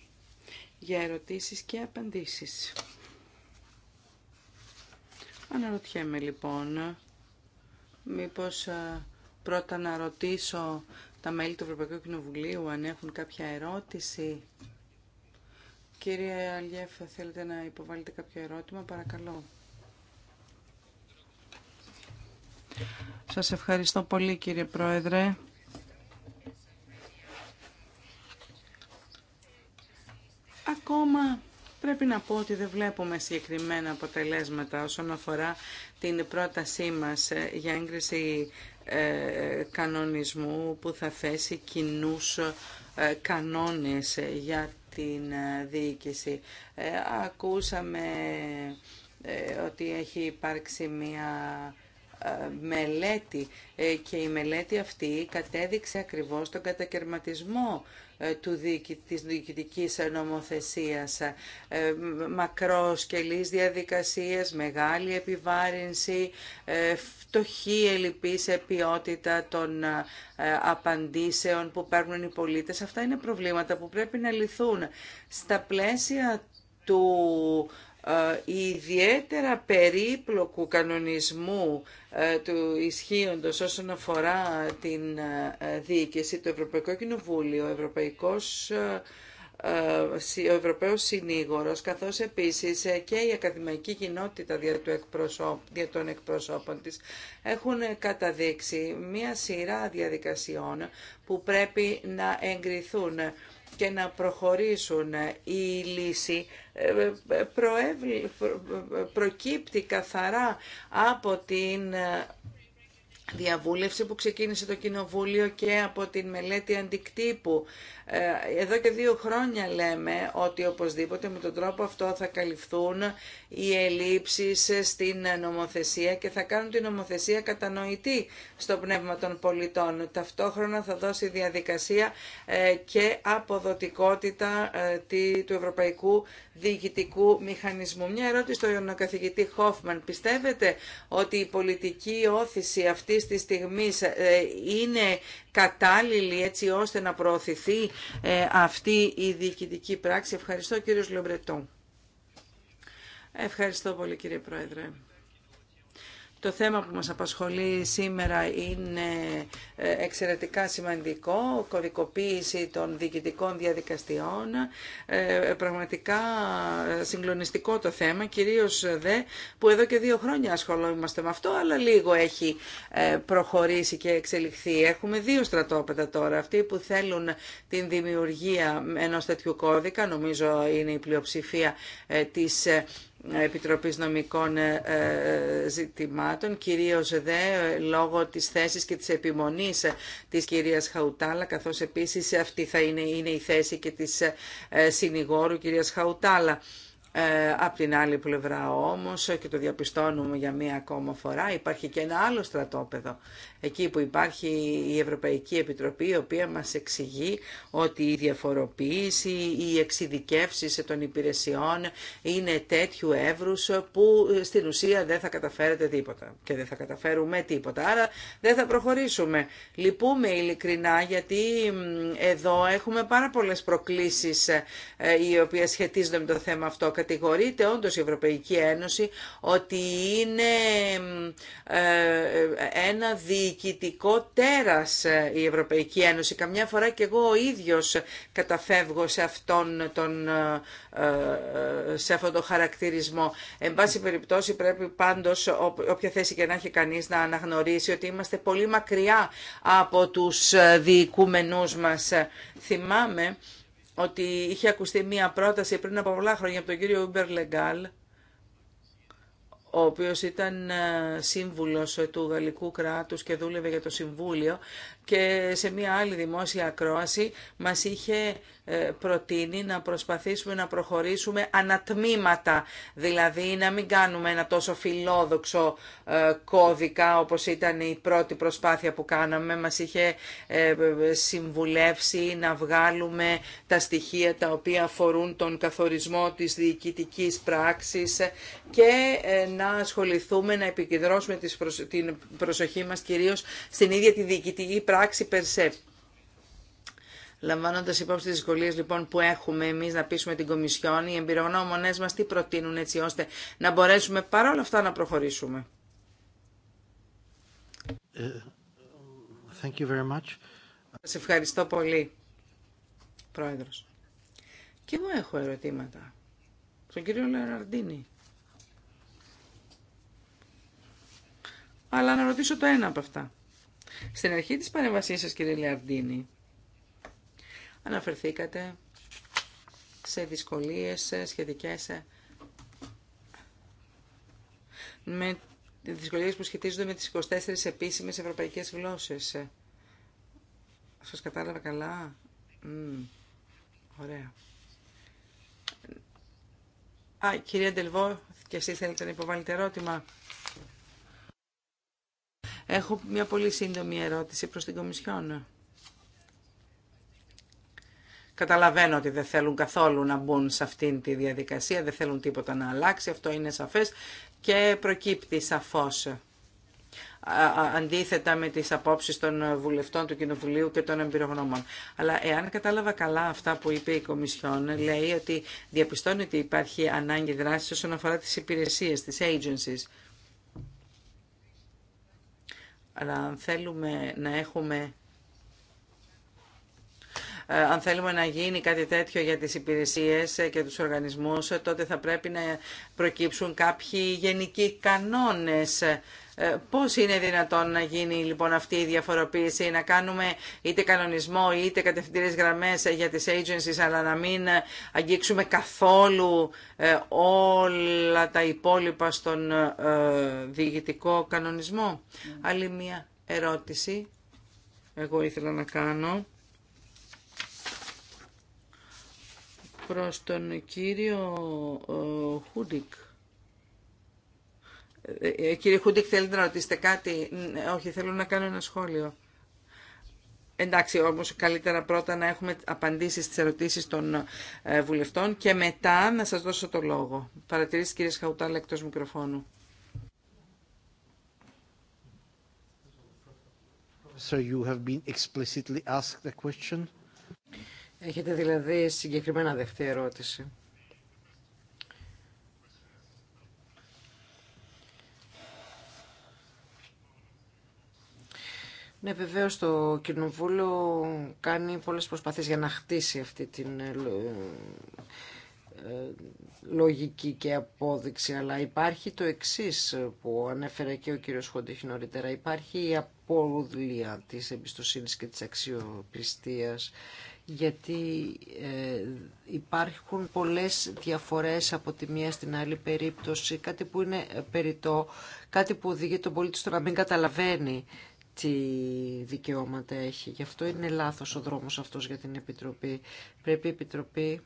για ερωτήσεις και απαντήσεις. Αναρωτιέμαι λοιπόν μήπως Πρώτα να ρωτήσω τα μέλη του Ευρωπαϊκού Κοινοβουλίου αν έχουν κάποια ερώτηση. Κύριε Αλιέφ, θέλετε να υποβάλλετε κάποιο ερώτημα, παρακαλώ. Σας ευχαριστώ πολύ κύριε Πρόεδρε. Ακόμα πρέπει να πω ότι δεν βλέπουμε συγκεκριμένα αποτελέσματα όσον αφορά την πρότασή μας για έγκριση ε, κανονισμού που θα θέσει κοινούς ε, κανόνες για την ε, διοίκηση. Ακούσαμε ότι έχει υπάρξει μια μελέτη και η μελέτη αυτή κατέδειξε ακριβώς τον κατακαιρματισμό ε, του, της διοικητικής νομοθεσίας. Ε, Μακρόσκελής διαδικασίες, μεγάλη επιβάρυνση, ε, φτωχή ελλειπή σε ποιότητα των απαντήσεων που παίρνουν οι πολίτες. Αυτά είναι προβλήματα που πρέπει να λυθούν. Στα πλαίσια του η ε, ιδιαίτερα περίπλοκου κανονισμού ε, του ισχύοντος όσον αφορά την ε, διοίκηση, του Ευρωπαϊκού Κοινοβούλιο, ο Ευρωπαϊκός ο Ευρωπαίος Συνήγορος, καθώς επίσης και η ακαδημαϊκή κοινότητα δια, του εκπροσώ, δια των εκπροσώπων της έχουν καταδείξει μία σειρά διαδικασιών που πρέπει να εγκριθούν και να προχωρήσουν. Η λύση ε, ε, προέβλη, ε, προκύπτει καθαρά από την διαβούλευση που ξεκίνησε το Κοινοβούλιο και από την μελέτη αντικτύπου. Ε, εδώ και δύο χρόνια λέμε ότι οπωσδήποτε με τον τρόπο αυτό θα καλυφθούν οι ελλείψεις στην νομοθεσία και θα κάνουν την νομοθεσία κατανοητή στο πνεύμα των πολιτών. Ταυτόχρονα θα δώσει διαδικασία ε, και αποδοτικότητα ε, του ευρωπαϊκού διοικητικού μηχανισμού. Μια ερώτηση στον καθηγητή Χόφμαν. Πιστεύετε ότι η πολιτική όθηση αυτή τη στιγμή ε, είναι κατάλληλη έτσι ώστε να προωθηθεί ε, αυτή η διοικητική πράξη. Ευχαριστώ κύριος Λεμπρετό. Ευχαριστώ πολύ κύριε Πρόεδρε. Το θέμα που μας απασχολεί σήμερα είναι ε, εξαιρετικά σημαντικό, κωδικοποίηση των διοικητικών διαδικαστιών, ε, πραγματικά ε, συγκλονιστικό το θέμα, κυρίως δε που εδώ και δύο χρόνια ασχολούμαστε με αυτό, αλλά λίγο έχει προχωρήσει και εξελιχθεί. Έχουμε δύο στρατόπεδα τώρα, αυτοί που θέλουν την δημιουργία ενός τέτοιου κώδικα, νομίζω είναι η πλειοψηφία της Επιτροπής Νομικών ε, ε, Ζητημάτων, κυρίως δε ε, λόγω της θέσης και της επιμονής της κυρίας Χαουτάλα, καθώς επίσης αυτή θα είναι, είναι η θέση και της συνηγόρου κυρίας Χαουτάλα. Ε, απ' την άλλη πλευρά όμως, ε, και το διαπιστώνουμε για μία ακόμα φορά, υπάρχει και ένα άλλο στρατόπεδο. Εκεί που υπάρχει η Ευρωπαϊκή Επιτροπή, η οποία μας εξηγεί ότι η διαφοροποίηση, οι σε των υπηρεσιών είναι τέτοιου εύρους που ε, στην ουσία δεν θα καταφέρετε τίποτα και δεν θα καταφέρουμε τίποτα. Άρα δεν θα προχωρήσουμε. Λυπούμε ειλικρινά γιατί εδώ έχουμε πάρα πολλές προκλήσεις οι οποίες σχετίζονται με το θέμα αυτό κατηγορείται όντως η Ευρωπαϊκή Ένωση ότι είναι ε, ε, ένα διοικητικό τέρας η Ευρωπαϊκή Ένωση. Καμιά φορά και εγώ ο ίδιος καταφεύγω σε αυτόν τον, ε, σε χαρακτηρισμό. Εν πάση περιπτώσει πρέπει πάντως όποια θέση και να έχει κανείς να αναγνωρίσει ότι είμαστε πολύ μακριά από τους διοικούμενούς μας. Θυμάμαι ότι είχε ακουστεί μία πρόταση πριν από πολλά χρόνια από τον κύριο Ούμπερ Λεγκάλ, ο οποίος ήταν ε, σύμβουλος ε, του γαλλικού κράτους και δούλευε για το Συμβούλιο, και σε μια άλλη δημόσια ακρόαση μας είχε ε, προτείνει να προσπαθήσουμε να προχωρήσουμε ανατμήματα, δηλαδή να μην κάνουμε ένα τόσο φιλόδοξο ε, κώδικα όπως ήταν η πρώτη προσπάθεια που κάναμε. Μας είχε ε, συμβουλεύσει να βγάλουμε τα στοιχεία τα οποία αφορούν τον καθορισμό της διοικητικής πράξης και να ασχοληθούμε, να επικεντρώσουμε την προσοχή μας κυρίως στην ίδια τη διοικητική πράξη πράξη περσέ. Λαμβάνοντας υπόψη τις δυσκολίε λοιπόν που έχουμε εμεί να πείσουμε την Κομισιόν, οι εμπειρογνώμονέ μα τι προτείνουν έτσι ώστε να μπορέσουμε παρόλα αυτά να προχωρήσουμε. Ε, thank ευχαριστώ πολύ, Πρόεδρος. Και εγώ έχω ερωτήματα. Στον κύριο Λεραρντίνη. Αλλά να ρωτήσω το ένα από αυτά. Στην αρχή της παρεμβασίας σας, κύριε Λεαρντίνη, αναφερθήκατε σε δυσκολίες σχετικές ε, με δυσκολίες που σχετίζονται με τις 24 επίσημες ευρωπαϊκές γλώσσες. Ε, σας κατάλαβα καλά. Ωραία. Α, κυρία Ντελβό, και εσείς θέλετε να υποβάλλετε ερώτημα. Έχω μια πολύ σύντομη ερώτηση προς την Κομισιόν. Καταλαβαίνω ότι δεν θέλουν καθόλου να μπουν σε αυτήν τη διαδικασία, δεν θέλουν τίποτα να αλλάξει, αυτό είναι σαφές και προκύπτει σαφώς αντίθετα με τις απόψεις των βουλευτών του Κοινοβουλίου και των εμπειρογνώμων. Αλλά εάν κατάλαβα καλά αυτά που είπε η Κομισιόν, λέει ότι διαπιστώνει ότι υπάρχει ανάγκη δράσης όσον αφορά τις υπηρεσίες, τις agencies. Αλλά αν θέλουμε να έχουμε ε, αν θέλουμε να γίνει κάτι τέτοιο για τις υπηρεσίες και τους οργανισμούς, τότε θα πρέπει να προκύψουν κάποιοι γενικοί κανόνες ε, πώς είναι δυνατόν να γίνει λοιπόν αυτή η διαφοροποίηση, να κάνουμε είτε κανονισμό είτε κατευθυντήρες γραμμές για τις agencies, αλλά να μην αγγίξουμε καθόλου ε, όλα τα υπόλοιπα στον ε, διηγητικό κανονισμό. Mm. Άλλη μία ερώτηση εγώ ήθελα να κάνω προς τον κύριο Χούντικ. Ε, ε, κύριε Χούντικ, θέλετε να ρωτήσετε κάτι. Όχι, θέλω να κάνω ένα σχόλιο. Εντάξει, όμως καλύτερα πρώτα να έχουμε απαντήσεις στις ερωτήσεις των ε, βουλευτών και μετά να σας δώσω το λόγο. Παρατηρήστε κύριε Σχαουτάλα εκτός μικροφώνου. So you have been explicitly asked a question. Έχετε δηλαδή συγκεκριμένα δεύτερη ερώτηση. Ναι, βεβαίω το Κοινοβούλιο κάνει πολλέ προσπάθειες για να χτίσει αυτή την ε, ε, λογική και απόδειξη, αλλά υπάρχει το εξή που ανέφερε και ο κύριος Χοντήχη νωρίτερα. Υπάρχει η αποδουλία τη εμπιστοσύνη και τη αξιοπιστία, γιατί ε, υπάρχουν πολλές διαφορές από τη μία στην άλλη περίπτωση, κάτι που είναι περιττό, κάτι που οδηγεί τον πολίτη στο να μην καταλαβαίνει τι δικαιώματα έχει. Γι' αυτό είναι λάθος ο δρόμος αυτός για την Επιτροπή. Πρέπει η Επιτροπή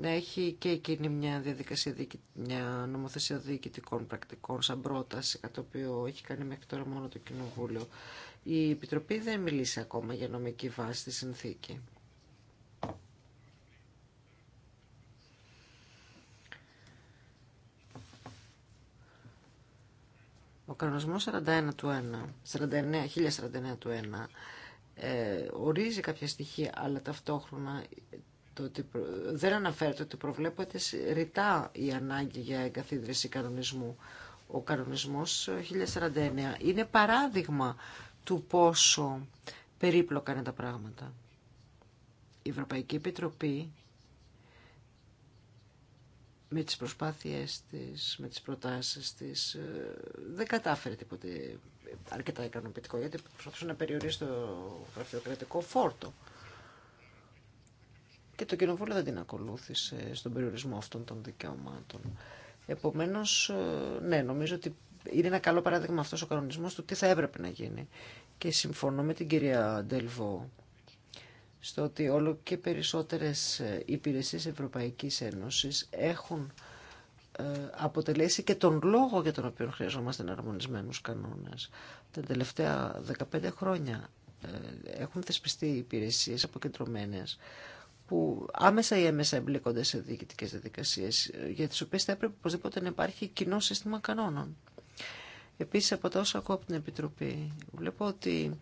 να έχει και εκείνη μια διαδικασία, μια νομοθεσία διοικητικών πρακτικών σαν πρόταση, κατά το οποίο έχει κάνει μέχρι τώρα μόνο το Κοινοβούλιο. Η Επιτροπή δεν μιλήσει ακόμα για νομική βάση στη συνθήκη. Ο κανονισμό 41 του 1, 1049 του 1, ε, ορίζει κάποια στοιχεία, αλλά ταυτόχρονα το ότι δεν αναφέρεται ότι προβλέπεται ρητά η ανάγκη για εγκαθίδρυση κανονισμού. Ο κανονισμός 1049 είναι παράδειγμα του πόσο περίπλοκα είναι τα πράγματα. Η Ευρωπαϊκή Επιτροπή με τις προσπάθειές της, με τις προτάσεις της, ε, δεν κατάφερε τίποτε αρκετά ικανοποιητικό, γιατί προσπαθούσε να περιορίσει το γραφειοκρατικό φόρτο. Και το κοινοβούλιο δεν την ακολούθησε στον περιορισμό αυτών των δικαιωμάτων. Επομένως, ε, ναι, νομίζω ότι είναι ένα καλό παράδειγμα αυτός ο κανονισμός του τι θα έπρεπε να γίνει. Και συμφωνώ με την κυρία Ντελβό στο ότι όλο και περισσότερες ε, υπηρεσίες Ευρωπαϊκής Ένωσης έχουν ε, αποτελέσει και τον λόγο για τον οποίο χρειαζόμαστε εναρμονισμένους κανόνες. Τα τελευταία 15 χρόνια ε, έχουν θεσπιστεί υπηρεσίες αποκεντρωμένες που άμεσα ή έμεσα εμπλέκονται σε διοικητικέ διαδικασίε, για τι οποίε θα έπρεπε οπωσδήποτε να υπάρχει κοινό σύστημα κανόνων. Επίση, από τα όσα ακούω από την Επιτροπή, βλέπω ότι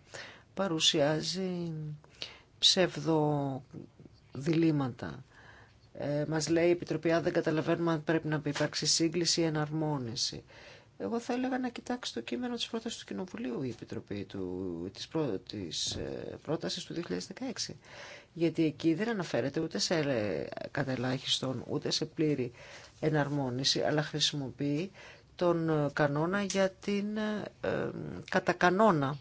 παρουσιάζει ψευδοδιλήμματα. Ε, μας λέει η Επιτροπή, αν δεν καταλαβαίνουμε αν πρέπει να υπάρξει σύγκληση ή εναρμόνιση. Εγώ θα έλεγα να κοιτάξει το κείμενο της πρότασης του Κοινοβουλίου η Επιτροπή του, της, πρό, της ε, πρότασης του 2016. Γιατί εκεί δεν αναφέρεται ούτε σε ε, κατελάχιστον, ούτε σε πλήρη εναρμόνιση, αλλά χρησιμοποιεί τον ε, κανόνα για την ε, κανόνα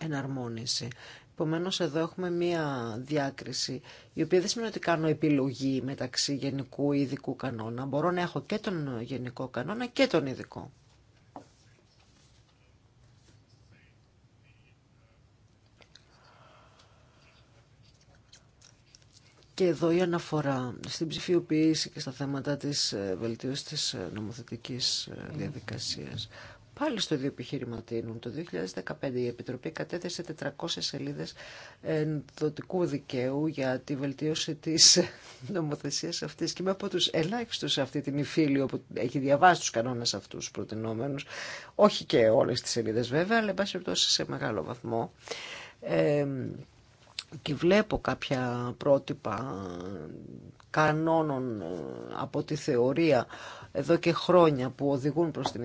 εναρμόνιση. Επομένω, εδώ έχουμε μία διάκριση, η οποία δεν σημαίνει ότι κάνω επιλογή μεταξύ γενικού ή ειδικού κανόνα. Μπορώ να έχω και τον γενικό κανόνα και τον ειδικό. Και εδώ η αναφορά στην ψηφιοποίηση και στα θέματα της ε, βελτίωσης της ε, νομοθετικής ε, διαδικασίας. Πάλι στο ίδιο επιχείρημα Το 2015 η Επιτροπή κατέθεσε 400 σελίδες ενδοτικού δικαίου για τη βελτίωση της νομοθεσίας αυτής και με από τους ελάχιστους σε αυτή την υφήλιο που έχει διαβάσει τους κανόνες αυτούς προτινόμενους, όχι και όλες τις σελίδες βέβαια, αλλά εν πάση σε μεγάλο βαθμό. Ε, και βλέπω κάποια πρότυπα κανόνων ε, από τη θεωρία εδώ και χρόνια που οδηγούν προς, την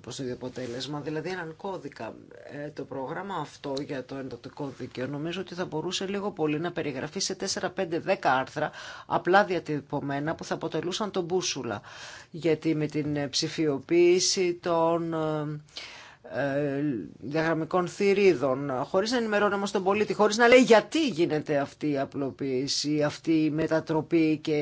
προς το ίδιο αποτέλεσμα, δηλαδή έναν κώδικα. Ε, το πρόγραμμα αυτό για το ενδοτικό δίκαιο νομίζω ότι θα μπορούσε λίγο πολύ να περιγραφεί σε 4, 5, 10 άρθρα απλά διατυπωμένα που θα αποτελούσαν τον μπούσουλα. Γιατί με την ε, ψηφιοποίηση των ε, διαγραμμικών θηρίδων, χωρίς να ενημερώνει όμως τον πολίτη, χωρίς να λέει γιατί γίνεται αυτή η απλοποίηση, αυτή η μετατροπή και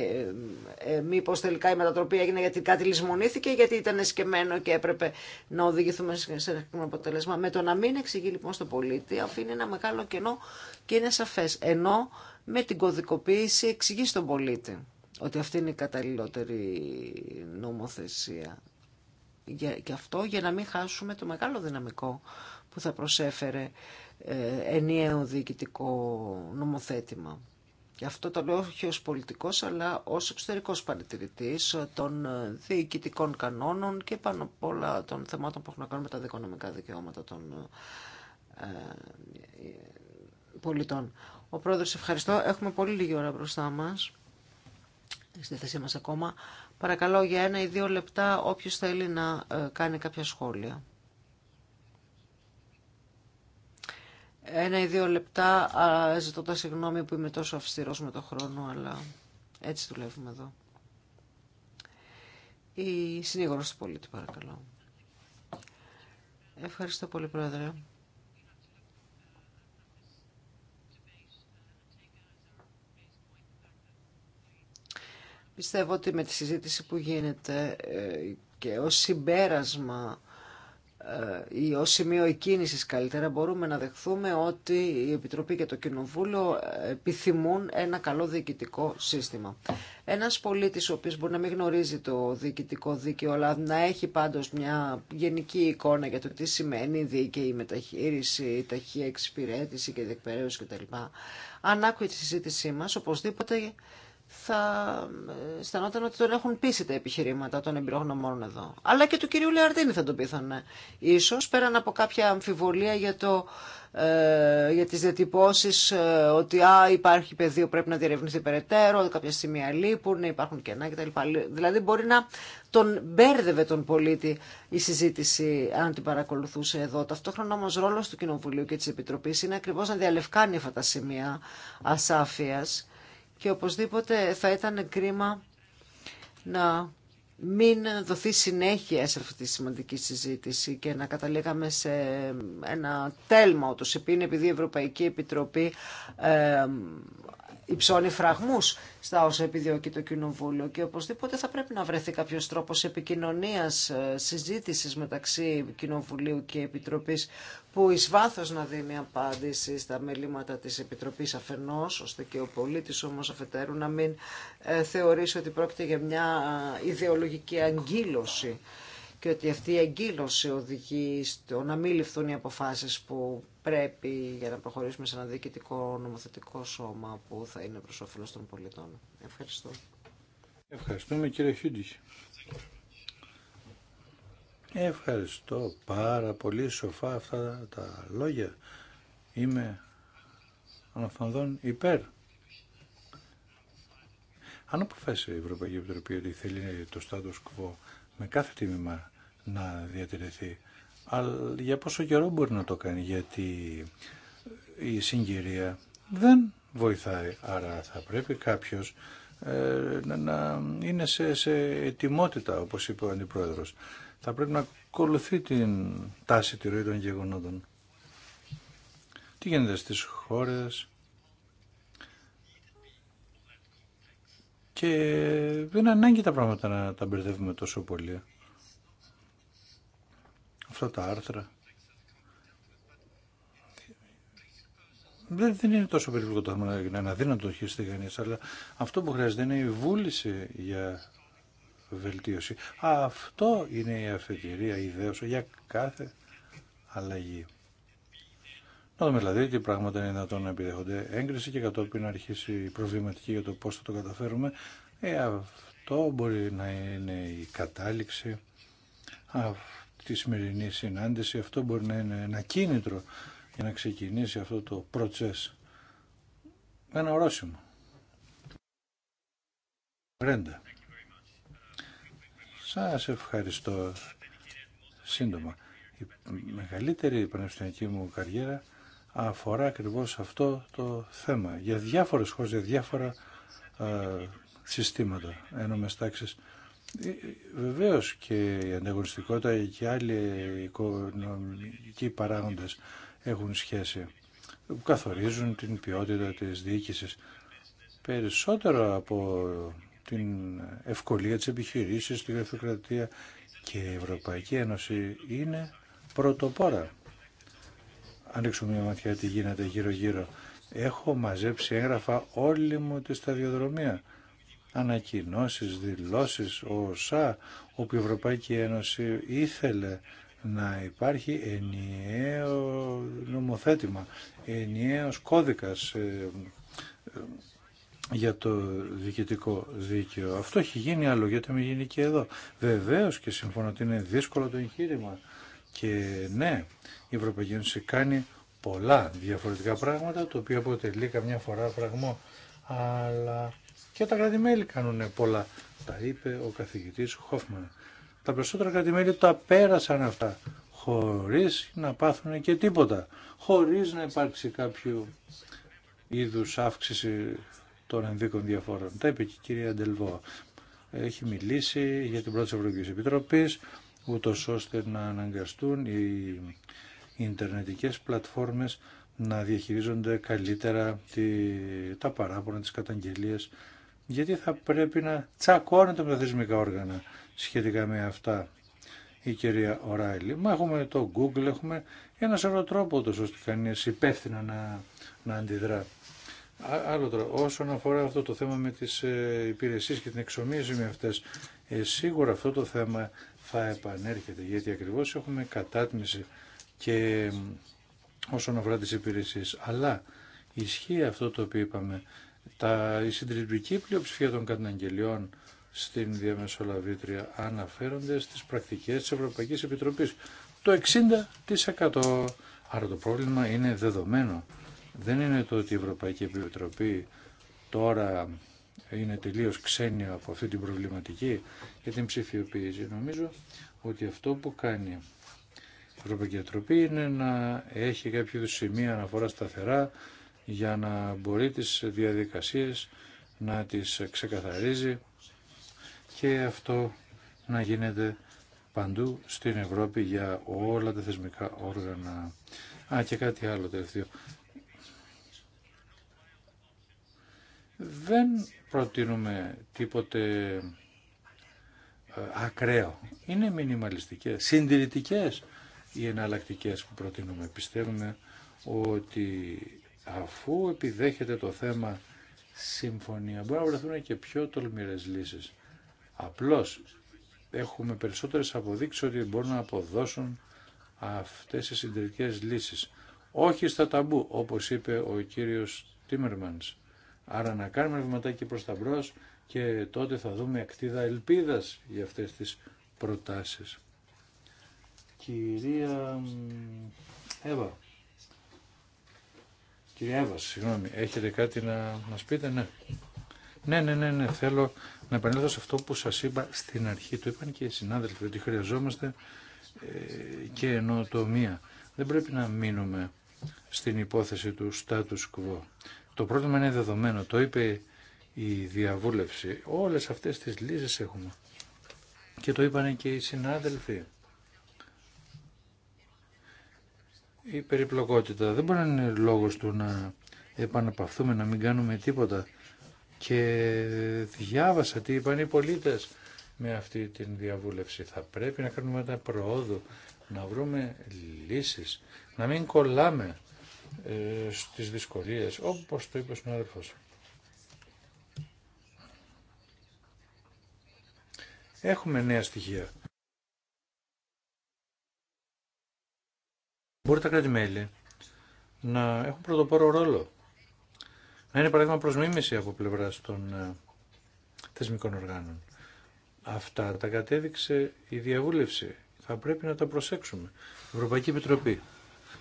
ε, ε μήπως τελικά η μετατροπή έγινε γιατί κάτι λησμονήθηκε, γιατί ήταν εσκεμμένο και έπρεπε να οδηγηθούμε σε ένα αποτέλεσμα. Με το να μην εξηγεί λοιπόν στον πολίτη αφήνει ένα μεγάλο κενό και είναι σαφές. Ενώ με την κωδικοποίηση εξηγεί στον πολίτη ότι αυτή είναι η καταλληλότερη νομοθεσία και αυτό για να μην χάσουμε το μεγάλο δυναμικό που θα προσέφερε ε, ενιαίο διοικητικό νομοθέτημα. Γι' αυτό το λέω όχι ως πολιτικός αλλά ως εξωτερικός παρατηρητής των ε, διοικητικών κανόνων και πάνω απ' όλα των θεμάτων που έχουν να κάνουν με τα δικονομικά δικαιώματα των ε, πολιτών. Ο πρόεδρος ευχαριστώ. Έχουμε πολύ λίγη ώρα μπροστά μας. Στη θέση μας ακόμα. Παρακαλώ για ένα ή δύο λεπτά όποιος θέλει να ε, κάνει κάποια σχόλια. Ένα ή δύο λεπτά, ζητώντα συγγνώμη που είμαι τόσο αυστηρός με το χρόνο, αλλά έτσι δουλεύουμε εδώ. Η συνήγορος του πολίτη, παρακαλώ. Ευχαριστώ πολύ, Πρόεδρε. Πιστεύω ότι με τη συζήτηση που γίνεται ε, και ως συμπέρασμα ε, ή ως σημείο εκκίνησης καλύτερα μπορούμε να δεχθούμε ότι η Επιτροπή και το Κοινοβούλιο ε, επιθυμούν ένα καλό διοικητικό σύστημα. Ένας πολίτης ο οποίος μπορεί να μην γνωρίζει το διοικητικό δίκαιο αλλά να έχει πάντως μια γενική εικόνα για το τι σημαίνει δίκαιη μεταχείριση, η ταχεία εξυπηρέτηση και διεκπαιρέωση κτλ. Αν άκουει τη συζήτησή μας, οπωσδήποτε θα ε, αισθανόταν ότι τον έχουν πείσει τα επιχειρήματα των εμπειρογνωμών εδώ. Αλλά και του κυρίου Λεαρτίνη θα τον πείθανε. Ίσως πέραν από κάποια αμφιβολία για, το, ε, για τις διατυπώσεις ε, ότι α, υπάρχει πεδίο πρέπει να διερευνηθεί περαιτέρω, κάποια σημεία λείπουν, υπάρχουν κενά κτλ. Δηλαδή μπορεί να τον μπέρδευε τον πολίτη η συζήτηση αν την παρακολουθούσε εδώ. Ταυτόχρονα όμως ρόλος του Κοινοβουλίου και της Επιτροπής είναι ακριβώς να διαλευκάνει αυτά τα σημεία ασάφειας και οπωσδήποτε θα ήταν κρίμα να μην δοθεί συνέχεια σε αυτή τη σημαντική συζήτηση και να καταλήγαμε σε ένα τέλμα ότως επειδή η Ευρωπαϊκή Επιτροπή ε, υψώνει φραγμούς στα όσα επιδιώκει το Κοινοβούλιο και οπωσδήποτε θα πρέπει να βρεθεί κάποιο τρόπος επικοινωνία ε, συζήτησης μεταξύ Κοινοβουλίου και Επιτροπής που ει βάθο να δίνει απάντηση στα μελήματα της Επιτροπής Αφενό ώστε και ο πολιτή όμω αφετέρου να μην ε, θεωρήσει ότι πρόκειται για μια ε, ιδεολογική αγκύλωση και ότι αυτή η εγκύλωση οδηγεί στο να μην ληφθούν οι αποφάσεις που πρέπει για να προχωρήσουμε σε ένα διοικητικό νομοθετικό σώμα που θα είναι προς όφελος των πολιτών. Ευχαριστώ. Ευχαριστούμε κύριε Χιούντιχ. Ευχαριστώ πάρα πολύ σοφά αυτά τα λόγια. Είμαι αναφανδόν υπέρ. Αν αποφάσισε η Ευρωπαϊκή Επιτροπή ότι θέλει το status quo με κάθε τίμημα να διατηρηθεί. Αλλά για πόσο καιρό μπορεί να το κάνει, γιατί η συγκυρία δεν βοηθάει. Άρα θα πρέπει κάποιος ε, να, να είναι σε, σε ετοιμότητα, όπως είπε ο Αντιπρόεδρος. Θα πρέπει να ακολουθεί την τάση, τη ροή των γεγονότων. Τι γίνεται στις χώρες και δεν ανάγκη τα πράγματα να τα μπερδεύουμε τόσο πολύ αυτά τα άρθρα. Δεν, δεν είναι τόσο περίπλοκο το θέμα να είναι αδύνατο χειριστεί κανεί, αλλά αυτό που χρειάζεται είναι η βούληση για βελτίωση. Αυτό είναι η αφετηρία, η ιδέα για κάθε αλλαγή. Να δούμε δηλαδή τι πράγματα είναι δυνατόν να επιδέχονται έγκριση και κατόπιν να αρχίσει η προβληματική για το πώς θα το καταφέρουμε. Ε, αυτό μπορεί να είναι η κατάληξη τη σημερινή συνάντηση. Αυτό μπορεί να είναι ένα κίνητρο για να ξεκινήσει αυτό το προτσές. Ένα ορόσημο. Σας ευχαριστώ σύντομα. Η μεγαλύτερη πανεπιστημιακή μου καριέρα αφορά ακριβώς αυτό το θέμα. Για διάφορες χώρες, για διάφορα ε, συστήματα, ένομες τάξεις. Ε, ε, Βεβαίω και η ανταγωνιστικότητα και άλλοι οικονομικοί παράγοντες έχουν σχέση καθορίζουν την ποιότητα της διοίκησης περισσότερο από την ευκολία της επιχειρήσης, τη γραφειοκρατία και η Ευρωπαϊκή Ένωση είναι πρωτοπόρα. Ανοίξουμε μια ματιά τι γίνεται γύρω-γύρω. Έχω μαζέψει έγγραφα όλη μου τη σταδιοδρομία ανακοινώσεις, δηλώσεις, όσα όπου η Ευρωπαϊκή Ένωση ήθελε να υπάρχει ενιαίο νομοθέτημα, ενιαίος κώδικας ε, ε, για το διοικητικό δίκαιο. Αυτό έχει γίνει άλλο, γιατί με γίνει και εδώ. Βεβαίως και συμφωνώ ότι είναι δύσκολο το εγχείρημα. Και ναι, η Ευρωπαϊκή Ένωση κάνει πολλά διαφορετικά πράγματα, το οποίο αποτελεί καμιά φορά φραγμό. Αλλά και τα κρατημέλη κάνουν πολλά. Τα είπε ο καθηγητής Χόφμαν. Τα περισσότερα κρατημέλη τα πέρασαν αυτά χωρίς να πάθουν και τίποτα. Χωρίς να υπάρξει κάποιο είδους αύξηση των ενδίκων διαφόρων. Τα είπε και η κυρία Ντελβό. Έχει μιλήσει για την πρώτη Ευρωπαϊκή Επιτροπή, ούτω ώστε να αναγκαστούν οι Ιντερνετικές πλατφόρμες να διαχειρίζονται καλύτερα τη, τα παράπονα, τις καταγγελίες γιατί θα πρέπει να τσακώνεται με τα θεσμικά όργανα σχετικά με αυτά η κυρία Οράιλη. Μα έχουμε το Google, έχουμε ένα σωρό τρόπο τόσο ώστε κανείς υπεύθυνα να, να αντιδρά. Άλλο τώρα, όσον αφορά αυτό το θέμα με τις ε, υπηρεσίες και την εξομοίωση με αυτές, ε, σίγουρα αυτό το θέμα θα επανέρχεται, γιατί ακριβώς έχουμε κατάτμιση και όσον αφορά τις υπηρεσίες. Αλλά ισχύει αυτό το οποίο είπαμε τα, η συντριπτική πλειοψηφία των καταγγελιών στην διαμεσολαβήτρια αναφέρονται στις πρακτικές της Ευρωπαϊκής Επιτροπής. Το 60%. Άρα το πρόβλημα είναι δεδομένο. Δεν είναι το ότι η Ευρωπαϊκή Επιτροπή τώρα είναι τελείως ξένη από αυτή την προβληματική και την ψηφιοποίηση. Νομίζω ότι αυτό που κάνει η Ευρωπαϊκή Επιτροπή είναι να έχει κάποιο σημείο αναφορά σταθερά για να μπορεί τις διαδικασίες να τις ξεκαθαρίζει και αυτό να γίνεται παντού στην Ευρώπη για όλα τα θεσμικά όργανα. Α, και κάτι άλλο τελευταίο. Δεν προτείνουμε τίποτε ε, ακραίο. Είναι μινιμαλιστικές, συντηρητικές οι εναλλακτικές που προτείνουμε. Πιστεύουμε ότι αφού επιδέχεται το θέμα συμφωνία, μπορεί να βρεθούν και πιο τολμηρές λύσεις. Απλώς έχουμε περισσότερες αποδείξεις ότι μπορούν να αποδώσουν αυτές οι συντηρητικές λύσεις. Όχι στα ταμπού, όπως είπε ο κύριος Τίμερμανς. Άρα να κάνουμε βηματάκι προς τα μπρος και τότε θα δούμε ακτίδα ελπίδας για αυτές τις προτάσεις. Κυρία Εύα, Κυρία Εύα, συγγνώμη, έχετε κάτι να μας πείτε, ναι. Ναι, ναι, ναι, ναι, θέλω να επανέλθω σε αυτό που σας είπα στην αρχή. Το είπαν και οι συνάδελφοι ότι χρειαζόμαστε ε, και ενωτομία. Δεν πρέπει να μείνουμε στην υπόθεση του status quo. Το πρόβλημα είναι δεδομένο, το είπε η διαβούλευση. Όλες αυτές τις λύσεις έχουμε. Και το είπαν και οι συνάδελφοι. η περιπλοκότητα. Δεν μπορεί να είναι λόγος του να επαναπαυθούμε, να μην κάνουμε τίποτα. Και διάβασα τι είπαν οι πολίτες με αυτή την διαβούλευση. Θα πρέπει να κάνουμε τα προόδου, να βρούμε λύσεις, να μην κολλάμε ε, στις δυσκολίες, όπως το είπε ο συνάδελφος. Έχουμε νέα στοιχεία μπορεί τα κράτη-μέλη να έχουν πρωτοπόρο ρόλο. Να είναι παράδειγμα προς από πλευρά των ε, θεσμικών οργάνων. Αυτά τα κατέδειξε η διαβούλευση. Θα πρέπει να τα προσέξουμε. Ευρωπαϊκή Επιτροπή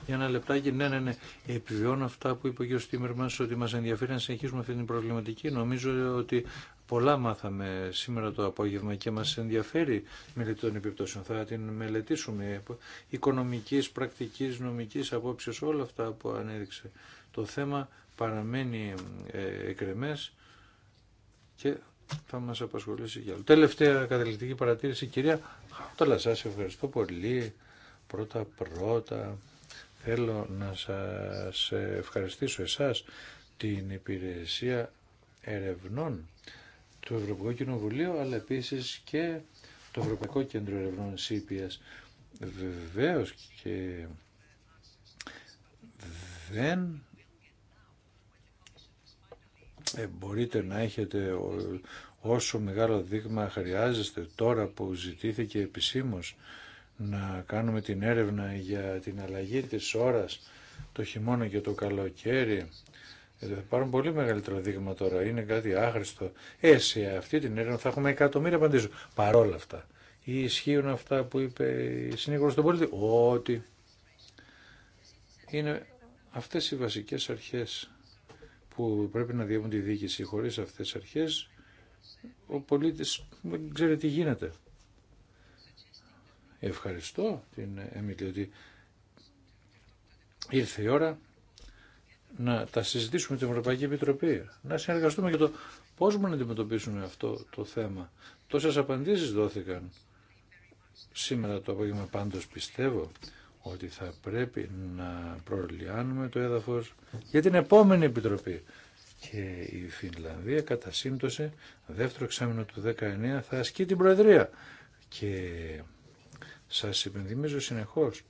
για ένα λεπτάκι, ναι, ναι, ναι. Επιβιώνω αυτά που είπε ο κ. Τίμερ μα ότι μα ενδιαφέρει να συνεχίσουμε αυτή την προβληματική. Νομίζω ότι πολλά μάθαμε σήμερα το απόγευμα και μα ενδιαφέρει η μελέτη των επιπτώσεων. Θα την μελετήσουμε οικονομική, πρακτική, νομική απόψεω όλα αυτά που ανέδειξε. Το θέμα παραμένει ε, εκρεμέ και θα μας απασχολήσει για άλλο. Τελευταία καταληκτική παρατήρηση, κυρία Χαουταλα, σας ευχαριστώ πολύ. Πρώτα-πρώτα Θέλω να σας ευχαριστήσω εσάς την υπηρεσία ερευνών του Ευρωπαϊκού Κοινοβουλίου αλλά επίσης και το Ευρωπαϊκό Κέντρο Ερευνών ΣΥΠΙΑΣ. Βεβαίως και δεν ε, μπορείτε να έχετε όσο μεγάλο δείγμα χρειάζεστε τώρα που ζητήθηκε επισήμως να κάνουμε την έρευνα για την αλλαγή της ώρας το χειμώνα και το καλοκαίρι. Ε, θα πάρουν πολύ μεγαλύτερο δείγμα τώρα. Είναι κάτι άχρηστο. Ε, σε αυτή την έρευνα θα έχουμε εκατομμύρια απαντήσεων. Παρόλα αυτά. Ή ισχύουν αυτά που είπε η συνήγορο στον πολίτη. Ότι είναι αυτές οι βασικές αρχές που πρέπει να διεύουν τη διοίκηση. Χωρίς αυτές τις αρχές ο πολίτης δεν ξέρει τι γίνεται. Ευχαριστώ την Εμίλη ότι ήρθε η ώρα να τα συζητήσουμε την Ευρωπαϊκή Επιτροπή, να συνεργαστούμε για το πώς μπορούμε να αντιμετωπίσουμε αυτό το θέμα. Τόσες απαντήσεις δόθηκαν σήμερα το απόγευμα πάντως πιστεύω ότι θα πρέπει να προλιάνουμε το έδαφος για την επόμενη επιτροπή. Και η Φινλανδία κατά σύμπτωση δεύτερο εξάμεινο του 19 θα ασκεί την Προεδρία. Και σας υπενθυμίζω συνεχώς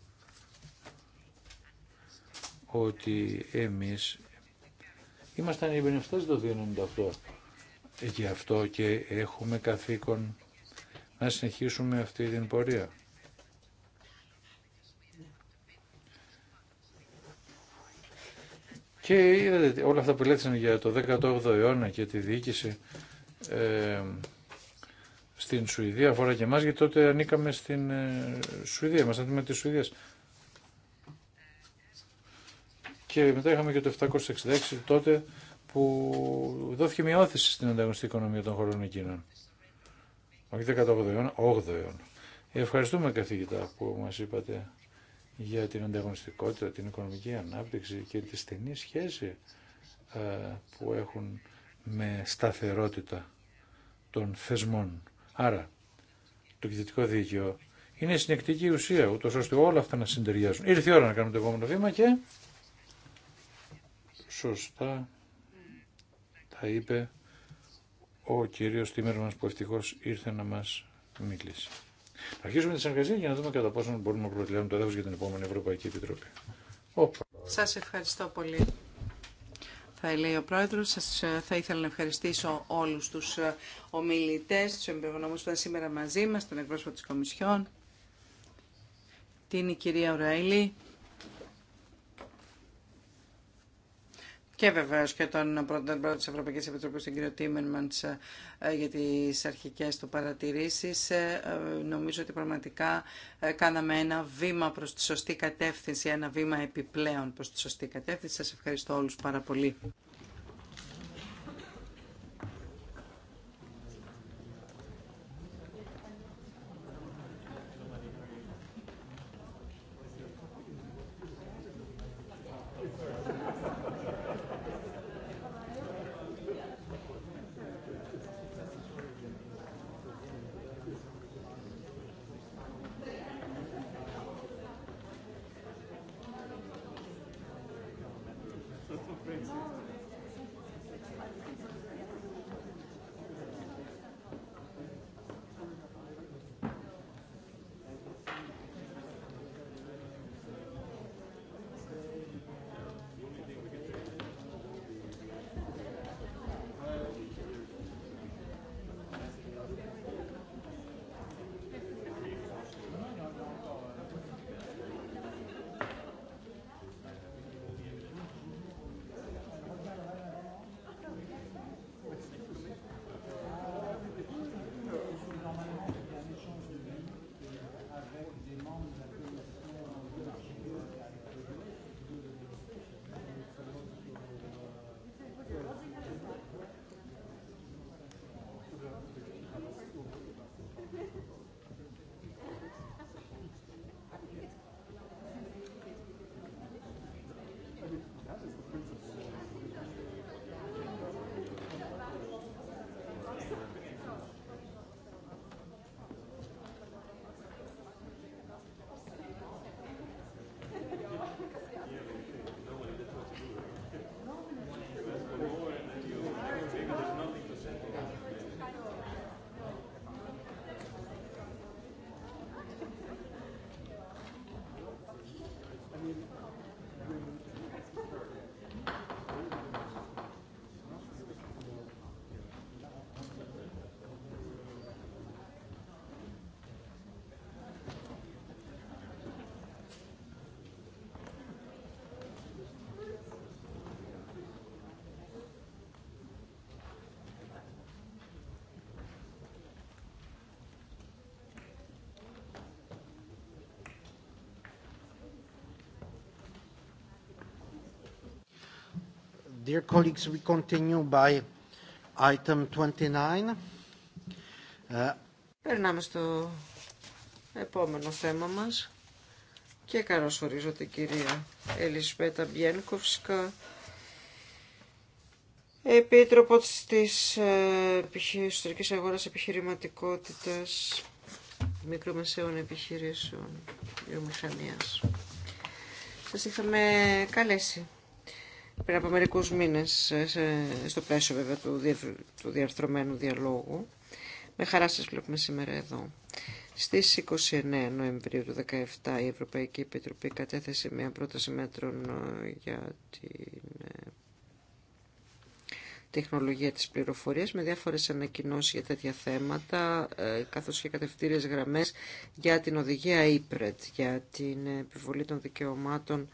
ότι εμείς ήμασταν οι εμπνευστές το 1998. Γι' αυτό και έχουμε καθήκον να συνεχίσουμε αυτή την πορεία. Και είδατε όλα αυτά που λέξανε για το 18ο αιώνα και τη διοίκηση ε, στην Σουηδία, αφορά και εμάς, γιατί τότε ανήκαμε στην ε, Σουηδία, ήμασταν με τη Σουηδία. Και μετά είχαμε και το 766 τότε που δόθηκε μια όθηση στην ανταγωνιστική οικονομία των χωρών εκείνων. Όχι 18ο 8 8ο αιώνα. Ευχαριστούμε καθηγητά που μας είπατε για την ανταγωνιστικότητα, την οικονομική ανάπτυξη και τη στενή σχέση ε, που έχουν με σταθερότητα των θεσμών. Άρα, το κυδετικό δίκαιο είναι συνεκτική ουσία, ούτω ώστε όλα αυτά να συντεριάζουν. Ήρθε η ώρα να κάνουμε το επόμενο βήμα και σωστά τα είπε ο κύριος μας που ευτυχώς ήρθε να μας μιλήσει. Αρχίζουμε αρχίσουμε τη συνεργασία για να δούμε κατά πόσο μπορούμε να προτελέσουμε το έδαφο για την επόμενη Ευρωπαϊκή Επιτροπή. Σας ευχαριστώ πολύ. Θα λέει ο πρόεδρο. Σα ε, θα ήθελα να ευχαριστήσω όλους τους ε, ομιλητές, τους εμπειρογνώμου που ήταν σήμερα μαζί μας, τον εκπρόσωπο της Κομισιόν, την κυρία Ουραϊλή και βεβαίω και τον πρόεδρο τη Ευρωπαϊκή Επιτροπή τον κύριο Τίμερμαντ, ε, για τι αρχικέ του παρατηρήσει. Ε, ε, νομίζω ότι πραγματικά κάναμε ένα βήμα προς τη σωστή κατεύθυνση, ένα βήμα επιπλέον προς τη σωστή κατεύθυνση. Σας ευχαριστώ όλους πάρα πολύ. Dear colleagues, we continue by item 29. Uh, Περνάμε στο επόμενο θέμα μας και καλώς την κυρία Ελισπέτα Μπιένκοφσκα, Επίτροπο της ε, Ιστορικής Αγοράς Επιχειρηματικότητας Μικρομεσαίων Επιχειρήσεων Βιομηχανίας. Σας είχαμε καλέσει πριν από μερικού μήνε ε, στο πλαίσιο βέβαια του διαρθρωμένου διαλόγου. Με χαρά σας βλέπουμε σήμερα εδώ. Στις 29 Νοεμβρίου του 2017 η Ευρωπαϊκή Επιτροπή κατέθεσε μια πρόταση μέτρων ε, για την ε, τεχνολογία της πληροφορίας με διάφορες ανακοινώσεις για τέτοια θέματα καθώς και κατευθύνες γραμμές για την οδηγία IPRED, για την επιβολή των δικαιωμάτων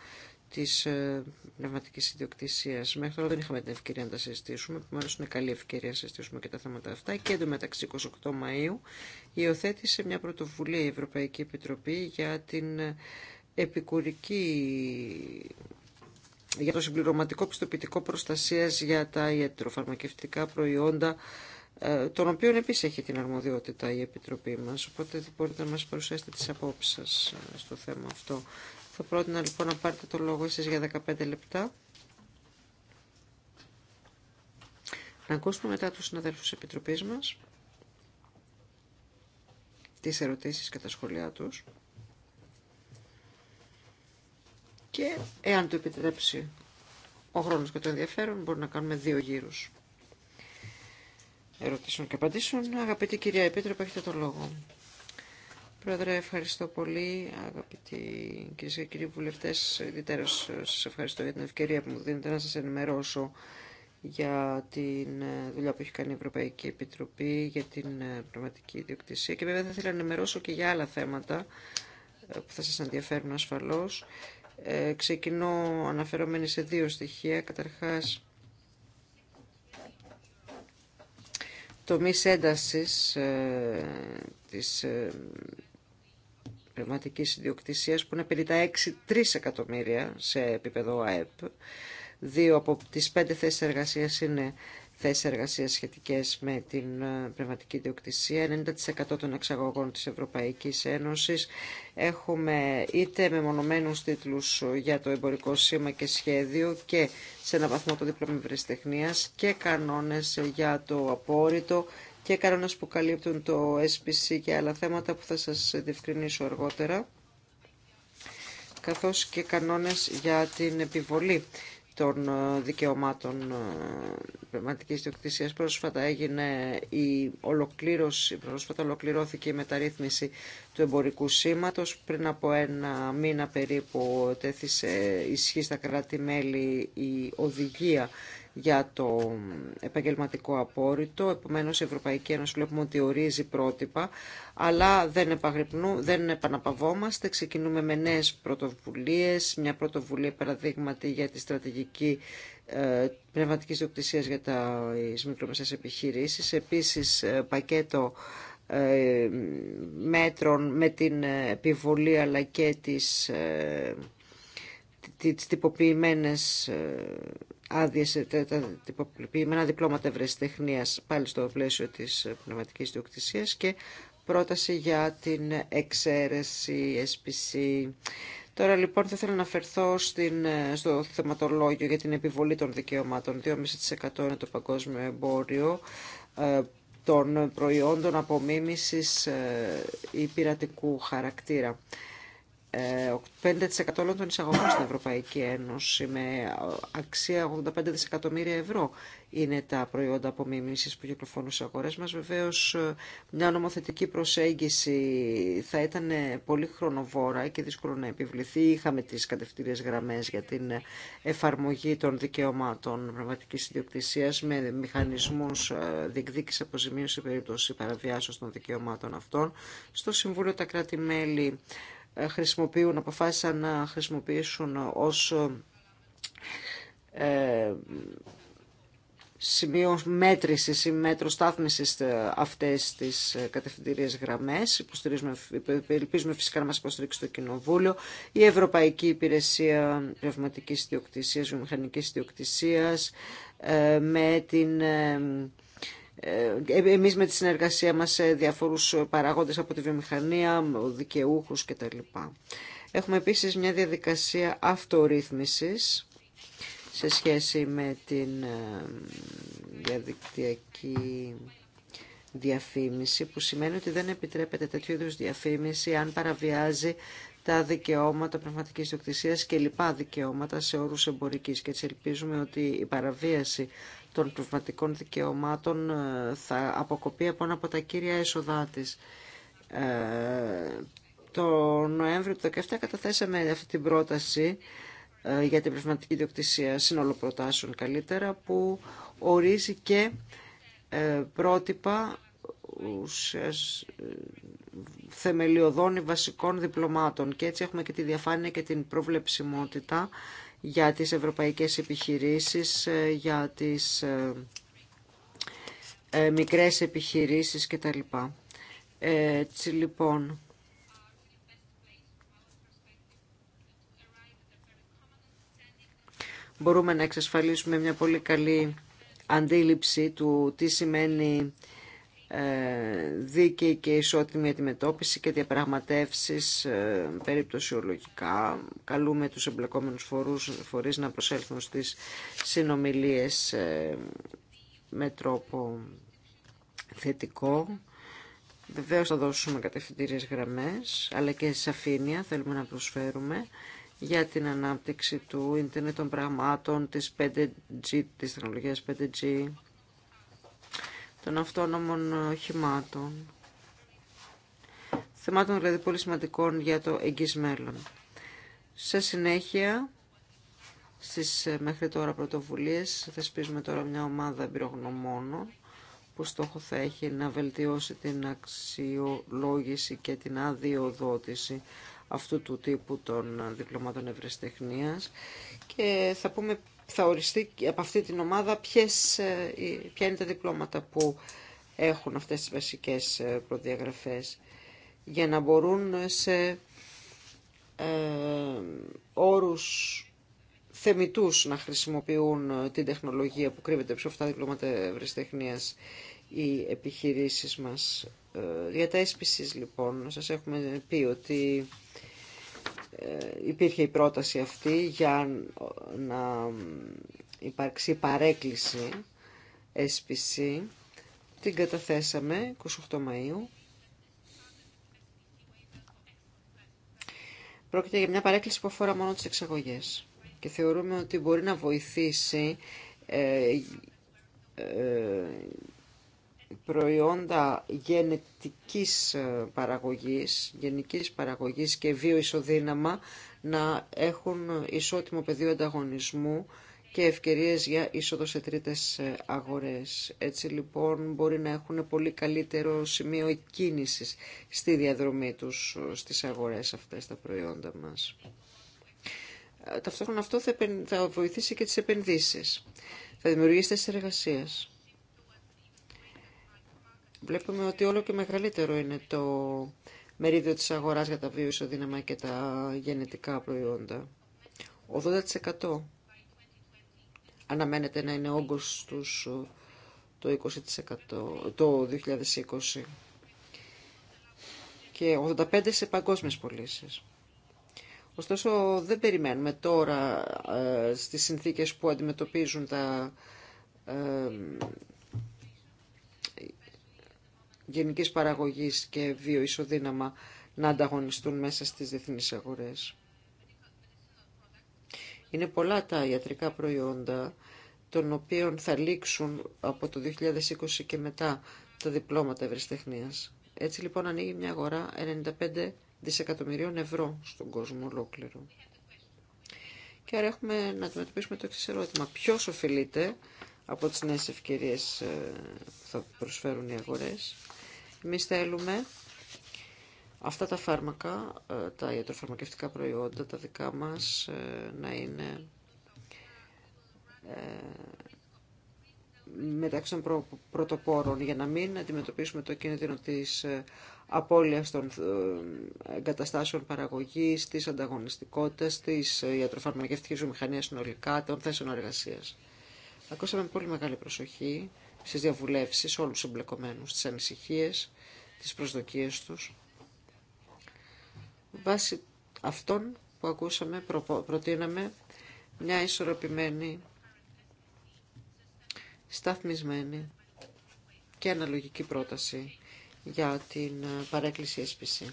Τη ε, πνευματική ιδιοκτησία Μέχρι τώρα δεν είχαμε την ευκαιρία να τα συζητήσουμε, Επομένω, είναι καλή ευκαιρία να συζητήσουμε και τα θέματα αυτά. Και εντωμεταξύ 28 Μαου υιοθέτησε μια πρωτοβουλία η Ευρωπαϊκή Επιτροπή για την ε, επικουρική για το συμπληρωματικό πιστοποιητικό προστασίας για τα ιατροφαρμακευτικά προϊόντα ε, τον οποίο επίσης έχει την αρμοδιότητα η Επιτροπή μας, οπότε μπορείτε να μας παρουσιάσετε τις απόψεις σας στο θέμα αυτό. Θα πρότεινα λοιπόν να πάρετε το λόγο εσείς για 15 λεπτά. Να ακούσουμε μετά τους συναδέλφους της Επιτροπής μας τις ερωτήσεις και τα σχόλιά τους και εάν το επιτρέψει ο χρόνος και το ενδιαφέρον μπορούμε να κάνουμε δύο γύρους ερωτήσεων και απαντήσεων. Αγαπητή κυρία Επίτροπε, έχετε το λόγο. Πρόεδρε, ευχαριστώ πολύ. Αγαπητοί κυρίε και κύριοι βουλευτέ, ιδιαίτερα ε, σα ευχαριστώ για την ευκαιρία που μου δίνετε να σα ενημερώσω για την ε, δουλειά που έχει κάνει η Ευρωπαϊκή Επιτροπή για την ε, πραγματική ιδιοκτησία και βέβαια θα ήθελα να ενημερώσω και για άλλα θέματα που θα σας ενδιαφέρουν ασφαλώς. ξεκινώ αναφερόμενοι σε δύο στοιχεία. Καταρχάς, τομείς ένταση της Πνευματική ιδιοκτησία που είναι 56-3 εκατομμύρια σε επίπεδο ΑΕΠ. Δύο από τι πέντε θέσει εργασία είναι θέσει εργασία σχετικέ με την ε, πνευματική ιδιοκτησία. 90% των εξαγωγών τη Ευρωπαϊκή Ένωση. έχουμε είτε μεμονωμένου τίτλου για το εμπορικό σήμα και σχέδιο και σε ένα βαθμό το δίπλωμα ευρεσιτεχνία και κανόνε για το απόρριτο και κανόνες που καλύπτουν το SPC και άλλα θέματα που θα σας διευκρινίσω αργότερα, καθώς και κανόνες για την επιβολή των ε, δικαιωμάτων ε, πνευματική διοκτησία. Πρόσφατα έγινε η ολοκλήρωση, πρόσφατα ολοκληρώθηκε η μεταρρύθμιση του εμπορικού σήματος. Πριν από ένα μήνα περίπου τέθησε ισχύ στα κράτη-μέλη η οδηγία για το επαγγελματικό απόρριτο. Επομένως η Ευρωπαϊκή Ένωση βλέπουμε ότι ορίζει πρότυπα, αλλά δεν, δεν επαναπαυόμαστε. Ξεκινούμε με νέες πρωτοβουλίες, μια πρωτοβουλία παραδείγματι για τη στρατηγική ε, πνευματικής διοκτησίας για τα μικρομεσαίες επιχειρήσεις. Επίσης ε, πακέτο ε, μέτρων με την επιβολή αλλά και τις, τις άδειε ε, τα τυποποιημένα διπλώματα ευρεσιτεχνία πάλι στο πλαίσιο τη πνευματική διοκτησία και πρόταση για την εξαίρεση SPC. Τώρα λοιπόν θα ήθελα να αναφερθώ ε, στο θεματολόγιο για την επιβολή των δικαιωμάτων. 2,5% είναι το παγκόσμιο εμπόριο ε, των προϊόντων απομίμησης ή πειρατικού χαρακτήρα. 5% ε, όλων των εισαγωγών στην Ευρωπαϊκή Ένωση με αξία 85 δισεκατομμύρια ευρώ είναι τα προϊόντα απομίμησης που κυκλοφορούν στις αγορές μας. Βεβαίως μια νομοθετική προσέγγιση θα ήταν πολύ χρονοβόρα και δύσκολο να επιβληθεί. Είχαμε τις κατευθυντήριες γραμμές για την εφαρμογή των δικαιωμάτων πνευματική ιδιοκτησία με μηχανισμούς ε, διεκδίκηση αποζημίωση σε περίπτωση παραβιάσεως των δικαιωμάτων αυτών. Στο Συμβούλιο τα κράτη-μέλη ε, χρησιμοποιούν, αποφάσισαν να χρησιμοποιήσουν ως ε, σημείο μέτρησης ή μέτρο στάθμισης ε, αυτές τις ε, κατευθυντηρίες γραμμές. Ελπίζουμε φυσικά να μας υποστηρίξει το Κοινοβούλιο. Η Ευρωπαϊκή Υπηρεσία Πνευματικής Διοκτησίας, Βιομηχανικής Διοκτησίας με την ε, ε, εμείς με τη συνεργασία μας σε διαφορούς παραγόντες από τη βιομηχανία, δικαιούχους κτλ. Έχουμε επίσης μια διαδικασία αυτορύθμισης σε σχέση με την ε, διαδικτυακή διαφήμιση που σημαίνει ότι δεν επιτρέπεται τέτοιου είδους διαφήμιση αν παραβιάζει τα δικαιώματα πνευματικής διοκτησίας και λοιπά δικαιώματα σε όρους εμπορικής και έτσι ελπίζουμε ότι η παραβίαση των πνευματικών δικαιωμάτων ε, θα αποκοπεί από ένα από τα κύρια έσοδά της. Ε, το Νοέμβριο του 2017 καταθέσαμε αυτή την πρόταση ε, για την πνευματική διοκτησία, σύνολο προτάσεων καλύτερα, που ορίζει και πρότυπα ουσιας, θεμελιωδών βασικών διπλωμάτων. Και έτσι έχουμε και τη διαφάνεια και την προβλεψιμότητα για τις ευρωπαϊκές επιχειρήσεις, ε, για τις ε, ε, μικρές επιχειρήσεις κτλ. Έτσι λοιπόν... Μπορούμε να εξασφαλίσουμε μια πολύ καλή αντίληψη του τι σημαίνει ε, δίκαιη και ισότιμη αντιμετώπιση και διαπραγματεύσεις ε, περιπτωσιολογικά. Καλούμε τους εμπλεκόμενους φορούς, φορείς να προσέλθουν στις συνομιλίες ε, με τρόπο θετικό. Βεβαίως θα δώσουμε κατευθυντήριες γραμμές, αλλά και σαφήνεια θέλουμε να προσφέρουμε για την ανάπτυξη του ίντερνετ των πραγμάτων, της, 5G, της τεχνολογίας 5G, των αυτόνομων ε, χημάτων, Θεμάτων δηλαδή πολύ σημαντικών για το εγγύς Σε συνέχεια, στις ε, μέχρι τώρα πρωτοβουλίες, θεσπίζουμε τώρα μια ομάδα εμπειρογνωμόνων που στόχο θα έχει να βελτιώσει την αξιολόγηση και την αδειοδότηση αυτού του τύπου των ε, διπλωμάτων ευρεσιτεχνίας και θα πούμε θα οριστεί από αυτή την ομάδα ποιες, ε, ποια είναι τα διπλώματα που έχουν αυτές τις βασικές ε, προδιαγραφές για να μπορούν σε ε, όρους θεμητούς να χρησιμοποιούν ε, την τεχνολογία που κρύβεται πίσω αυτά τα διπλώματα ευρεσιτεχνίας οι επιχειρήσεις μας. Για τα έσπισης, λοιπόν, σας έχουμε πει ότι ε, υπήρχε η πρόταση αυτή για να υπάρξει παρέκκληση SPC. Την καταθέσαμε 28 Μαΐου. Πρόκειται για μια παρέκκληση που αφορά μόνο τις εξαγωγές και θεωρούμε ότι μπορεί να βοηθήσει ε, ε, προϊόντα γενετικής ε, παραγωγής, γενικής παραγωγής και βιοϊσοδύναμα να έχουν ισότιμο πεδίο ανταγωνισμού και ευκαιρίες για είσοδο σε τρίτες ε, αγορές. Έτσι λοιπόν μπορεί να έχουν πολύ καλύτερο σημείο κίνησης στη διαδρομή τους ε, στις αγορές αυτές τα προϊόντα μας. Ταυτόχρονα αυτό θα βοηθήσει και τις επενδύσεις. Θα δημιουργήσει θέσεις εργασίας Βλέπουμε ότι όλο και μεγαλύτερο είναι το μερίδιο της αγοράς για τα βιοεισοδύναμα και τα γενετικά προϊόντα. 80% αναμένεται να είναι όγκος τους το, 20%, το 2020 και 85% σε παγκόσμιες πωλήσει. Ωστόσο δεν περιμένουμε τώρα ε, στις συνθήκες που αντιμετωπίζουν τα ε, γενικής παραγωγής και βιοεισοδύναμα να ανταγωνιστούν μέσα στις διεθνείς αγορές. Είναι πολλά τα ιατρικά προϊόντα των οποίων θα λήξουν από το 2020 και μετά τα διπλώματα ευρεσιτεχνίας. Έτσι λοιπόν ανοίγει μια αγορά 95 δισεκατομμυρίων ευρώ στον κόσμο ολόκληρο. Και άρα έχουμε να αντιμετωπίσουμε το εξή ερώτημα. Ποιο ωφελείται από τις νέες ευκαιρίες ε, που θα προσφέρουν οι αγορές Εμεί θέλουμε αυτά τα φάρμακα, ε, τα ιατροφαρμακευτικά προϊόντα, τα δικά μας, ε, να είναι ε, μεταξύ των πρωτοπόρων για να μην αντιμετωπίσουμε το κίνδυνο της απώλειας των εγκαταστάσεων παραγωγής, της ανταγωνιστικότητας, της ιατροφαρμακευτικής βιομηχανίας συνολικά, των θέσεων εργασίας. Ακούσαμε πολύ μεγάλη προσοχή στις διαβουλεύσεις όλους τους εμπλεκομένους, τις ανησυχίες, τις προσδοκίες τους. Βάσει αυτών που ακούσαμε προτείναμε μια ισορροπημένη, σταθμισμένη και αναλογική πρόταση για την ε, παρέκκληση έσπιση.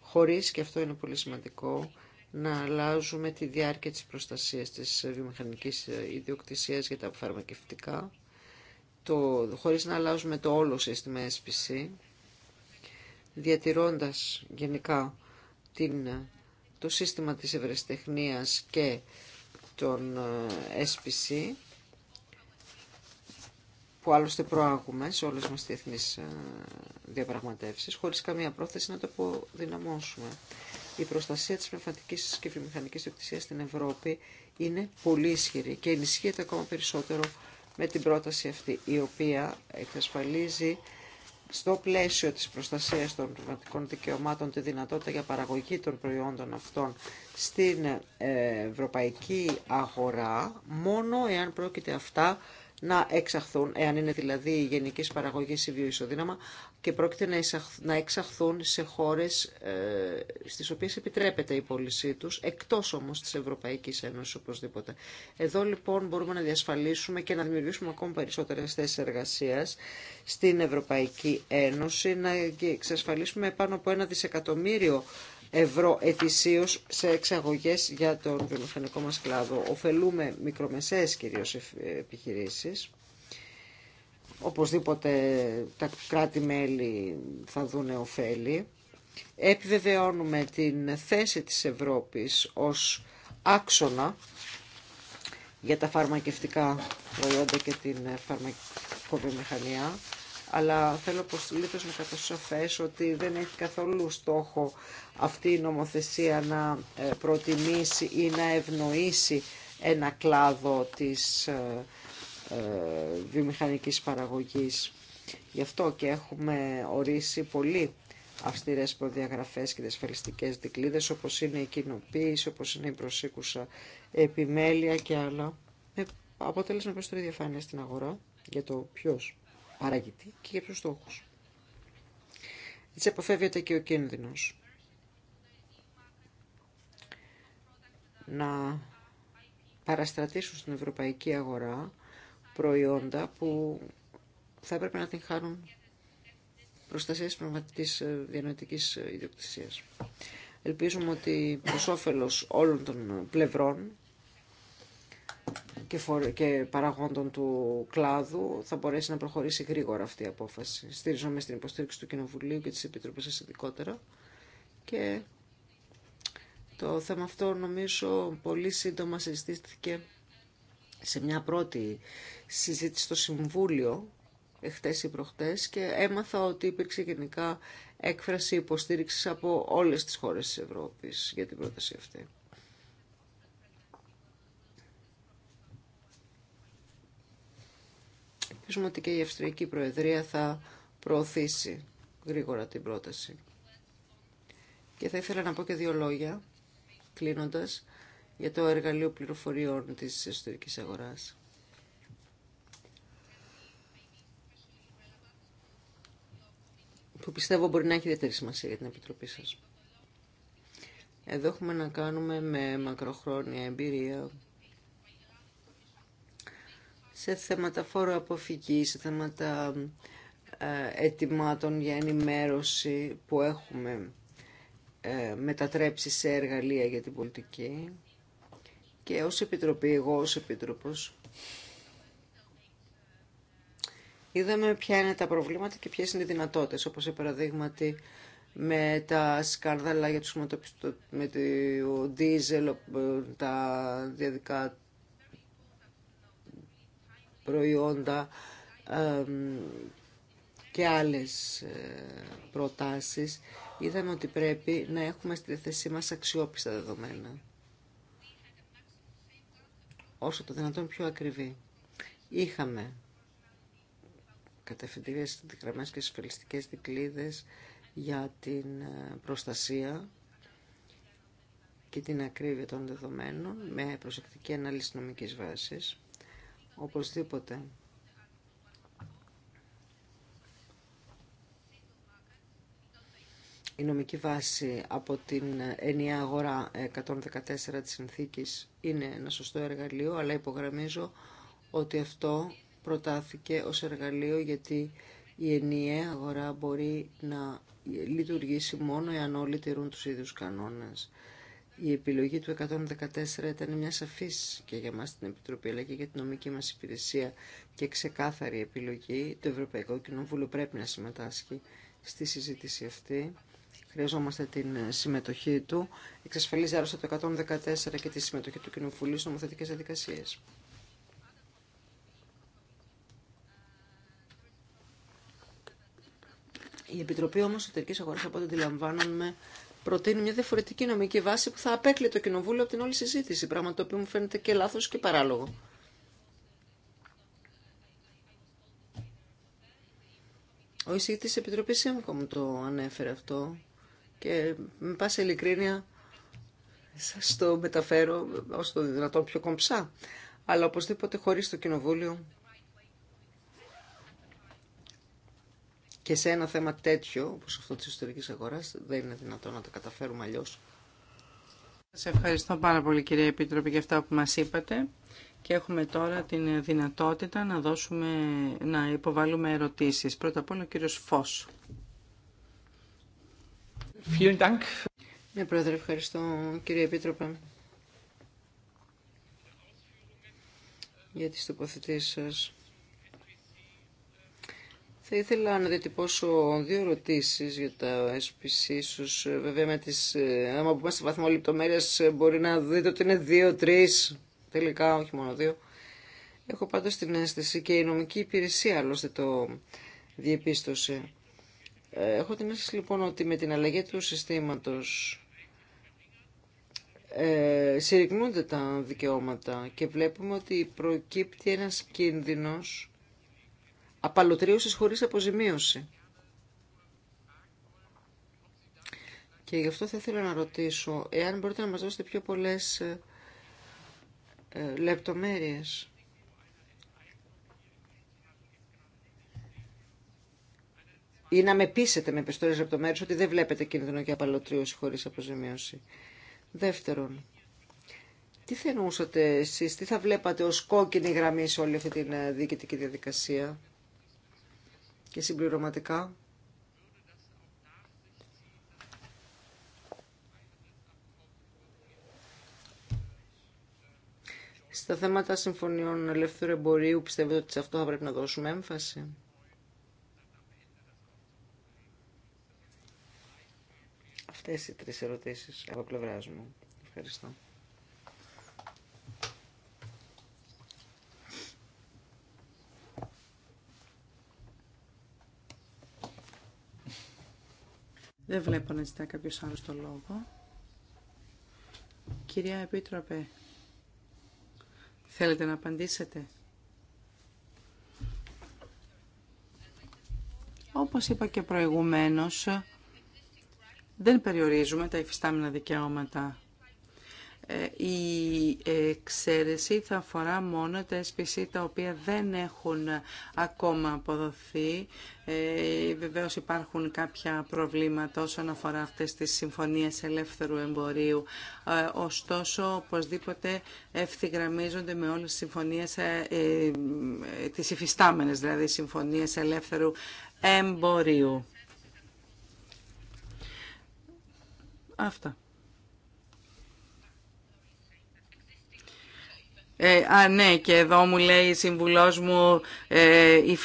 Χωρίς, και αυτό είναι πολύ σημαντικό, να αλλάζουμε τη διάρκεια της προστασίας της βιομηχανικής ε, ιδιοκτησίας για τα φαρμακευτικά το, χωρίς να αλλάζουμε το όλο σύστημα SPC, διατηρώντας γενικά την, το σύστημα της ευρεσιτεχνίας και των SPC, ε, που άλλωστε προάγουμε σε όλες μας τις διεθνείς ε, διαπραγματεύσεις, χωρίς καμία πρόθεση να το αποδυναμώσουμε. Η προστασία της πνευματικής και βιομηχανικής διοκτησίας στην Ευρώπη είναι πολύ ισχυρή και ενισχύεται ακόμα περισσότερο με την πρόταση αυτή, η οποία εξασφαλίζει στο πλαίσιο της προστασίας των πνευματικών δικαιωμάτων τη δυνατότητα για παραγωγή των προϊόντων αυτών στην ε, ευρωπαϊκή αγορά, μόνο εάν πρόκειται αυτά να εξαχθούν, εάν είναι δηλαδή οι γενικής παραγωγής ή βιοεισοδύναμα, και πρόκειται να εξαχθούν σε χώρες ε, στις οποίες επιτρέπεται η πώλησή τους, εκτός όμως της Ευρωπαϊκής Ένωσης οπωσδήποτε. Εδώ λοιπόν μπορούμε να διασφαλίσουμε και να δημιουργήσουμε ακόμα περισσότερες θέσεις εργασίας στην Ευρωπαϊκή Ένωση, να εξασφαλίσουμε πάνω από ένα δισεκατομμύριο ευρώ ετησίω σε εξαγωγέ για τον βιομηχανικό μας κλάδο. Οφελούμε μικρομεσαίες κυρίως επιχειρήσεις. Οπωσδήποτε τα κράτη-μέλη θα δουν ωφέλη. Επιβεβαιώνουμε την θέση της Ευρώπης ως άξονα για τα φαρμακευτικά προϊόντα και την φαρμακοβιομηχανία αλλά θέλω πως λίτως να κατασοφές ότι δεν έχει καθόλου στόχο αυτή η νομοθεσία να ε, προτιμήσει ή να ευνοήσει ένα κλάδο της ε, ε, βιομηχανικής παραγωγής. Γι' αυτό και έχουμε ορίσει πολύ αυστηρές προδιαγραφές και δεσφαλιστικές δικλείδες, όπως είναι η κοινοποίηση, όπως είναι η προσήκουσα επιμέλεια και άλλα, με αποτέλεσμα το διαφάνεια στην αγορά για το ποιος παραγητή και για τους στόχους. Έτσι αποφεύγεται και ο κίνδυνος. Να παραστρατήσουν στην ευρωπαϊκή αγορά προϊόντα που θα έπρεπε να την χάνουν προστασία τη πραγματικής ε, διανοητικής ιδιοκτησίας. Ελπίζουμε ότι προς όφελος όλων των πλευρών και παραγόντων του κλάδου θα μπορέσει να προχωρήσει γρήγορα αυτή η απόφαση. Στήριζομαι στην υποστήριξη του Κοινοβουλίου και της Επιτροπής σας ειδικότερα και το θέμα αυτό νομίζω πολύ σύντομα συζητήθηκε σε μια πρώτη συζήτηση στο Συμβούλιο εχθές ή προχτές και έμαθα ότι υπήρξε γενικά έκφραση υποστήριξης από όλες τις χώρες της Ευρώπης για την πρόταση αυτή. Ελπίζουμε ότι και η Αυστριακή Προεδρία θα προωθήσει γρήγορα την πρόταση. Και θα ήθελα να πω και δύο λόγια, κλείνοντας, για το εργαλείο πληροφοριών της εσωτερικής αγοράς. που πιστεύω μπορεί να έχει ιδιαίτερη σημασία για την Επιτροπή σας. Εδώ έχουμε να κάνουμε με μακροχρόνια εμπειρία σε θέματα φόρου αποφυγή, σε θέματα ε, ετοιμάτων για ενημέρωση που έχουμε ε, μετατρέψει σε εργαλεία για την πολιτική και ως Επιτροπή, εγώ ως Επίτροπος, είδαμε ποια είναι τα προβλήματα και ποιες είναι οι δυνατότητες, όπως σε παραδείγματι με τα σκαρδαλά για τους με το ντίζελ, τα διαδικά προϊόντα και άλλες ε, προτάσεις, είδαμε ότι πρέπει να έχουμε στη θέση μας αξιόπιστα δεδομένα. Όσο το δυνατόν πιο ακριβή. Είχαμε κατευθυντήριες γραμμές και ασφαλιστικές δικλίδες για την ε, προστασία και την ακρίβεια των δεδομένων με προσεκτική ανάλυση νομικής βάσης οπωσδήποτε. Η νομική βάση από την ενιαία αγορά 114 της συνθήκης είναι ένα σωστό εργαλείο, αλλά υπογραμμίζω ότι αυτό προτάθηκε ως εργαλείο γιατί η ενιαία αγορά μπορεί να λειτουργήσει μόνο εάν όλοι τηρούν τους ίδιους κανόνες. Η επιλογή του 114 ήταν μια σαφής και για μας την Επιτροπή αλλά και για την νομική μας υπηρεσία και ξεκάθαρη επιλογή. Το Ευρωπαϊκό Κοινοβούλιο πρέπει να συμμετάσχει στη συζήτηση αυτή. Χρειαζόμαστε την συμμετοχή του. Εξασφαλίζει άρρωστα το 114 και τη συμμετοχή του Κοινοβουλίου στις νομοθετικές διαδικασίες. Η Επιτροπή όμως Εταιρική αγοράς από ό,τι αντιλαμβάνομαι προτείνει μια διαφορετική νομική βάση που θα απέκλει το Κοινοβούλιο από την όλη συζήτηση, πράγμα το οποίο μου φαίνεται και λάθος και παράλογο. Ο εισηγητής της Επιτροπής ΕΜΚΟ μου το ανέφερε αυτό και με πάση ειλικρίνεια σας το μεταφέρω ως το δυνατόν πιο κομψά. Αλλά οπωσδήποτε χωρίς το Κοινοβούλιο και σε ένα θέμα τέτοιο, όπως αυτό της ιστορική αγοράς, δεν είναι δυνατόν να τα καταφέρουμε αλλιώ. Σα ευχαριστώ πάρα πολύ κύριε Επίτροπη για αυτά που μας είπατε και έχουμε τώρα την δυνατότητα να, δώσουμε, να υποβάλουμε ερωτήσεις. Πρώτα απ' όλα ο κύριο Dank. Ναι, Πρόεδρε, ευχαριστώ κύριε Επίτροπε για τις τοποθετήσεις σας. Θα ήθελα να διατυπώσω δύο ερωτήσει για τα SPC. Ίσως, βέβαια, με τις, ε, άμα πούμε σε βαθμό λεπτομέρεια, ε, μπορεί να δείτε ότι είναι δύο-τρει. Τελικά, όχι μόνο δύο. Έχω πάντω την αίσθηση και η νομική υπηρεσία άλλωστε το διεπίστωσε. Ε, έχω την αίσθηση λοιπόν ότι με την αλλαγή του συστήματος ε, συρρυκνούνται τα δικαιώματα και βλέπουμε ότι προκύπτει ένας κίνδυνος απαλωτρίωσης χωρίς αποζημίωση. Και γι' αυτό θα ήθελα να ρωτήσω, εάν μπορείτε να μας δώσετε πιο πολλές ε, ε, λεπτομέρειες. Ή να με πείσετε με περισσότερες λεπτομέρειες ότι δεν βλέπετε κίνδυνο για απαλωτρίωση χωρίς αποζημίωση. Δεύτερον, τι θα εννοούσατε εσείς, τι θα βλέπατε ως κόκκινη γραμμή σε όλη αυτή τη ε, διοικητική διαδικασία και συμπληρωματικά. Στα θέματα συμφωνιών ελεύθερου εμπορίου πιστεύετε ότι σε αυτό θα πρέπει να δώσουμε έμφαση. Αυτές οι τρεις ερωτήσεις από πλευράς μου. Ευχαριστώ. Δεν βλέπω να ζητά κάποιος άλλος το λόγο. Κυρία Επίτροπε, θέλετε να απαντήσετε. Όπως είπα και προηγουμένως, δεν περιορίζουμε τα υφιστάμενα δικαιώματα ε, η εξαίρεση θα αφορά μόνο τα SPC τα οποία δεν έχουν ακόμα αποδοθεί. Ε, βεβαίως υπάρχουν κάποια προβλήματα όσον αφορά αυτές τις συμφωνίες ελεύθερου εμπορίου. Ε, ωστόσο, οπωσδήποτε ευθυγραμμίζονται με όλες τις συμφωνίες, τις υφιστάμενες δηλαδή συμφωνίες ελεύθερου εμπορίου. Αυτά. Ε, α, ναι, και εδώ μου λέει η μου ε, οι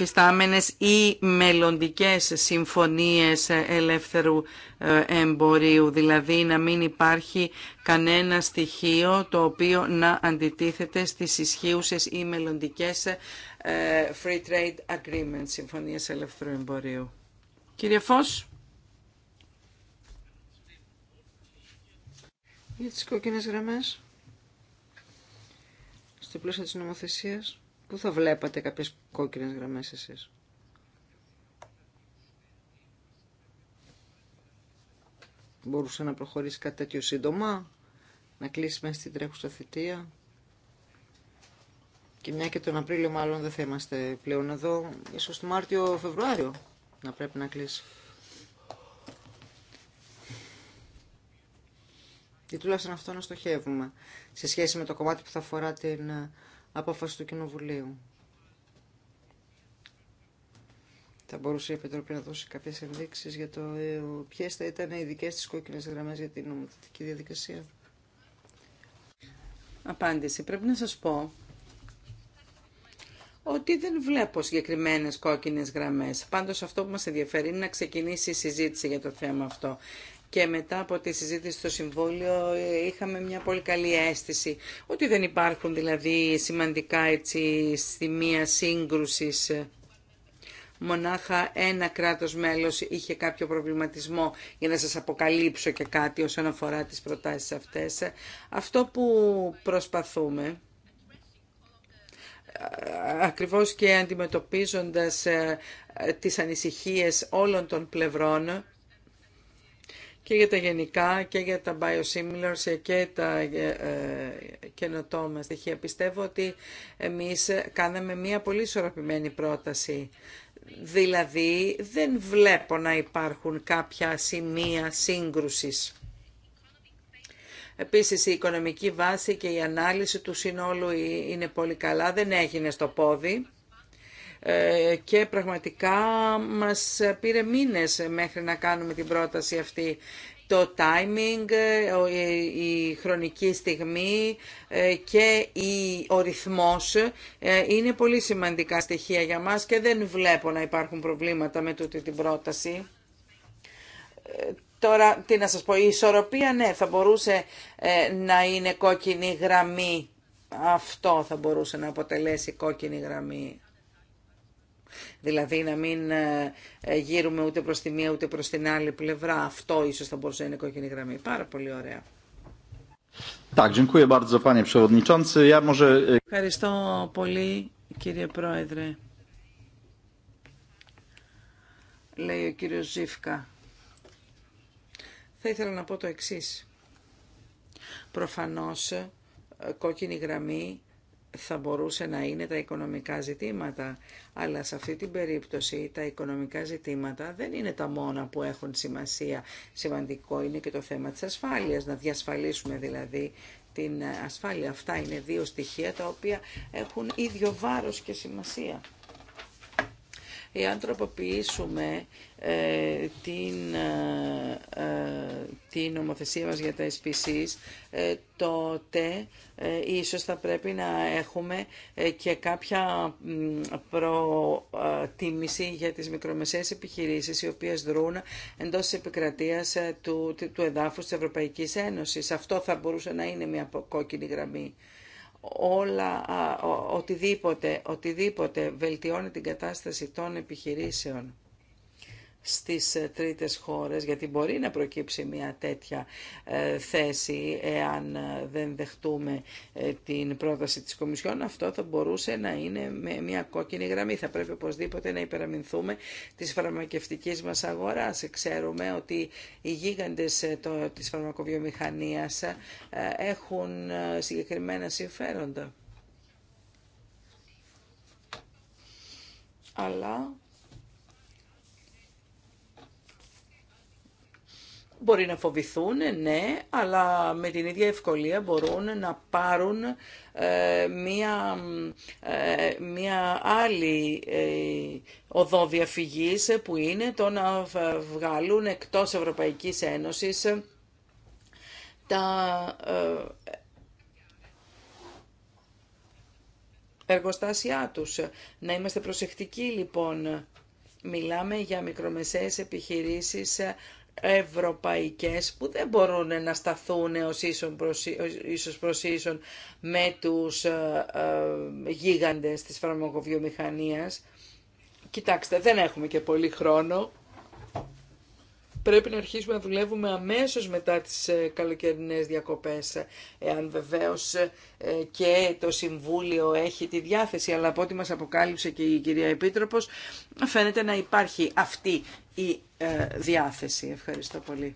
ή μελλοντικέ συμφωνίες ελεύθερου ε, εμπορίου, δηλαδή να μην υπάρχει κανένα στοιχείο το οποίο να αντιτίθεται στις ισχύουσε ή μελλοντικέ ε, free trade agreements, συμφωνίες ελεύθερου εμπορίου. Κύριε Φως. Για τι κόκκινε στο πλαίσιο της νομοθεσίας, πού θα βλέπατε κάποιες κόκκινες γραμμές εσείς. Μπορούσε να προχωρήσει κάτι τέτοιο σύντομα, να κλείσει μέσα στην τρέχουσα θητεία. Και μια και τον Απρίλιο μάλλον δεν θα είμαστε πλέον εδώ, ίσως τον Μάρτιο-Φεβρουάριο να πρέπει να κλείσει. ή τουλάχιστον αυτό να στοχεύουμε σε σχέση με το κομμάτι που θα αφορά την ε, απόφαση του Κοινοβουλίου. Θα μπορούσε η Επιτροπή να δώσει κάποιε ενδείξει για το ε, ποιε θα ήταν οι δικέ τη κόκκινε γραμμέ για την νομοθετική διαδικασία. Απάντηση. Πρέπει να σας πω ότι δεν βλέπω συγκεκριμένε κόκκινε γραμμέ. Πάντω αυτό που μα ενδιαφέρει είναι να ξεκινήσει η συζήτηση για το θέμα αυτό και μετά από τη συζήτηση στο Συμβούλιο είχαμε μια πολύ καλή αίσθηση ότι δεν υπάρχουν δηλαδή σημαντικά έτσι σημεία σύγκρουσης. Μονάχα ένα κράτος μέλος είχε κάποιο προβληματισμό για να σας αποκαλύψω και κάτι όσον αφορά τις προτάσεις αυτές. Αυτό που προσπαθούμε ακριβώς και αντιμετωπίζοντας ε, τις ανησυχίες όλων των πλευρών και για τα γενικά και για τα biosimilars και τα ε, ε, καινοτόμα στοιχεία. Πιστεύω ότι εμείς κάναμε μία πολύ ισορροπημένη πρόταση. Δηλαδή δεν βλέπω να υπάρχουν κάποια σημεία σύγκρουσης. Επίσης η οικονομική βάση και η ανάλυση του συνόλου ε, είναι πολύ καλά, δεν έγινε στο πόδι. Ε, και πραγματικά μας πήρε μήνες μέχρι να κάνουμε την πρόταση αυτή το timing, ε, η χρονική στιγμή ε, και ο ρυθμός είναι πολύ σημαντικά στοιχεία για μας και δεν βλέπω να υπάρχουν προβλήματα με τούτη την πρόταση. Τώρα, τι να σας πω, η ισορροπία, ναι, θα μπορούσε να είναι κόκκινη γραμμή. Αυτό θα μπορούσε να αποτελέσει κόκκινη γραμμή. Δηλαδή να μην ε, ε, γύρουμε ούτε προς τη μία ούτε προς την άλλη πλευρά. Αυτό ίσως θα μπορούσε να είναι κόκκινη γραμμή. Πάρα πολύ ωραία. E, Ευχαριστώ πολύ κύριε Πρόεδρε. Λέει ο κύριος Ζήφκα. Θα ήθελα να πω το εξή. Προφανώς ε, κόκκινη γραμμή θα μπορούσε να είναι τα οικονομικά ζητήματα. Αλλά σε αυτή την περίπτωση τα οικονομικά ζητήματα δεν είναι τα μόνα που έχουν σημασία. Σημαντικό είναι και το θέμα της ασφάλειας, να διασφαλίσουμε δηλαδή την ασφάλεια. Αυτά είναι δύο στοιχεία τα οποία έχουν ίδιο βάρος και σημασία εάν τροποποιήσουμε ε, την, ε, ε, την νομοθεσία μας για τα SPCs, ε, τότε ε, ίσως θα πρέπει να έχουμε και κάποια προτίμηση για τις μικρομεσαίες επιχειρήσεις οι οποίες δρούν εντός της επικρατείας του, του εδάφους της Ευρωπαϊκής Ένωσης. Αυτό θα μπορούσε να είναι μια κόκκινη γραμμή όλα, οτιδήποτε, οτιδήποτε βελτιώνει την κατάσταση των επιχειρήσεων στις ε, τρίτες χώρες, γιατί μπορεί να προκύψει μια τέτοια ε, θέση εάν ε, δεν δεχτούμε την πρόταση της Κομισιόν, αυτό θα μπορούσε να είναι με μια κόκκινη γραμμή. Θα πρέπει οπωσδήποτε να υπεραμεινθούμε της φαρμακευτικής μας αγοράς. Ξέρουμε ότι οι γίγαντες της φαρμακοβιομηχανίας έχουν συγκεκριμένα συμφέροντα. Αλλά Μπορεί να φοβηθούν, ναι, αλλά με την ίδια ευκολία μπορούν να πάρουν ε, μία, ε, μία άλλη ε, οδό διαφυγής που είναι το να βγάλουν εκτός Ευρωπαϊκής Ένωσης τα ε, εργοστάσια τους. Να είμαστε προσεκτικοί λοιπόν. Μιλάμε για μικρομεσαίες επιχειρήσεις ευρωπαϊκές που δεν μπορούν να σταθούν ως ίσον προς, ίσως με τους ε, ε, γίγαντες της φαρμακοβιομηχανίας. Κοιτάξτε, δεν έχουμε και πολύ χρόνο πρέπει να αρχίσουμε να δουλεύουμε αμέσως μετά τις ε, καλοκαιρινές διακοπές, ε, εάν βεβαίως ε, και το Συμβούλιο έχει τη διάθεση, αλλά από ό,τι μας αποκάλυψε και η κυρία Επίτροπος, φαίνεται να υπάρχει αυτή η διάθεση. Ευχαριστώ πολύ.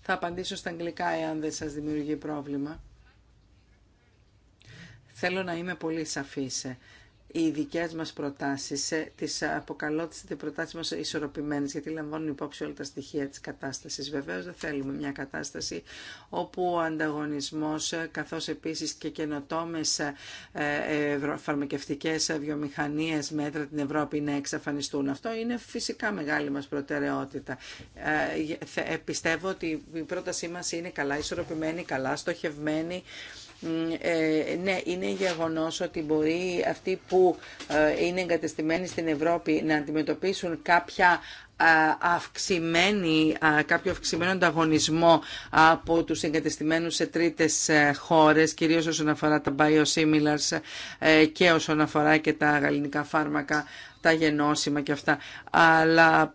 Θα απαντήσω στα αγγλικά εάν δεν σας δημιουργεί πρόβλημα. Θέλω να είμαι πολύ σαφής οι δικέ μα προτάσει, ε, τι αποκαλώ τι προτάσει μα ισορροπημένε, γιατί λαμβάνουν υπόψη όλα τα στοιχεία τη κατάσταση. Βεβαίω δεν θέλουμε μια κατάσταση όπου ο ανταγωνισμό, ε, καθώ επίση και καινοτόμε ε, φαρμακευτικέ βιομηχανίε μέτρα την Ευρώπη να εξαφανιστούν. Αυτό είναι φυσικά μεγάλη μα προτεραιότητα. πιστεύω ότι η πρότασή μα είναι καλά ισορροπημένη, καλά στοχευμένη ε, ναι, είναι γεγονός ότι μπορεί αυτοί που ε, είναι εγκατεστημένοι στην Ευρώπη να αντιμετωπίσουν κάποια ε, αυξημένη, κάποιο αυξημένο ανταγωνισμό από τους εγκατεστημένους σε τρίτες χώρες, κυρίως όσον αφορά τα biosimilars και όσον αφορά και τα γαλλικά φάρμακα, τα γενώσιμα και αυτά. Αλλά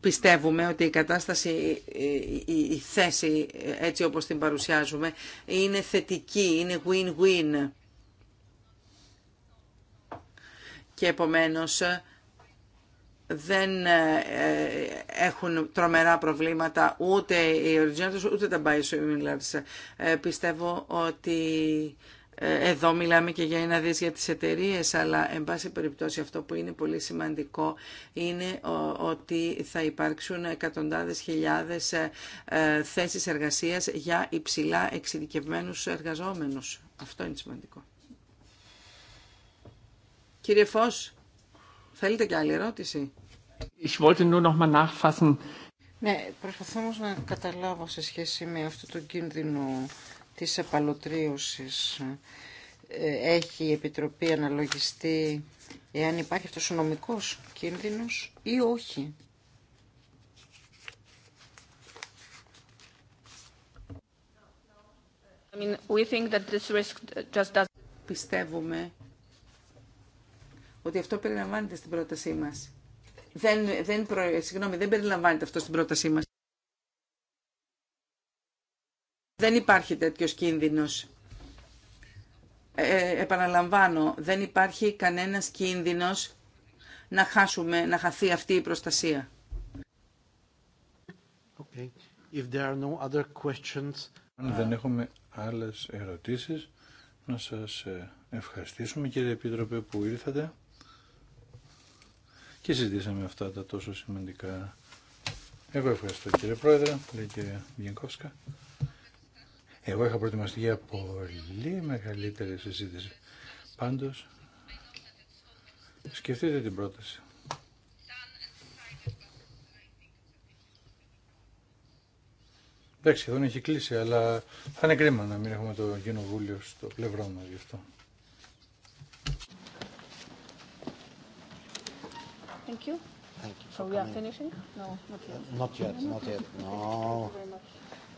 Πιστεύουμε ότι η κατάσταση, η θέση έτσι όπως την παρουσιάζουμε είναι θετική, είναι win-win. Και επομένως δεν ε, έχουν τρομερά προβλήματά ούτε οι originators ούτε τα biosimilars. Ε, πιστεύω ότι ε, εδώ μιλάμε και για ένα δις για τις εταιρείες, αλλά εν πάση περιπτώσει αυτό που είναι πολύ σημαντικό είναι ότι θα υπάρξουν εκατοντάδες χιλιάδες ε, ε, θέσεις εργασίας για υψηλά εξειδικευμένους εργαζόμενους. Αυτό είναι σημαντικό. Κύριε Φως, θέλετε και άλλη ερώτηση. Ich wollte nur noch mal nachfassen. Ναι, προσπαθώ όμως να καταλάβω σε σχέση με αυτό το κίνδυνο της επαλωτρίωσης ε, έχει η Επιτροπή αναλογιστεί εάν υπάρχει αυτός ο νομικός κίνδυνος ή όχι. we think that this risk just Πιστεύουμε ότι αυτό περιλαμβάνεται στην πρότασή μας. Δεν, δεν, προ... Συγγνώμη, δεν περιλαμβάνεται αυτό στην πρότασή μα. Δεν υπάρχει τέτοιος κίνδυνος. Ε, ε, επαναλαμβάνω, δεν υπάρχει κανένας κίνδυνος να χάσουμε, να χαθεί αυτή η προστασία. If Αν δεν έχουμε άλλες ερωτήσεις, να σας ε, ευχαριστήσουμε κύριε Επίτροπε που ήρθατε και συζητήσαμε αυτά τα τόσο σημαντικά. Εγώ ευχαριστώ κύριε Πρόεδρε, λέει κύριε Βιενκόφσκα. Εγώ είχα προετοιμαστεί για πολύ μεγαλύτερη συζήτηση. Πάντως, σκεφτείτε την πρόταση. Εντάξει, εδώ έχει κλείσει, αλλά θα είναι κρίμα να μην έχουμε το κοινοβούλιο στο πλευρό μας γι' αυτό. Thank you. Thank you so we are finishing? No, not yet. Not yet, not yet. No. Thank you very much.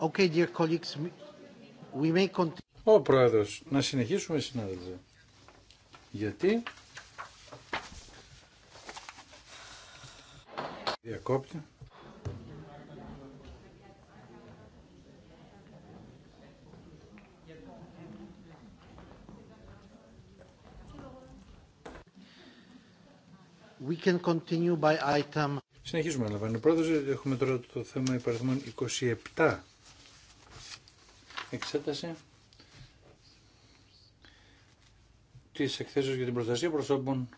Okay, dear colleagues, we may continue. Ο Πρόεδρος, να συνεχίσουμε συνάδελφοι. Γιατί διακόπτει. We can continue by item. Συνεχίζουμε, Λαβάνη. Πρόεδρος, έχουμε τώρα το θέμα υπαριθμών 27 εξέταση της εκθέσεως για την προστασία προσώπων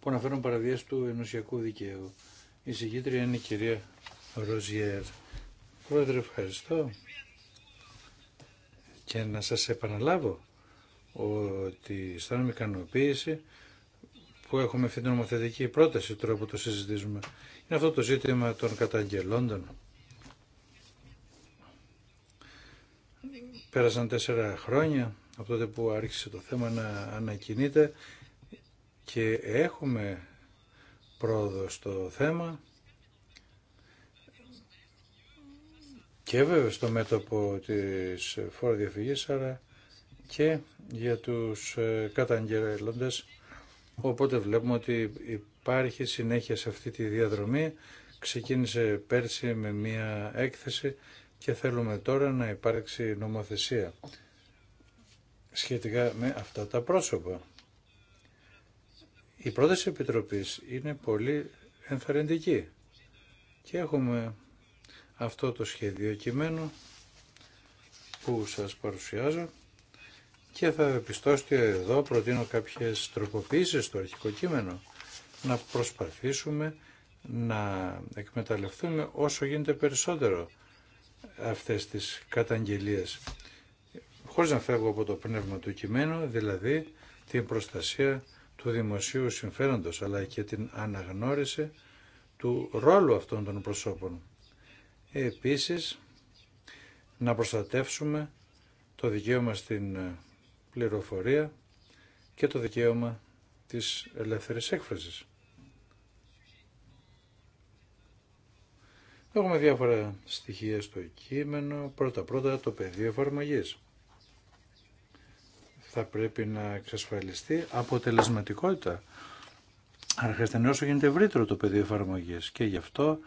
που αναφέρουν παραβιές του ενωσιακού δικαίου. Η συγκίτρια είναι η κυρία Ροζιέρ. Πρόεδρε, ευχαριστώ. Και να σας επαναλάβω ότι αισθάνομαι ικανοποίηση που έχουμε αυτή την νομοθετική πρόταση τώρα που το συζητήσουμε. Είναι αυτό το ζήτημα των καταγγελόντων Πέρασαν τέσσερα χρόνια από τότε που άρχισε το θέμα να ανακοινείται και έχουμε πρόοδο στο θέμα και βέβαια στο μέτωπο της φοροδιαφυγής αλλά και για τους ε, καταγγελόντες οπότε βλέπουμε ότι υπάρχει συνέχεια σε αυτή τη διαδρομή ξεκίνησε πέρσι με μια έκθεση και θέλουμε τώρα να υπάρξει νομοθεσία σχετικά με αυτά τα πρόσωπα. Η πρόταση Επιτροπής είναι πολύ ενθαρρυντική και έχουμε αυτό το σχέδιο κειμένο που σας παρουσιάζω και θα επιστώσετε εδώ, προτείνω κάποιες τροποποίησεις στο αρχικό κείμενο, να προσπαθήσουμε να εκμεταλλευτούμε όσο γίνεται περισσότερο αυτές τις καταγγελίες χωρίς να φεύγω από το πνεύμα του κειμένου, δηλαδή την προστασία του δημοσίου συμφέροντος, αλλά και την αναγνώριση του ρόλου αυτών των προσώπων. Επίσης, να προστατεύσουμε το δικαίωμα στην ε, πληροφορία και το δικαίωμα της ελεύθερης έκφρασης. Έχουμε διάφορα στοιχεία στο κείμενο. Πρώτα-πρώτα το πεδίο εφαρμογή. Θα πρέπει να εξασφαλιστεί αποτελεσματικότητα. Άρα χρειάζεται όσο γίνεται ευρύτερο το πεδίο εφαρμογή. Και γι' αυτό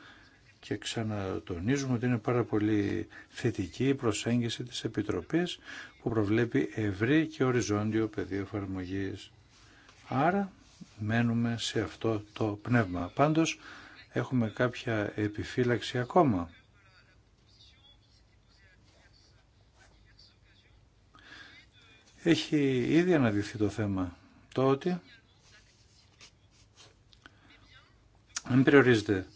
και ξανατονίζουμε ότι είναι πάρα πολύ θετική η προσέγγιση της Επιτροπής που προβλέπει ευρύ και οριζόντιο πεδίο εφαρμογή. Άρα μένουμε σε αυτό το πνεύμα. Πάντως έχουμε κάποια επιφύλαξη ακόμα. Έχει ήδη αναδειχθεί το θέμα το ότι δεν περιορίζεται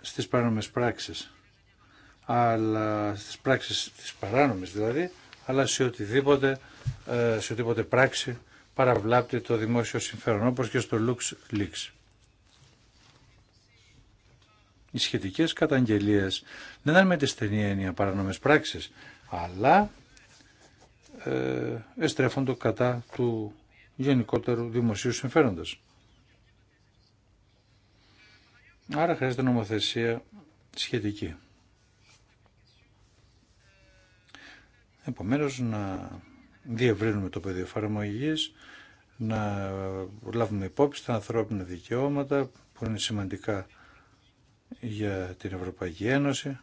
στις παράνομες πράξεις αλλά στις πράξεις τις παράνομες δηλαδή αλλά σε οτιδήποτε, ε, σε οτιδήποτε πράξη παραβλάπτει το δημόσιο συμφέρον όπως και στο Lux Leaks οι σχετικέ καταγγελίε δεν ήταν με τη στενή έννοια παρανομές πράξεις, αλλά ε, εστρέφονται κατά του γενικότερου δημοσίου συμφέροντος. Άρα χρειάζεται νομοθεσία σχετική. Επομένως να διευρύνουμε το πεδίο εφαρμογή, να λάβουμε υπόψη τα ανθρώπινα δικαιώματα που είναι σημαντικά για την Ευρωπαϊκή Ένωση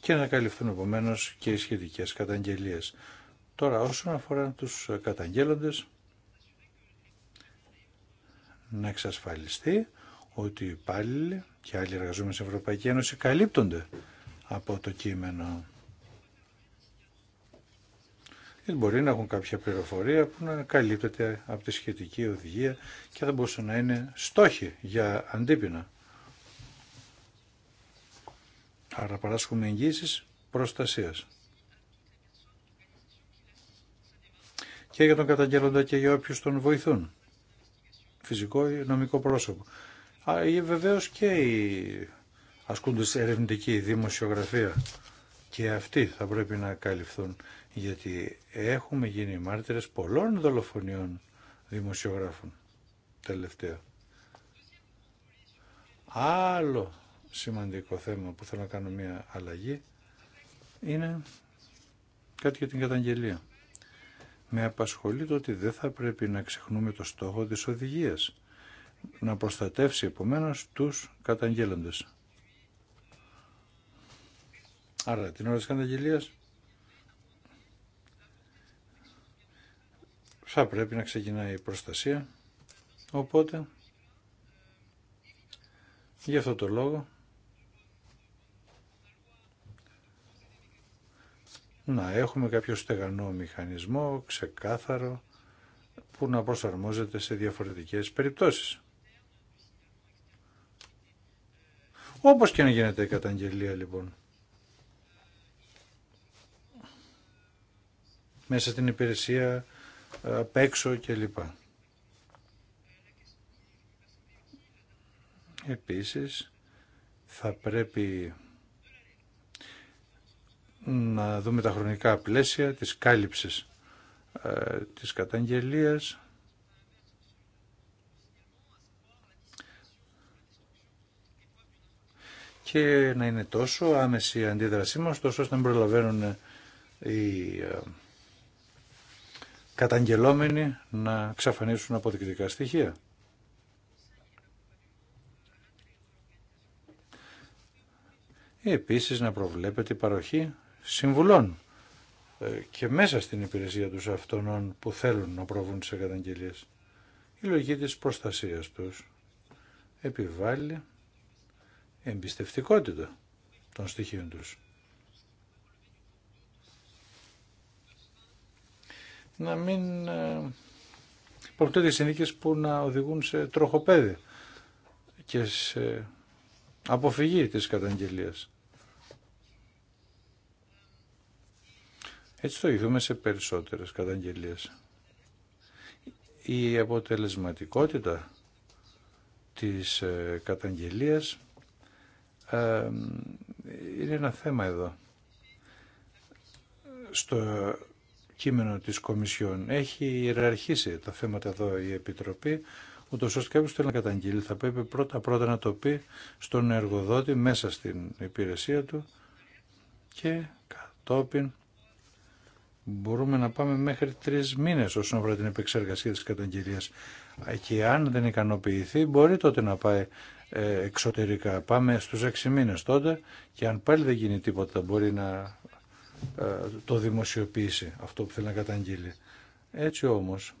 και να καλυφθούν επομένω και οι σχετικές καταγγελίες. Τώρα όσον αφορά τους καταγγέλλοντες να εξασφαλιστεί ότι οι υπάλληλοι και άλλοι εργαζόμενοι στην Ευρωπαϊκή Ένωση καλύπτονται από το κείμενο. Ε, μπορεί να έχουν κάποια πληροφορία που να καλύπτεται από τη σχετική οδηγία και θα μπορούσαν να είναι στόχοι για αντίπεινα. Άρα παράσχουμε εγγύησεις προστασίας. Και για τον καταγγέλλοντα και για όποιους τον βοηθούν. Φυσικό ή νομικό πρόσωπο. Α, ή βεβαίως και οι ασκούντες ερευνητική δημοσιογραφία. Και αυτοί θα πρέπει να καλυφθούν γιατί έχουμε γίνει μάρτυρες πολλών δολοφονιών δημοσιογράφων τελευταία. Άλλο σημαντικό θέμα που θέλω να κάνω μια αλλαγή είναι κάτι για την καταγγελία. Με απασχολεί το ότι δεν θα πρέπει να ξεχνούμε το στόχο της οδηγίας να προστατεύσει επομένω τους καταγγέλλοντες. Άρα την ώρα της καταγγελίας θα πρέπει να ξεκινάει η προστασία. Οπότε, γι' αυτό το λόγο, να έχουμε κάποιο στεγανό μηχανισμό, ξεκάθαρο, που να προσαρμόζεται σε διαφορετικές περιπτώσεις. Όπως και να γίνεται η καταγγελία λοιπόν. Μέσα στην υπηρεσία απ' έξω κλπ. Επίσης θα πρέπει να δούμε τα χρονικά πλαίσια της κάλυψης ε, της καταγγελίας και να είναι τόσο άμεση η αντίδρασή μας τόσο ώστε να προλαβαίνουν οι ε, καταγγελόμενοι να ξαφανίσουν αποδεικτικά στοιχεία. Επίσης να προβλέπεται η παροχή συμβουλών ε, και μέσα στην υπηρεσία τους αυτών που θέλουν να προβούν σε καταγγελίες. Η λογική της προστασίας τους επιβάλλει εμπιστευτικότητα των στοιχείων τους. να μην ε, προκτούνται συνθήκε που να οδηγούν σε τροχοπέδι και σε αποφυγή της καταγγελίας. Έτσι το ειδούμε σε περισσότερες καταγγελίες. Η αποτελεσματικότητα της ε, καταγγελίας ε, είναι ένα θέμα εδώ. Στο κείμενο της Κομισιόν. Έχει ιεραρχήσει τα θέματα εδώ η Επιτροπή, ούτω ώστε κάποιο θέλει να καταγγείλει. Θα πρέπει πρώτα-πρώτα να το πει στον εργοδότη μέσα στην υπηρεσία του και κατόπιν μπορούμε να πάμε μέχρι τρει μήνε όσον αφορά την επεξεργασία τη καταγγελία. Και αν δεν ικανοποιηθεί, μπορεί τότε να πάει ε, εξωτερικά. Πάμε στους έξι μήνες τότε και αν πάλι δεν γίνει τίποτα, μπορεί να ε, το δημοσιοποιήσει αυτό που θέλει να καταγγείλει. Έτσι όμως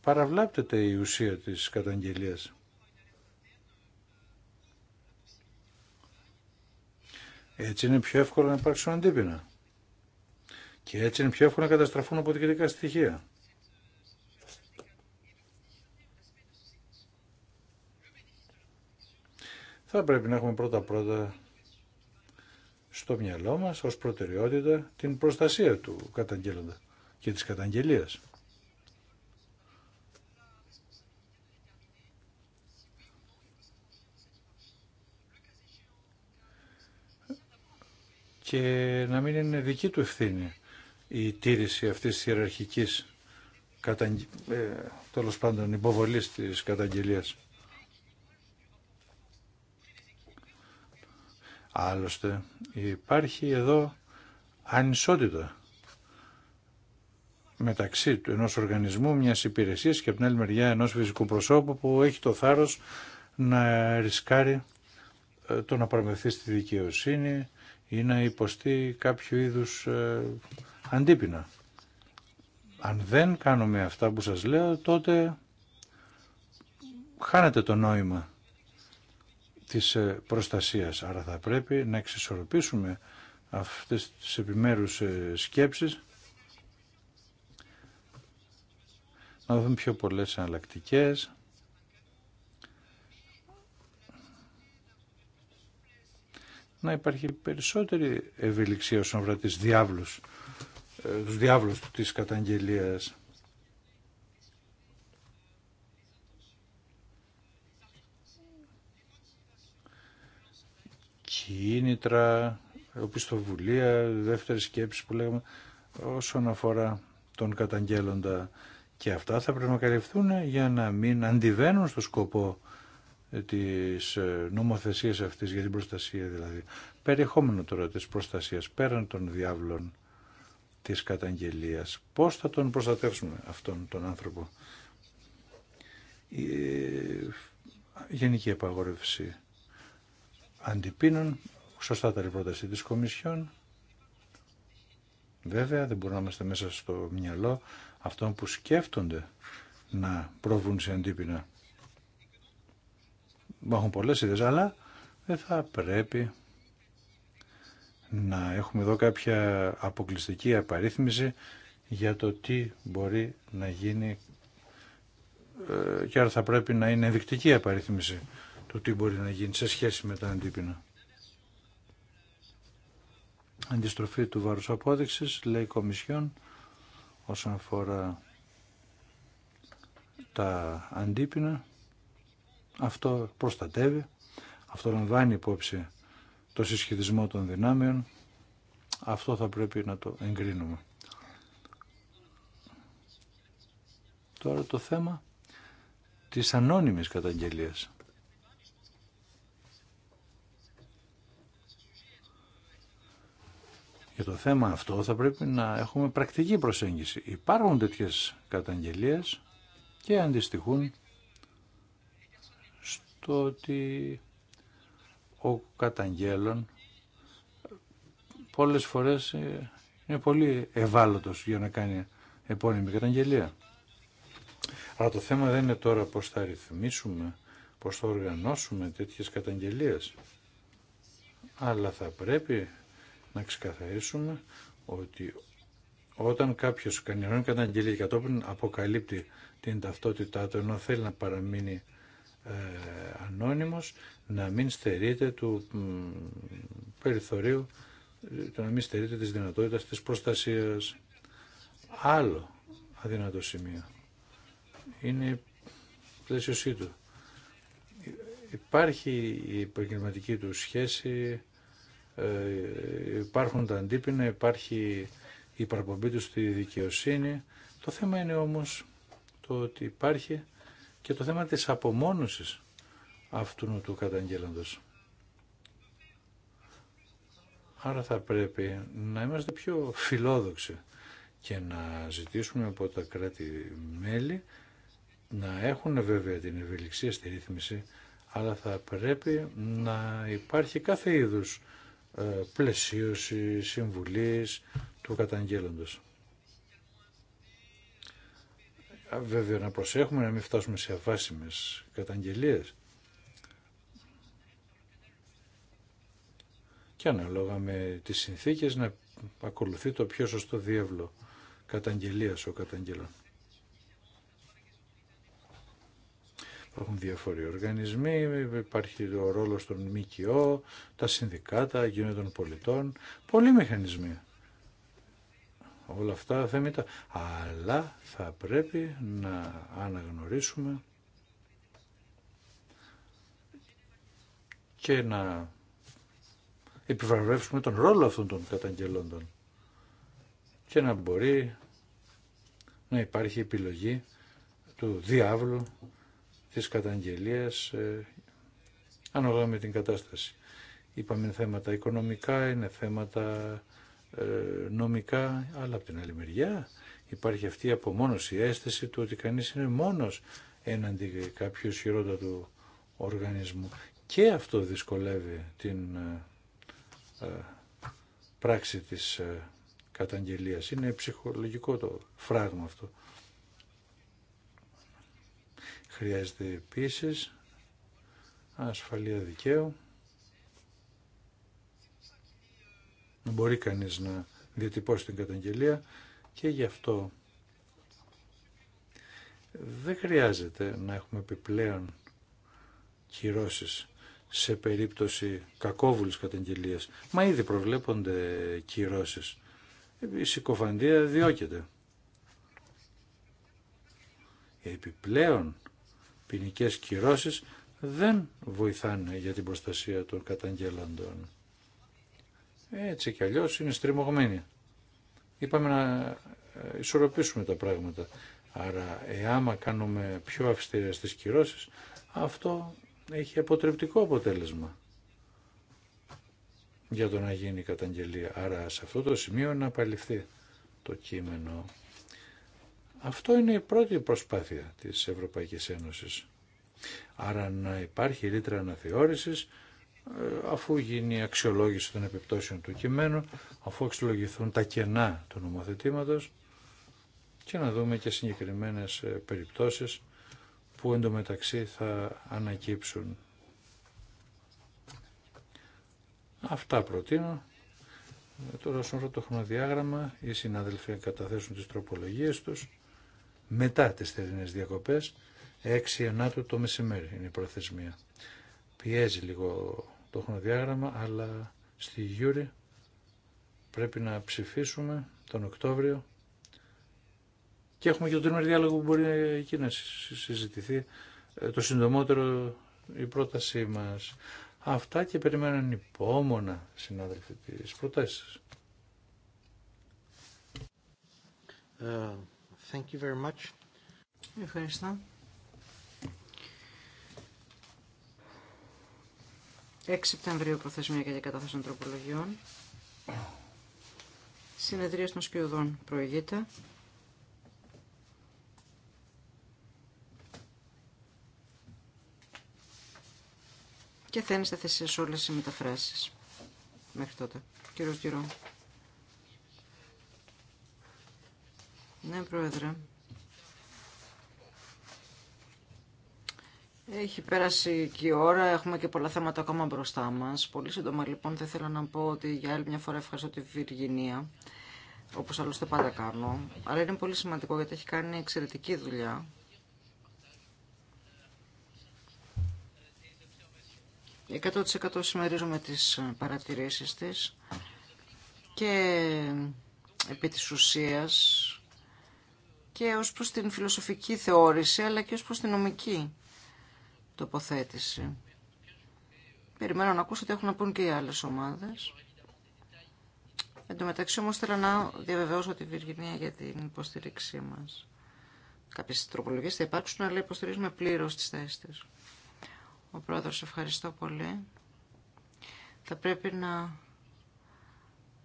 παραβλάπτεται η ουσία της καταγγελίας. Έτσι είναι πιο εύκολο να υπάρξουν αντίπεινα. Και έτσι είναι πιο εύκολο να καταστραφούν στοιχεία. Θα πρέπει να έχουμε πρώτα-πρώτα στο μυαλό μας ως προτεραιότητα την προστασία του καταγγέλλοντα και της καταγγελίας. και να μην είναι δική του ευθύνη η τήρηση αυτής της ιεραρχικής κατα ε, τέλος πάντων υποβολής της καταγγελίας. Άλλωστε υπάρχει εδώ ανισότητα μεταξύ του ενός οργανισμού, μιας υπηρεσίας και από την άλλη μεριά ενός φυσικού προσώπου που έχει το θάρρος να ρισκάρει ε, το να παραμεθεί στη δικαιοσύνη ή να υποστεί κάποιο είδους ε, αντίπεινα. Αν δεν κάνουμε αυτά που σας λέω τότε χάνετε το νόημα της ε, προστασίας. Άρα θα πρέπει να εξισορροπήσουμε αυτές τις επιμέρους ε, σκέψεις να δούμε πιο πολλές εναλλακτικέ. να υπάρχει περισσότερη ευελιξία όσον αφορά τις διάβλους, ε, τους διάβλους της καταγγελίας. κίνητρα, οπισθοβουλία, δεύτερη σκέψη που λέγαμε όσον αφορά τον καταγγέλλοντα και αυτά θα πρέπει να καλυφθούν για να μην αντιβαίνουν στο σκοπό ε, της ε, νομοθεσίας αυτής για την προστασία δηλαδή. Περιεχόμενο τώρα της προστασίας πέραν των διάβλων της καταγγελίας. Πώς θα τον προστατεύσουμε αυτόν τον άνθρωπο. Η ε, γενική απαγόρευση αντιπίνων, σωστά τα πρόταση της Κομισιόν. Βέβαια δεν μπορούμε να είμαστε μέσα στο μυαλό αυτών που σκέφτονται να προβούν σε αντίπεινα. Έχουν πολλές ιδέες, αλλά δεν θα πρέπει να έχουμε εδώ κάποια αποκλειστική απαρίθμηση για το τι μπορεί να γίνει ε, και άρα θα πρέπει να είναι ενδεικτική απαρίθμηση το τι μπορεί να γίνει σε σχέση με τα αντίπεινα. Αντιστροφή του βάρους απόδειξης, λέει η Κομισιόν, όσον αφορά τα αντίπεινα. Αυτό προστατεύει, αυτό λαμβάνει υπόψη το συσχετισμό των δυνάμεων. Αυτό θα πρέπει να το εγκρίνουμε. Τώρα το θέμα της ανώνυμης καταγγελίας. για το θέμα αυτό θα πρέπει να έχουμε πρακτική προσέγγιση. Υπάρχουν τέτοιες καταγγελίες και αντιστοιχούν στο ότι ο καταγγέλων πολλές φορές είναι πολύ ευάλωτος για να κάνει επώνυμη καταγγελία. Αλλά το θέμα δεν είναι τώρα πώς θα ρυθμίσουμε, πώς θα οργανώσουμε τέτοιες καταγγελίες. Αλλά θα πρέπει να ξεκαθαρίσουμε ότι όταν κάποιος κανιονών καταγγελεί και κατόπιν αποκαλύπτει την ταυτότητά του ενώ θέλει να παραμείνει ε, ανώνυμος, να μην στερείται του περιθωρίου, το να μην στερείται της δυνατότητας της προστασίας. Άλλο αδύνατο σημείο είναι η του. Υπάρχει η επαγγελματική του σχέση, ε, υπάρχουν τα αντίπεινα, υπάρχει η παραπομπή του στη δικαιοσύνη. Το θέμα είναι όμως το ότι υπάρχει και το θέμα της απομόνωσης αυτού του καταγγέλλοντος. Άρα θα πρέπει να είμαστε πιο φιλόδοξοι και να ζητήσουμε από τα κράτη-μέλη να έχουν βέβαια την ευελιξία στη ρύθμιση, αλλά θα πρέπει να υπάρχει κάθε είδους ε, πλαισίωση, συμβουλής του καταγγέλλοντος. Βέβαια να προσέχουμε να μην φτάσουμε σε αβάσιμες καταγγελίες. Και αναλόγα με τις συνθήκες να ακολουθεί το πιο σωστό διεύλο καταγγελίας ο καταγγελών. Υπάρχουν διάφοροι οργανισμοί, υπάρχει ο ρόλος των ΜΚΟ, τα συνδικάτα, γίνονται των πολιτών, πολλοί μηχανισμοί. Όλα αυτά θέμητα. Αλλά θα πρέπει να αναγνωρίσουμε και να επιβραβεύσουμε τον ρόλο αυτών των καταγγελόντων και να μπορεί να υπάρχει επιλογή του διάβλου της καταγγελίας ε, ανάλογα με την κατάσταση. Είπαμε θέματα οικονομικά, είναι θέματα ε, νομικά, αλλά από την άλλη μεριά υπάρχει αυτή η απομόνωση, η αίσθηση του ότι κανείς είναι μόνος έναντι κάποιου ισχυρότατου οργανισμού. Και αυτό δυσκολεύει την ε, πράξη της καταγγελίας. Είναι ψυχολογικό το φράγμα αυτό. Χρειάζεται επίσης ασφαλεία δικαίου. Δεν μπορεί κανείς να διατυπώσει την καταγγελία και γι' αυτό δεν χρειάζεται να έχουμε επιπλέον κυρώσεις σε περίπτωση κακόβουλης καταγγελίας. Μα ήδη προβλέπονται κυρώσεις. Η συκοφαντία διώκεται. Επιπλέον ποινικέ κυρώσεις δεν βοηθάνε για την προστασία των καταγγελαντών. Έτσι κι αλλιώς είναι στριμωγμένοι. Είπαμε να ε, ισορροπήσουμε τα πράγματα. Άρα εάμα κάνουμε πιο αυστηρές τις κυρώσεις, αυτό έχει αποτρεπτικό αποτέλεσμα για το να γίνει η καταγγελία. Άρα σε αυτό το σημείο να απαλληφθεί το κείμενο. Αυτό είναι η πρώτη προσπάθεια της Ευρωπαϊκής Ένωσης. Άρα να υπάρχει ρήτρα αναθεώρησης ε, αφού γίνει η αξιολόγηση των επιπτώσεων του κειμένου, αφού αξιολογηθούν τα κενά του νομοθετήματος και να δούμε και συγκεκριμένες ε, περιπτώσεις που εντωμεταξύ θα ανακύψουν. Αυτά προτείνω. Ε, τώρα όσον το χρονοδιάγραμμα, οι συνάδελφοι καταθέσουν τις τροπολογίες τους μετά τις θερινές διακοπές 6 6-9 το μεσημέρι είναι η προθεσμία. Πιέζει λίγο το χρονοδιάγραμμα αλλά στη Γιούρη πρέπει να ψηφίσουμε τον Οκτώβριο και έχουμε και τον τρίμερη διάλογο που μπορεί εκεί να συζητηθεί ε, το συντομότερο η πρότασή μας. Αυτά και περιμένουν υπόμονα, συνάδελφοι, τις προτάσεις Thank you very much. Ευχαριστώ. 6 Σεπτεμβρίου προθεσμία για την κατάθεση των τροπολογιών. Συνεδρία των σκιωδών προηγείται. Και θα είναι στα θέση σε όλες οι μεταφράσεις μέχρι τότε. Κύριος Γκυρό. Ναι, Πρόεδρε. Έχει πέρασει και η ώρα, έχουμε και πολλά θέματα ακόμα μπροστά μας. Πολύ σύντομα λοιπόν θα ήθελα να πω ότι για άλλη μια φορά ευχαριστώ τη Βυργινία, όπως άλλωστε πάντα κάνω. Αλλά είναι πολύ σημαντικό γιατί έχει κάνει εξαιρετική δουλειά. 100% συμμερίζομαι τις παρατηρήσεις της και επί της ουσίας και ως προς την φιλοσοφική θεώρηση αλλά και ως προς την νομική τοποθέτηση. Περιμένω να ακούσω τι έχουν να πούν και οι άλλες ομάδες. Εν τω μεταξύ όμως θέλω να διαβεβαιώσω τη Βυργινία για την υποστήριξή μας. Κάποιες τροπολογίες θα υπάρξουν αλλά υποστηρίζουμε πλήρως τις θέσεις της. Ο πρόεδρος, ευχαριστώ πολύ. Θα πρέπει να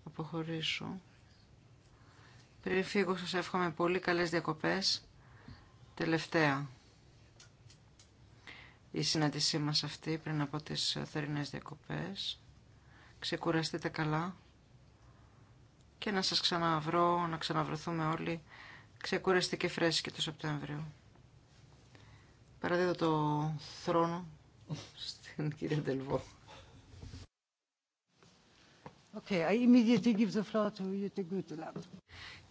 αποχωρήσω. Πριν φύγω σας εύχομαι πολύ καλές διακοπές. Τελευταία η συνάντησή μας αυτή πριν από τις θερινές διακοπές. Ξεκουραστείτε καλά και να σας ξαναβρω, να ξαναβρεθούμε όλοι. ξεκουραστεί και φρέσκοι το Σεπτέμβριο. Παραδίδω το θρόνο στην κυρία Τελβό. Okay, I immediately give the floor to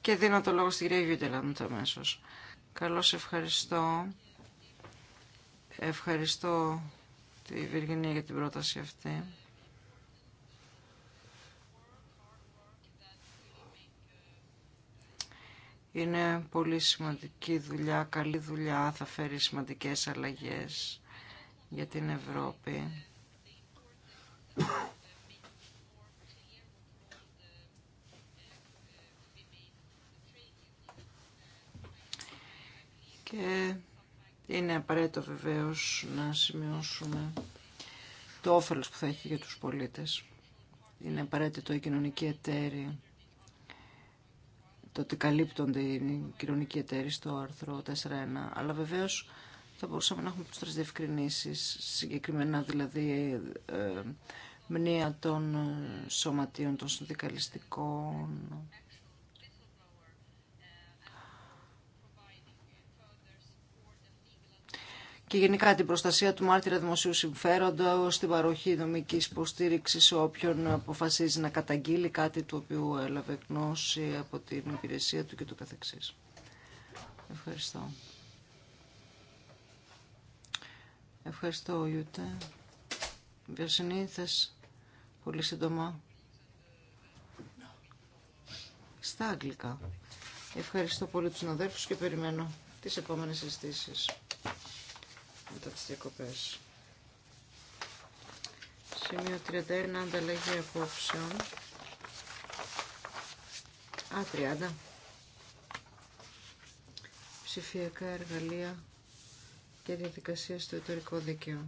και δίνω το λόγο στην κυρία Γιούντελαντ αμέσω. Καλώς ευχαριστώ. Ευχαριστώ τη Βιργινία για την πρόταση αυτή. Είναι πολύ σημαντική δουλειά, καλή δουλειά, θα φέρει σημαντικές αλλαγές για την Ευρώπη. Και είναι απαραίτητο βεβαίως να σημειώσουμε το όφελος που θα έχει για τους πολίτες. Είναι απαραίτητο η κοινωνική εταίρη, το ότι καλύπτονται οι κοινωνικοί εταίροι στο άρθρο 4.1. Αλλά βεβαίως θα μπορούσαμε να έχουμε τους τρεις διευκρινήσεις, συγκεκριμένα δηλαδή ε, μνήα των σωματείων των συνδικαλιστικών, και γενικά την προστασία του μάρτυρα δημοσίου συμφέροντος, στην παροχή νομικής υποστήριξη όποιον αποφασίζει να καταγγείλει κάτι του οποίου έλαβε γνώση από την υπηρεσία του και το καθεξής. Ευχαριστώ. Ευχαριστώ, Ιούτε. Ποιο θες πολύ σύντομα. Στα αγγλικά. Ευχαριστώ πολύ τους συναδέλφους και περιμένω τις επόμενες συζητήσεις μετά τις διακοπές. Σημείο 31, ανταλλαγή απόψεων. Α, 30. Ψηφιακά εργαλεία και διαδικασία στο εταιρικό δίκαιο.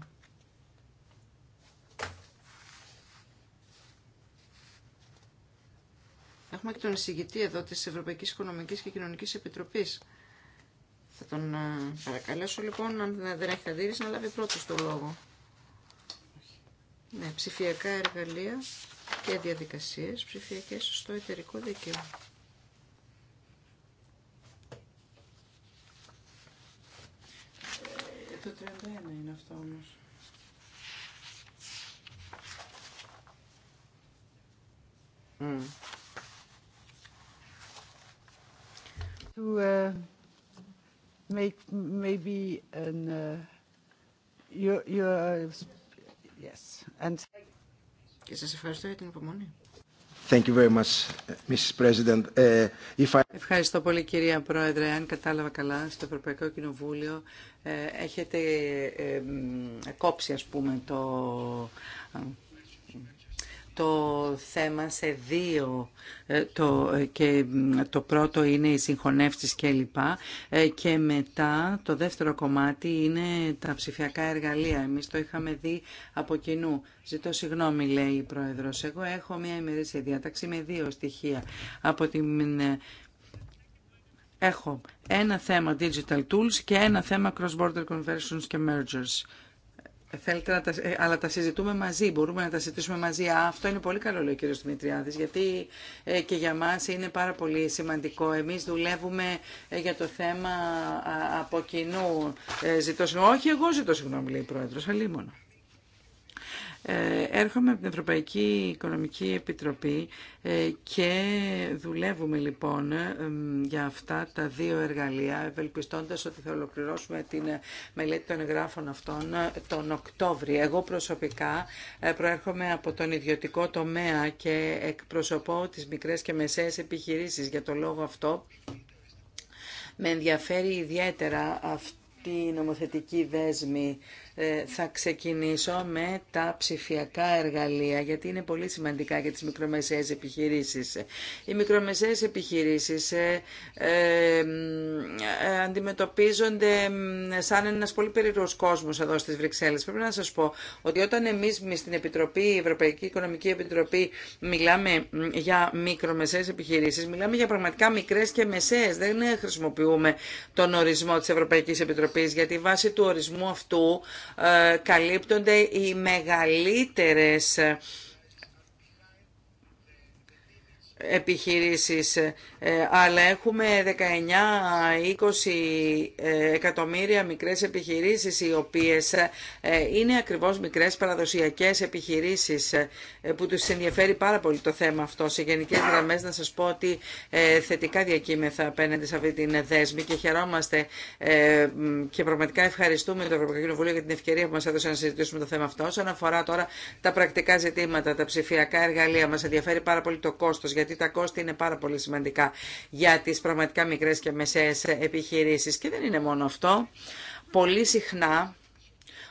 Έχουμε και τον εισηγητή εδώ της Ευρωπαϊκής Οικονομικής και Κοινωνικής Επιτροπής. Θα τον ε, παρακαλέσω λοιπόν, αν δεν έχει αντίρρηση, να λάβει πρώτο το λόγο. Ναι, ψηφιακά εργαλεία και διαδικασίες ψηφιακές στο εταιρικό δίκαιο. Ε, το 31 είναι αυτό όμως. Mm make maybe an uh, your your yes and this και σας ευχαριστώ για την υπομονή. Thank you very much, Mrs. President. Uh, If I... Ευχαριστώ πολύ κυρία Πρόεδρε. Αν κατάλαβα καλά, στο Ευρωπαϊκό Κοινοβούλιο ε, έχετε ε, κόψει ας πούμε το το θέμα σε δύο ε, το, ε, και το πρώτο είναι οι συγχωνεύσεις κλπ. Ε, και μετά το δεύτερο κομμάτι είναι τα ψηφιακά εργαλεία. Εμείς το είχαμε δει από κοινού. Ζητώ συγγνώμη λέει η Πρόεδρος. Εγώ έχω μια ημερήσια διάταξη με δύο στοιχεία. Από την Έχω ένα θέμα Digital Tools και ένα θέμα Cross-Border Conversions και Mergers. Θέλετε να τα, ε, αλλά τα συζητούμε μαζί, μπορούμε να τα συζητήσουμε μαζί. Αυτό είναι πολύ καλό, λέει ο κύριος Δημητριάδης, γιατί ε, και για μας είναι πάρα πολύ σημαντικό. Εμείς δουλεύουμε ε, για το θέμα από κοινού. ζητώ όχι εγώ ζητώ συγγνώμη, λέει η Πρόεδρος, αλίμονο. Ε, έρχομαι από την Ευρωπαϊκή Οικονομική Επιτροπή ε, και δουλεύουμε λοιπόν ε, για αυτά τα δύο εργαλεία, ευελπιστώντας ότι θα ολοκληρώσουμε την μελέτη των εγγράφων αυτών τον Οκτώβριο. Εγώ προσωπικά προέρχομαι από τον ιδιωτικό τομέα και εκπροσωπώ τις μικρές και μεσαίες επιχειρήσεις. Για τον λόγο αυτό με ενδιαφέρει ιδιαίτερα αυτή η νομοθετική δέσμη ε, θα ξεκινήσω με τα ψηφιακά εργαλεία, γιατί είναι πολύ σημαντικά για τις μικρομεσαίες επιχειρήσεις. Οι μικρομεσαίες επιχειρήσεις ε, ε, ε, αντιμετωπίζονται σαν ένας πολύ περίεργος κόσμος εδώ στις Βρυξέλλες. Πρέπει να σας πω ότι όταν εμείς στην Επιτροπή, Ευρωπαϊκή Οικονομική Επιτροπή μιλάμε για μικρομεσαίες επιχειρήσεις, μιλάμε για πραγματικά μικρές και μεσαίες. Δεν χρησιμοποιούμε τον ορισμό της Ευρωπαϊκής Επιτροπής, γιατί βάσει του ορισμού αυτού ε, καλύπτονται οι μεγαλύτερες επιχειρήσεις, ε, ε, αλλά έχουμε 19-20 ε, εκατομμύρια μικρές επιχειρήσεις οι οποίες είναι ακριβώς μικρές παραδοσιακές επιχειρήσεις που τους ενδιαφέρει πάρα πολύ το θέμα αυτό. Σε γενικές γραμμές να σας πω ότι θετικά διακύμεθα απέναντι σε αυτή την δέσμη και χαιρόμαστε και πραγματικά ευχαριστούμε το Ευρωπαϊκό Κοινοβούλιο για την ευκαιρία που μας έδωσε να συζητήσουμε το θέμα αυτό. Όσον αφορά τώρα τα πρακτικά ζητήματα, τα ψηφιακά εργαλεία, μας ενδιαφέρει πάρα πολύ το κόστος γιατί τα κόστη είναι πάρα πολύ σημαντικά για τις πραγματικά μικρές και μεσαίες επιχειρήσεις. Και δεν είναι μόνο αυτό. Πολύ συχνά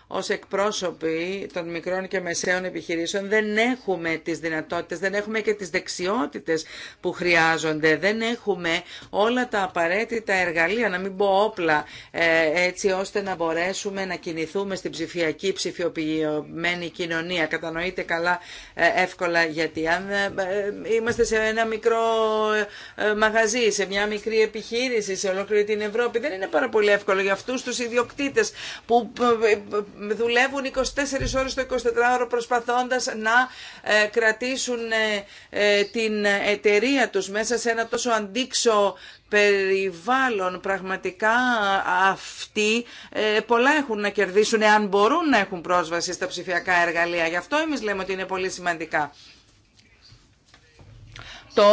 ως εκπρόσωποι των μικρών και μεσαίων επιχειρήσεων δεν έχουμε τις δυνατότητες, δεν έχουμε και τις δεξιότητες που χρειάζονται, δεν έχουμε όλα τα απαραίτητα εργαλεία, να μην πω όπλα, ε, έτσι ώστε να μπορέσουμε να κινηθούμε στην ψηφιακή, ψηφιοποιημένη κοινωνία. Κατανοείτε καλά ε, εύκολα γιατί αν ε, είμαστε σε ένα μικρό μαγαζί, σε μια μικρή επιχείρηση, σε ολόκληρη την Ευρώπη, δεν είναι πάρα πολύ εύκολο για αυτούς τους ιδιοκτήτες που δουλεύουν 24 ώρες το 24ωρο προσπαθώντας να ε, κρατήσουν ε, ε, την εταιρεία τους μέσα σε ένα τόσο αντίξο περιβάλλον. Πραγματικά αυτοί πολλά έχουν να κερδίσουν εάν μπορούν να έχουν πρόσβαση στα ψηφιακά εργαλεία. Γι' αυτό εμείς λέμε ότι είναι πολύ σημαντικά το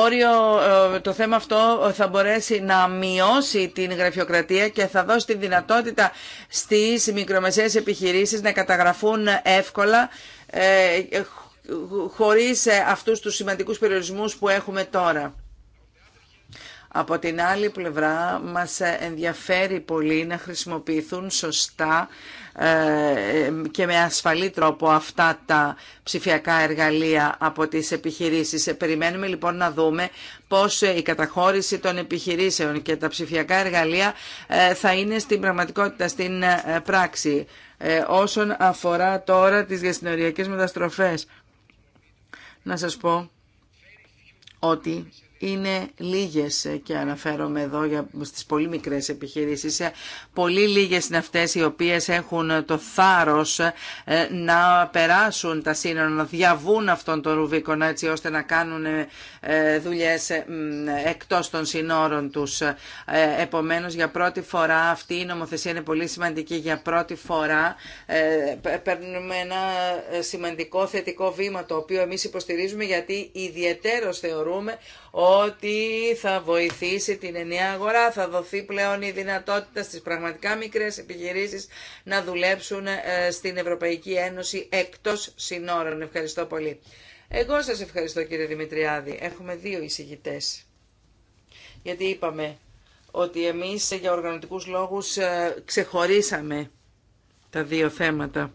ε, το θέμα αυτό θα μπορέσει να μειώσει την γραφειοκρατία και θα δώσει τη δυνατότητα στις μικρομεσαίες επιχειρήσεις να καταγραφούν εύκολα ε, χωρίς ε, αυτούς τους σημαντικούς περιορισμούς που έχουμε τώρα. Από την άλλη πλευρά μας ενδιαφέρει πολύ να χρησιμοποιηθούν σωστά ε, και με ασφαλή τρόπο αυτά τα ψηφιακά εργαλεία από τις επιχειρήσεις. Ε, περιμένουμε λοιπόν να δούμε πώς ε, η καταχώρηση των επιχειρήσεων και τα ψηφιακά εργαλεία θα είναι στην πραγματικότητα, στην πράξη. Όσον αφορά τώρα τις διαστηνοριακές μεταστροφές, να σας πω ότι είναι λίγες και αναφέρομαι εδώ για, στις πολύ μικρές επιχειρήσεις. Ε, πολύ λίγες είναι αυτές οι οποίες έχουν το θάρρος ε, να περάσουν τα σύνορα, να διαβούν αυτόν τον Ρουβίκονα έτσι ώστε να κάνουν ε, δουλειές εκτός των συνόρων τους. Επομένως για πρώτη φορά αυτή η νομοθεσία είναι πολύ σημαντική. Για πρώτη φορά παίρνουμε ένα σημαντικό θετικό βήμα το οποίο εμείς υποστηρίζουμε γιατί ιδιαιτέρως θεωρούμε ότι θα βοηθήσει την ενιαία αγορά, θα δοθεί πλέον η δυνατότητα στις πραγματικά μικρές επιχειρήσεις να δουλέψουν ε, στην Ευρωπαϊκή Ένωση εκτός συνόρων. Ευχαριστώ πολύ. Εγώ σας ευχαριστώ κύριε Δημητριάδη. Έχουμε δύο εισηγητέ. Γιατί είπαμε ότι εμείς για οργανωτικούς λόγους ε, ξεχωρίσαμε τα δύο θέματα.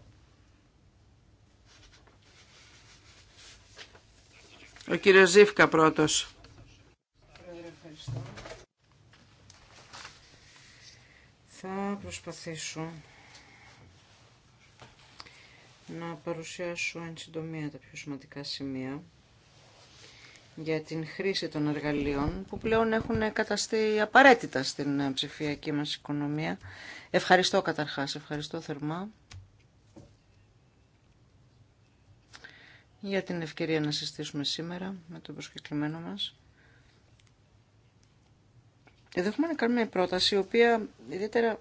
Ο κύριος Ζήφκα πρώτος. Θα προσπαθήσω να παρουσιάσω εν συντομία τα πιο σημαντικά σημεία για την χρήση των εργαλείων που πλέον έχουν καταστεί απαραίτητα στην ψηφιακή μας οικονομία. Ευχαριστώ καταρχάς, ευχαριστώ θερμά για την ευκαιρία να συστήσουμε σήμερα με τον προσκεκλημένο μας. Εδώ έχουμε να κάνουμε μια πρόταση η οποία ιδιαίτερα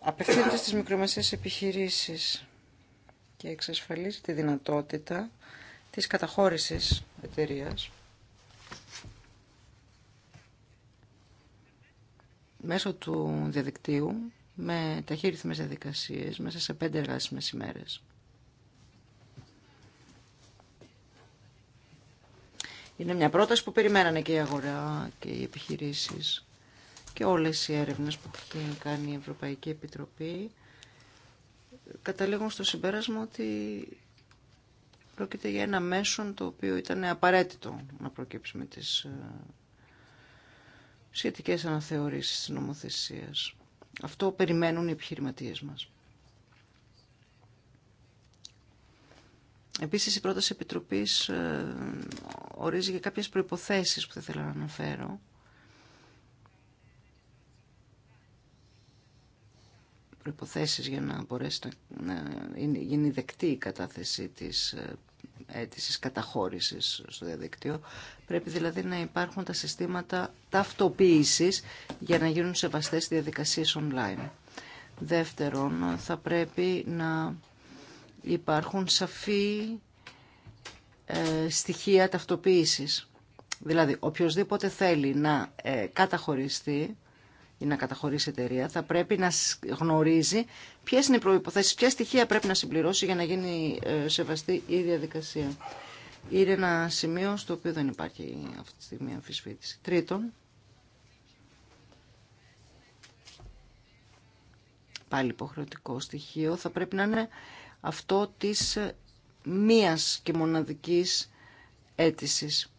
απευθύνεται στις μικρομεσαίες επιχειρήσεις και εξασφαλίζει τη δυνατότητα της καταχώρησης εταιρεία. μέσω του διαδικτύου με ταχύρυθμες διαδικασίες μέσα σε πέντε εργάσιμες ημέρες. Είναι μια πρόταση που περιμένανε και η αγορά και οι επιχειρήσεις και όλες οι έρευνες που έχει κάνει η Ευρωπαϊκή Επιτροπή καταλήγουν στο συμπέρασμα ότι πρόκειται για ένα μέσον το οποίο ήταν απαραίτητο να προκύψει με τις ε, σχετικές αναθεωρήσεις της νομοθεσίας. Αυτό περιμένουν οι επιχειρηματίες μας. Επίσης η πρόταση Επιτροπής ε, ορίζει και κάποιες προϋποθέσεις που θα ήθελα να αναφέρω. Προϋποθέσεις για να μπορέσει να γίνει δεκτή η κατάθεση της ε, αίτησης καταχώρησης στο διαδικτύο. Πρέπει δηλαδή να υπάρχουν τα συστήματα ταυτοποίησης για να γίνουν σεβαστές διαδικασίες online. Δεύτερον, θα πρέπει να υπάρχουν σαφή ε, στοιχεία ταυτοποίησης. Δηλαδή, οποιοδήποτε θέλει να ε, καταχωριστεί ή να καταχωρήσει εταιρεία, θα πρέπει να γνωρίζει ποιε είναι οι προποθέσει, ποια στοιχεία πρέπει να συμπληρώσει για να γίνει ε, σεβαστή η διαδικασία. Είναι ένα σημείο στο οποίο δεν υπάρχει αυτή τη στιγμή αμφισβήτηση. Τρίτον, πάλι υποχρεωτικό στοιχείο, θα πρέπει να είναι αυτό της μίας και μοναδικής αίτησης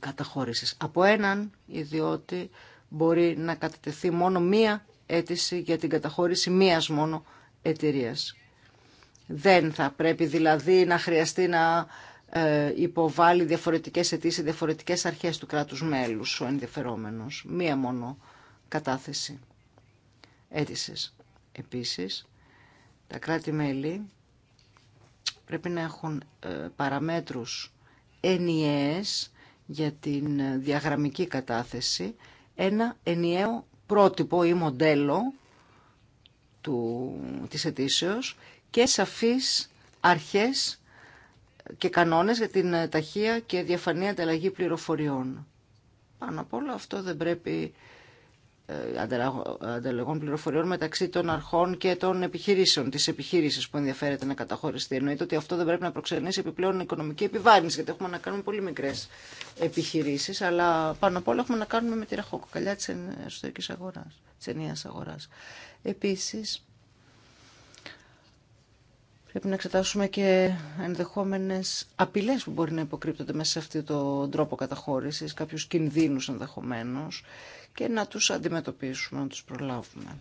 καταχώρησης. Από έναν ιδιώτη μπορεί να κατατεθεί μόνο μία αίτηση για την καταχώρηση μίας μόνο εταιρεία. Δεν θα πρέπει δηλαδή να χρειαστεί να ε, υποβάλει διαφορετικές αιτήσει, διαφορετικές αρχές του κράτους μέλους ο ενδιαφερόμενος. Μία μόνο κατάθεση αίτησης. Επίσης, τα κράτη-μέλη πρέπει να έχουν ε, παραμέτρους ενιαίες για την ε, διαγραμμική κατάθεση, ένα ενιαίο πρότυπο ή μοντέλο του, της αιτήσεως και σαφείς αρχές και κανόνες για την ε, ταχεία και διαφανή ανταλλαγή πληροφοριών. Πάνω απ' όλα αυτό δεν πρέπει ε, ανταλλαγών πληροφοριών μεταξύ των αρχών και των επιχειρήσεων, τη επιχείρηση που ενδιαφέρεται να καταχωριστεί. Εννοείται ότι αυτό δεν πρέπει να προξενήσει επιπλέον οικονομική επιβάρυνση, γιατί έχουμε να κάνουμε πολύ μικρέ επιχειρήσει, αλλά πάνω απ' όλα έχουμε να κάνουμε με τη ραχοκοκαλιά τη εσωτερική αγορά, τη ενιαία αγορά. Επίση, πρέπει να εξετάσουμε και ενδεχόμενε απειλέ που μπορεί να υποκρύπτονται μέσα σε αυτόν τον τρόπο καταχώρηση, κάποιου κινδύνου ενδεχομένω και να τους αντιμετωπίσουμε, να τους προλάβουμε.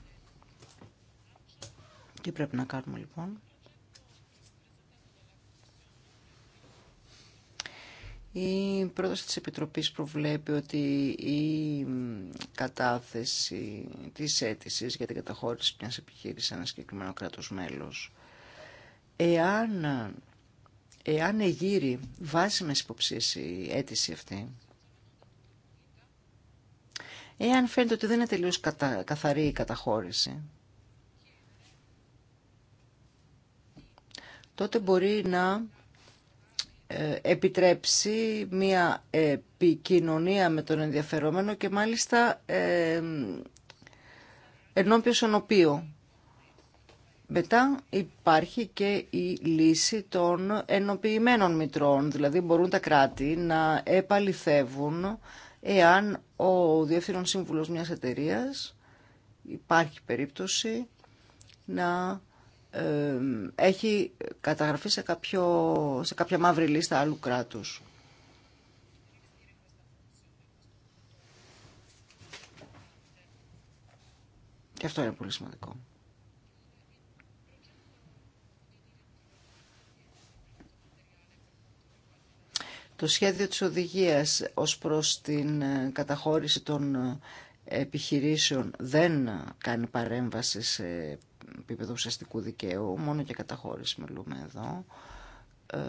Τι πρέπει να κάνουμε λοιπόν. Η πρόταση της Επιτροπής προβλέπει ότι η κατάθεση της αίτηση για την καταχώρηση μιας επιχείρησης σε ένα συγκεκριμένο κράτος μέλος, εάν, εάν εγείρει βάσιμες υποψίες η αίτηση αυτή, εάν φαίνεται ότι δεν είναι τελείως καθαρή η καταχώρηση. τότε μπορεί να ε, επιτρέψει μία επικοινωνία με τον ενδιαφερόμενο και μάλιστα ε, ενώπιος ονοπίο. Μετά υπάρχει και η λύση των ενοποιημένων μητρών, δηλαδή μπορούν τα κράτη να επαληθεύουν εάν ο διευθύνων σύμβουλος μιας εταιρείας υπάρχει περίπτωση να έχει καταγραφεί σε, κάποιο, σε κάποια μαύρη λίστα άλλου κράτους. Και αυτό είναι πολύ σημαντικό. Το σχέδιο της οδηγίας ως προς την ε, καταχώρηση των ε, επιχειρήσεων δεν κάνει παρέμβαση σε επίπεδο ουσιαστικού δικαίου, μόνο και καταχώρηση μιλούμε εδώ ε,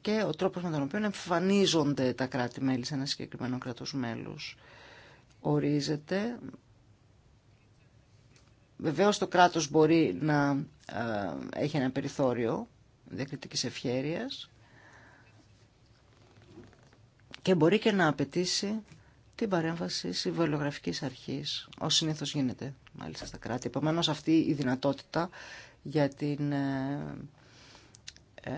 και ο τρόπος με τον οποίο εμφανίζονται τα κράτη-μέλη σε ένα συγκεκριμένο κράτος μέλους. Ορίζεται. Βεβαίως το κράτος μπορεί να έχει ένα περιθώριο διακριτικής ευχέρειας και μπορεί και να απαιτήσει την παρέμβαση συμβολογραφικής αρχή. όσο συνήθως γίνεται μάλιστα στα κράτη. Επομένω, αυτή η δυνατότητα για την ε, ε,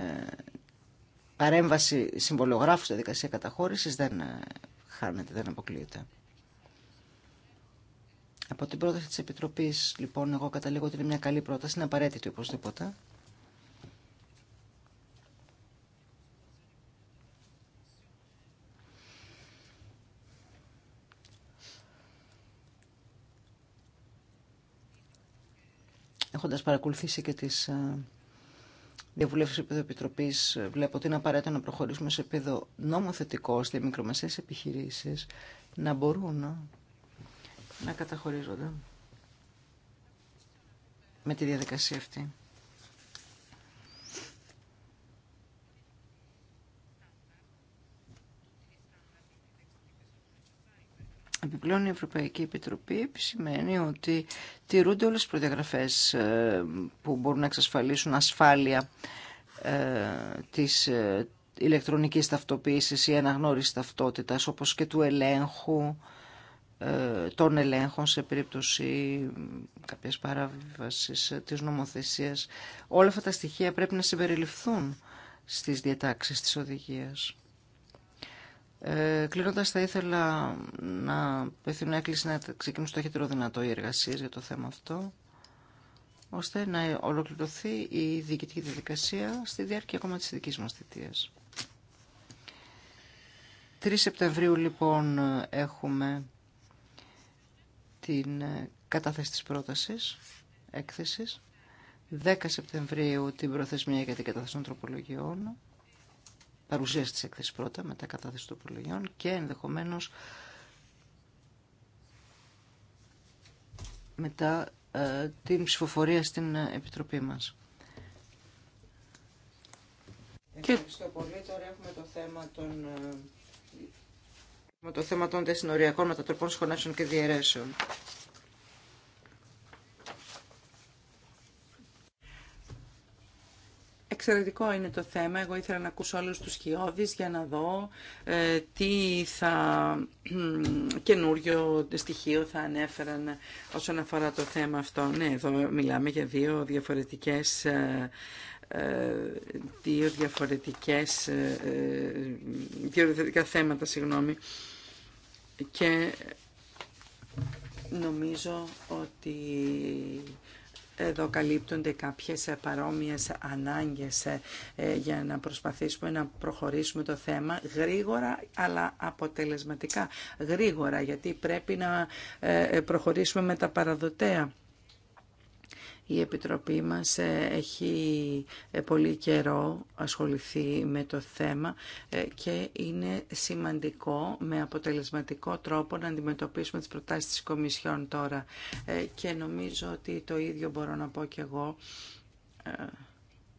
παρέμβαση συμβολογράφου στη δικασία καταχώρηση, δεν ε, χάνεται, δεν αποκλείεται. Από την πρόταση της Επιτροπής, λοιπόν, εγώ καταλήγω ότι είναι μια καλή πρόταση, είναι απαραίτητη οπωσδήποτε. έχοντας παρακολουθήσει και τις ε, διαβουλεύσεις επίπεδο επιτροπής, ε, βλέπω ότι είναι απαραίτητο να προχωρήσουμε σε επίπεδο νομοθετικό, ώστε οι μικρομεσαίες επιχειρήσεις να μπορούν να καταχωρίζονται με τη διαδικασία αυτή. Επιπλέον η Ευρωπαϊκή Επιτροπή επισημαίνει ότι τηρούνται όλες τις προδιαγραφές ε, που μπορούν να εξασφαλίσουν ασφάλεια ε, της ε, ηλεκτρονικής ταυτοποίησης ή αναγνώρισης ταυτότητας όπως και του ελέγχου των ελέγχων σε περίπτωση κάποιας παράβασης της νομοθεσίας. Όλα αυτά τα στοιχεία πρέπει να συμπεριληφθούν στις διατάξεις της οδηγίας. Ε, Κλείνοντα, θα ήθελα να πεθύνω έκκληση να ξεκινούν το χειρότερο δυνατό οι εργασίε για το θέμα αυτό, ώστε να ολοκληρωθεί η διοικητική διαδικασία στη διάρκεια ακόμα τη δική μα θητεία. 3 Σεπτεμβρίου, λοιπόν, έχουμε την κατάθεση της πρότασης, έκθεσης. 10 Σεπτεμβρίου την προθεσμία για την κατάθεση των τροπολογιών παρουσίαση της έκθεσης πρώτα, μετά κατάθεση προλογιών και ενδεχομένως μετά ε, την ψηφοφορία στην ε, Επιτροπή μας. Ευχαριστώ πολύ. Τώρα έχουμε το θέμα των, ε, με το θέμα των μετατροπών σχολάσεων και διαιρέσεων. Εξαιρετικό είναι το θέμα. Εγώ ήθελα να ακούσω όλους τους χειώδεις για να δω ε, τι θα καινούριο στοιχείο θα ανέφεραν όσον αφορά το θέμα αυτό. Ναι, εδώ μιλάμε για δύο διαφορετικές ε, ε δύο διαφορετικές ε, δύο διαφορετικά θέματα, συγγνώμη. Και νομίζω ότι εδώ καλύπτονται κάποιες παρόμοιες ανάγκες ε, για να προσπαθήσουμε να προχωρήσουμε το θέμα γρήγορα αλλά αποτελεσματικά. Γρήγορα γιατί πρέπει να ε, προχωρήσουμε με τα παραδοτέα. Η Επιτροπή μας ε, έχει ε, πολύ καιρό ασχοληθεί με το θέμα ε, και είναι σημαντικό με αποτελεσματικό τρόπο να αντιμετωπίσουμε τις προτάσεις της Κομισιόν τώρα. Και νομίζω ότι το ίδιο μπορώ να πω και εγώ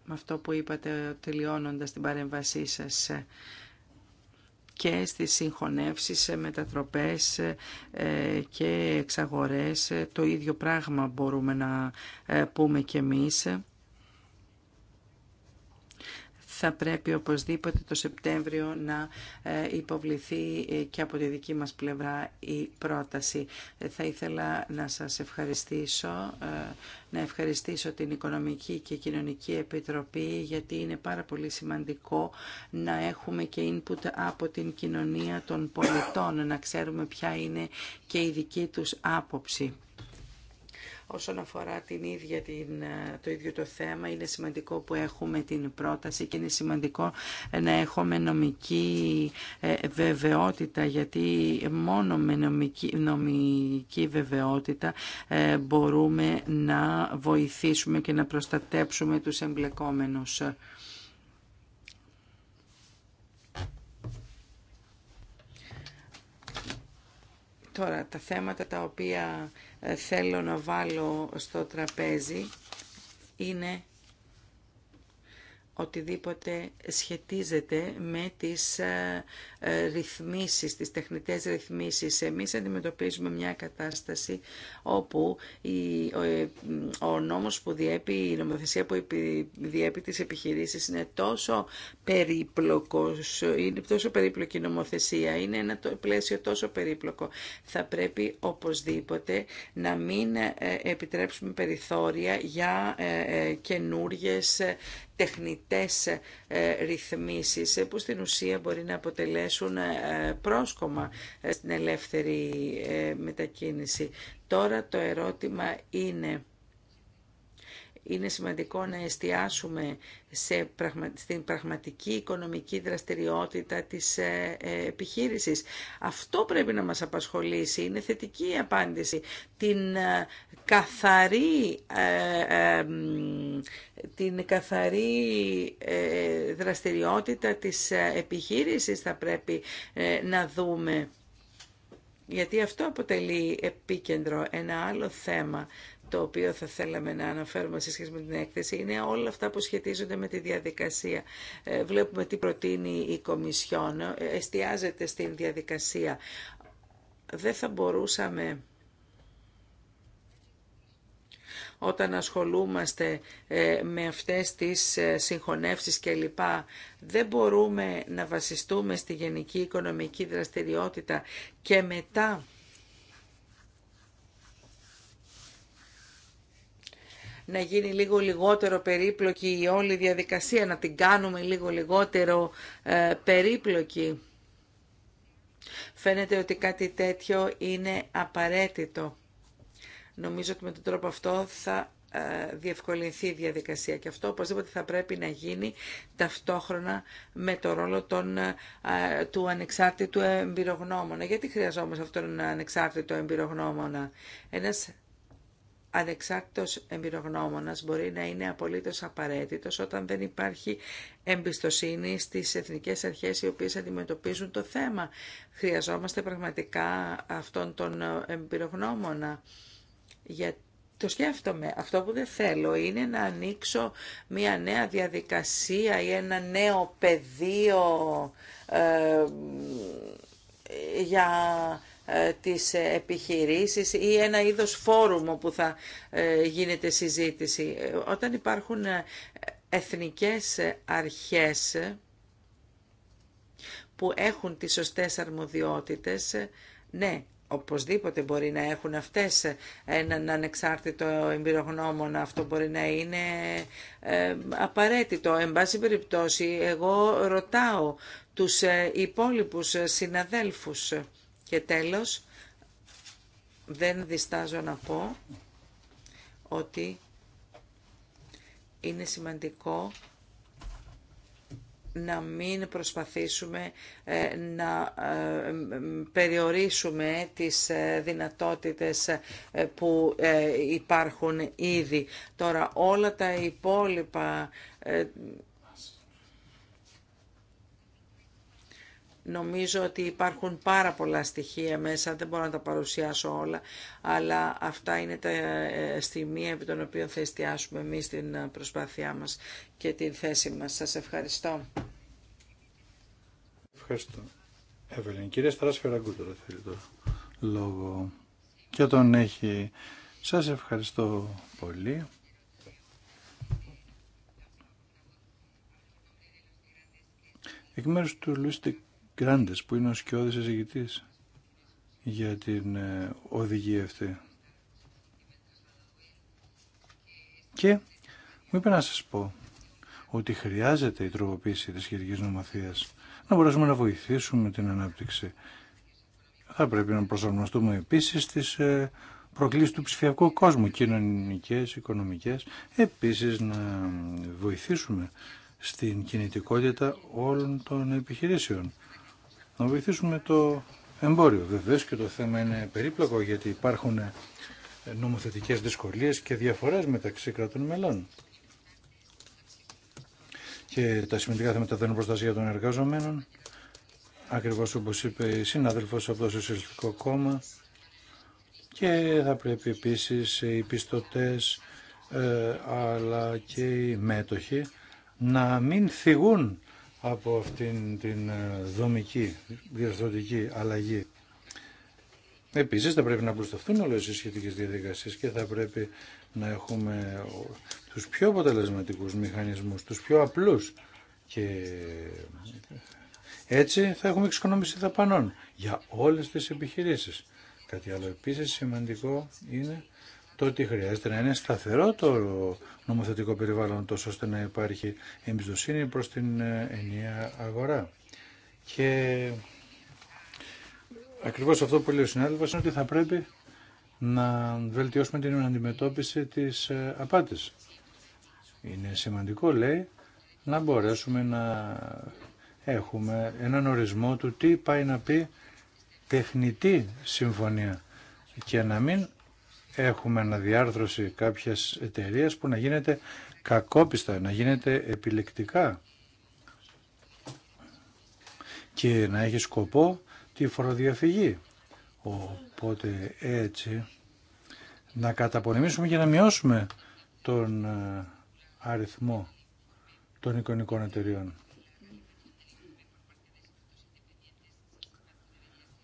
με αυτό που είπατε τελειώνοντας την παρέμβασή σας και στις συγχωνεύσεις, σε μετατροπές ε, ε, και εξαγορές. Ε, το ίδιο πράγμα μπορούμε να πούμε κι εμείς θα πρέπει οπωσδήποτε το Σεπτέμβριο να ε, υποβληθεί ε, και από τη δική μας πλευρά η πρόταση. Ε, θα ήθελα να σας ευχαριστήσω, να ευχαριστήσω την Οικονομική και Κοινωνική Επιτροπή γιατί είναι πάρα πολύ σημαντικό να έχουμε και input από την κοινωνία των πολιτών, να ξέρουμε ποια είναι και η δική τους άποψη. Όσον αφορά την ίδια την, ε, το ίδιο το θέμα, είναι σημαντικό που έχουμε την πρόταση και είναι σημαντικό να έχουμε νομική ε, βεβαιότητα, γιατί μόνο με νομική, νομική βεβαιότητα ε, μπορούμε να βοηθήσουμε και να προστατέψουμε τους εμπλεκόμενους. Τώρα, τα θέματα τα οποία ε, θέλω να βάλω στο τραπέζι είναι οτιδήποτε σχετίζεται με τις ε, ε, ρυθμίσεις, τις τεχνητές ρυθμίσεις. Εμείς αντιμετωπίζουμε μια κατάσταση όπου η, ο, ε, νόμος που διέπει, η νομοθεσία που διέπει τις επιχειρήσεις είναι τόσο περίπλοκος, είναι τόσο περίπλοκη νομοθεσία, είναι ένα πλαίσιο τόσο περίπλοκο. Θα πρέπει οπωσδήποτε να μην ε, επιτρέψουμε περιθώρια για καινούριε τεχνητές ε, ρυθμίσεις ε, που στην ουσία μπορεί να αποτελέσουν ε, πρόσκομα στην ελεύθερη μετακίνηση. Τώρα το ερώτημα είναι είναι σημαντικό να εστιάσουμε σε στην πραγματική οικονομική δραστηριότητα της ε, ε, επιχείρησης. Αυτό πρέπει να μας απασχολήσει. Είναι θετική η απάντηση. Την ε, καθαρή, ε, την καθαρή δραστηριότητα της επιχείρησης θα πρέπει να δούμε. Γιατί αυτό αποτελεί επίκεντρο ένα άλλο θέμα το οποίο θα θέλαμε να αναφέρουμε σε σχέση με την έκθεση είναι όλα αυτά που σχετίζονται με τη διαδικασία. Ε, βλέπουμε τι προτείνει η Κομισιόν, ε, εστιάζεται στην διαδικασία. Δεν θα μπορούσαμε όταν ασχολούμαστε ε, με αυτές τις συγχωνεύσεις και λοιπά, δεν μπορούμε να βασιστούμε στη γενική οικονομική δραστηριότητα και μετά να γίνει λίγο λιγότερο περίπλοκη η όλη διαδικασία, να την κάνουμε λίγο λιγότερο ε, περίπλοκη. Φαίνεται ότι κάτι τέτοιο είναι απαραίτητο. Νομίζω ότι με τον τρόπο αυτό θα ε, διευκολυνθεί η διαδικασία και αυτό οπωσδήποτε θα πρέπει να γίνει ταυτόχρονα με το ρόλο των, ε, του ανεξάρτητου εμπειρογνώμονα. Γιατί χρειαζόμαστε αυτόν τον ανεξάρτητο εμπειρογνώμονα. Ένας ανεξάρτητος εμπειρογνώμονας μπορεί να είναι απολύτως απαραίτητος όταν δεν υπάρχει εμπιστοσύνη στις εθνικές αρχές οι οποίες αντιμετωπίζουν το θέμα. Χρειαζόμαστε πραγματικά αυτόν τον εμπειρογνώμονα. για το σκέφτομαι. Αυτό που δεν θέλω είναι να ανοίξω μια νέα διαδικασία ή ένα νέο πεδίο ε, για ε, τις ε, επιχειρήσεις ή ένα είδος φόρουμ όπου θα ε, γίνεται συζήτηση. Όταν υπάρχουν εθνικές αρχές που έχουν τις σωστές αρμοδιότητες, ναι, οπωσδήποτε μπορεί να έχουν αυτές έναν ανεξάρτητο εμπειρογνώμονα, αυτό μπορεί να είναι απαραίτητο. Εν πάση περιπτώσει, εγώ ρωτάω τους υπόλοιπους συναδέλφους και τέλος, δεν διστάζω να πω ότι είναι σημαντικό να μην προσπαθήσουμε ε, να ε, περιορίσουμε τις ε, δυνατότητες που υπάρχουν ήδη. Τώρα όλα τα υπόλοιπα Νομίζω ότι υπάρχουν πάρα πολλά στοιχεία μέσα, δεν μπορώ να τα παρουσιάσω όλα, αλλά αυτά είναι τα ε, στιγμή επί των οποίων θα εστιάσουμε εμείς την προσπάθειά μας και την θέση μας. Σας ευχαριστώ. Ευχαριστώ. Εύελιν, κυρία Σταράς θέλει το λόγο και τον έχει. Σας ευχαριστώ πολύ. Εκ μέρους του Λουίστικ Γκράντες που είναι ο σκιώδης εισηγητής για την ε, οδηγία αυτή. Και μου είπε να σας πω ότι χρειάζεται η τροποποίηση της σχετικής νομοθείας να μπορέσουμε να βοηθήσουμε την ανάπτυξη. Θα πρέπει να προσαρμοστούμε επίσης στις ε, προκλήσεις του ψηφιακού κόσμου, κοινωνικές, οικονομικές, επίσης να βοηθήσουμε στην κινητικότητα όλων των επιχειρήσεων να βοηθήσουμε το εμπόριο. Βεβαίως και το θέμα είναι περίπλοκο γιατί υπάρχουν ε, νομοθετικές δυσκολίες και διαφορές μεταξύ κρατών μελών. Και τα σημαντικά θέματα δεν είναι προστασία των εργαζομένων, ακριβώς όπως είπε η συνάδελφος από το Σοσιαλιστικό Κόμμα και θα πρέπει επίσης οι πιστωτές ε, αλλά και οι μέτοχοι να μην θυγούν από αυτήν την ε, δομική, διορθωτική αλλαγή. Επίσης θα πρέπει να προσταθούν όλες οι σχετικές διαδικασίες και θα πρέπει να έχουμε τους πιο αποτελεσματικούς μηχανισμούς, τους πιο απλούς και έτσι θα έχουμε εξοικονόμηση δαπανών για όλες τις επιχειρήσεις. Κάτι άλλο επίσης σημαντικό είναι το ότι χρειάζεται να είναι σταθερό το νομοθετικό περιβάλλον τόσο ώστε να υπάρχει εμπιστοσύνη προς την ε, ενιαία αγορά. Και ακριβώς αυτό που λέει ο συνάδελφος είναι ότι θα πρέπει να βελτιώσουμε την αντιμετώπιση της ε, απάτης. Είναι σημαντικό, λέει, να μπορέσουμε να έχουμε έναν ορισμό του τι πάει να πει τεχνητή συμφωνία και να μην έχουμε αναδιάρθρωση κάποιας εταιρείες που να γίνεται κακόπιστα, να γίνεται επιλεκτικά και να έχει σκοπό τη φοροδιαφυγή. Οπότε έτσι να καταπονεμήσουμε και να μειώσουμε τον ε, αριθμό των εικονικών εταιρειών.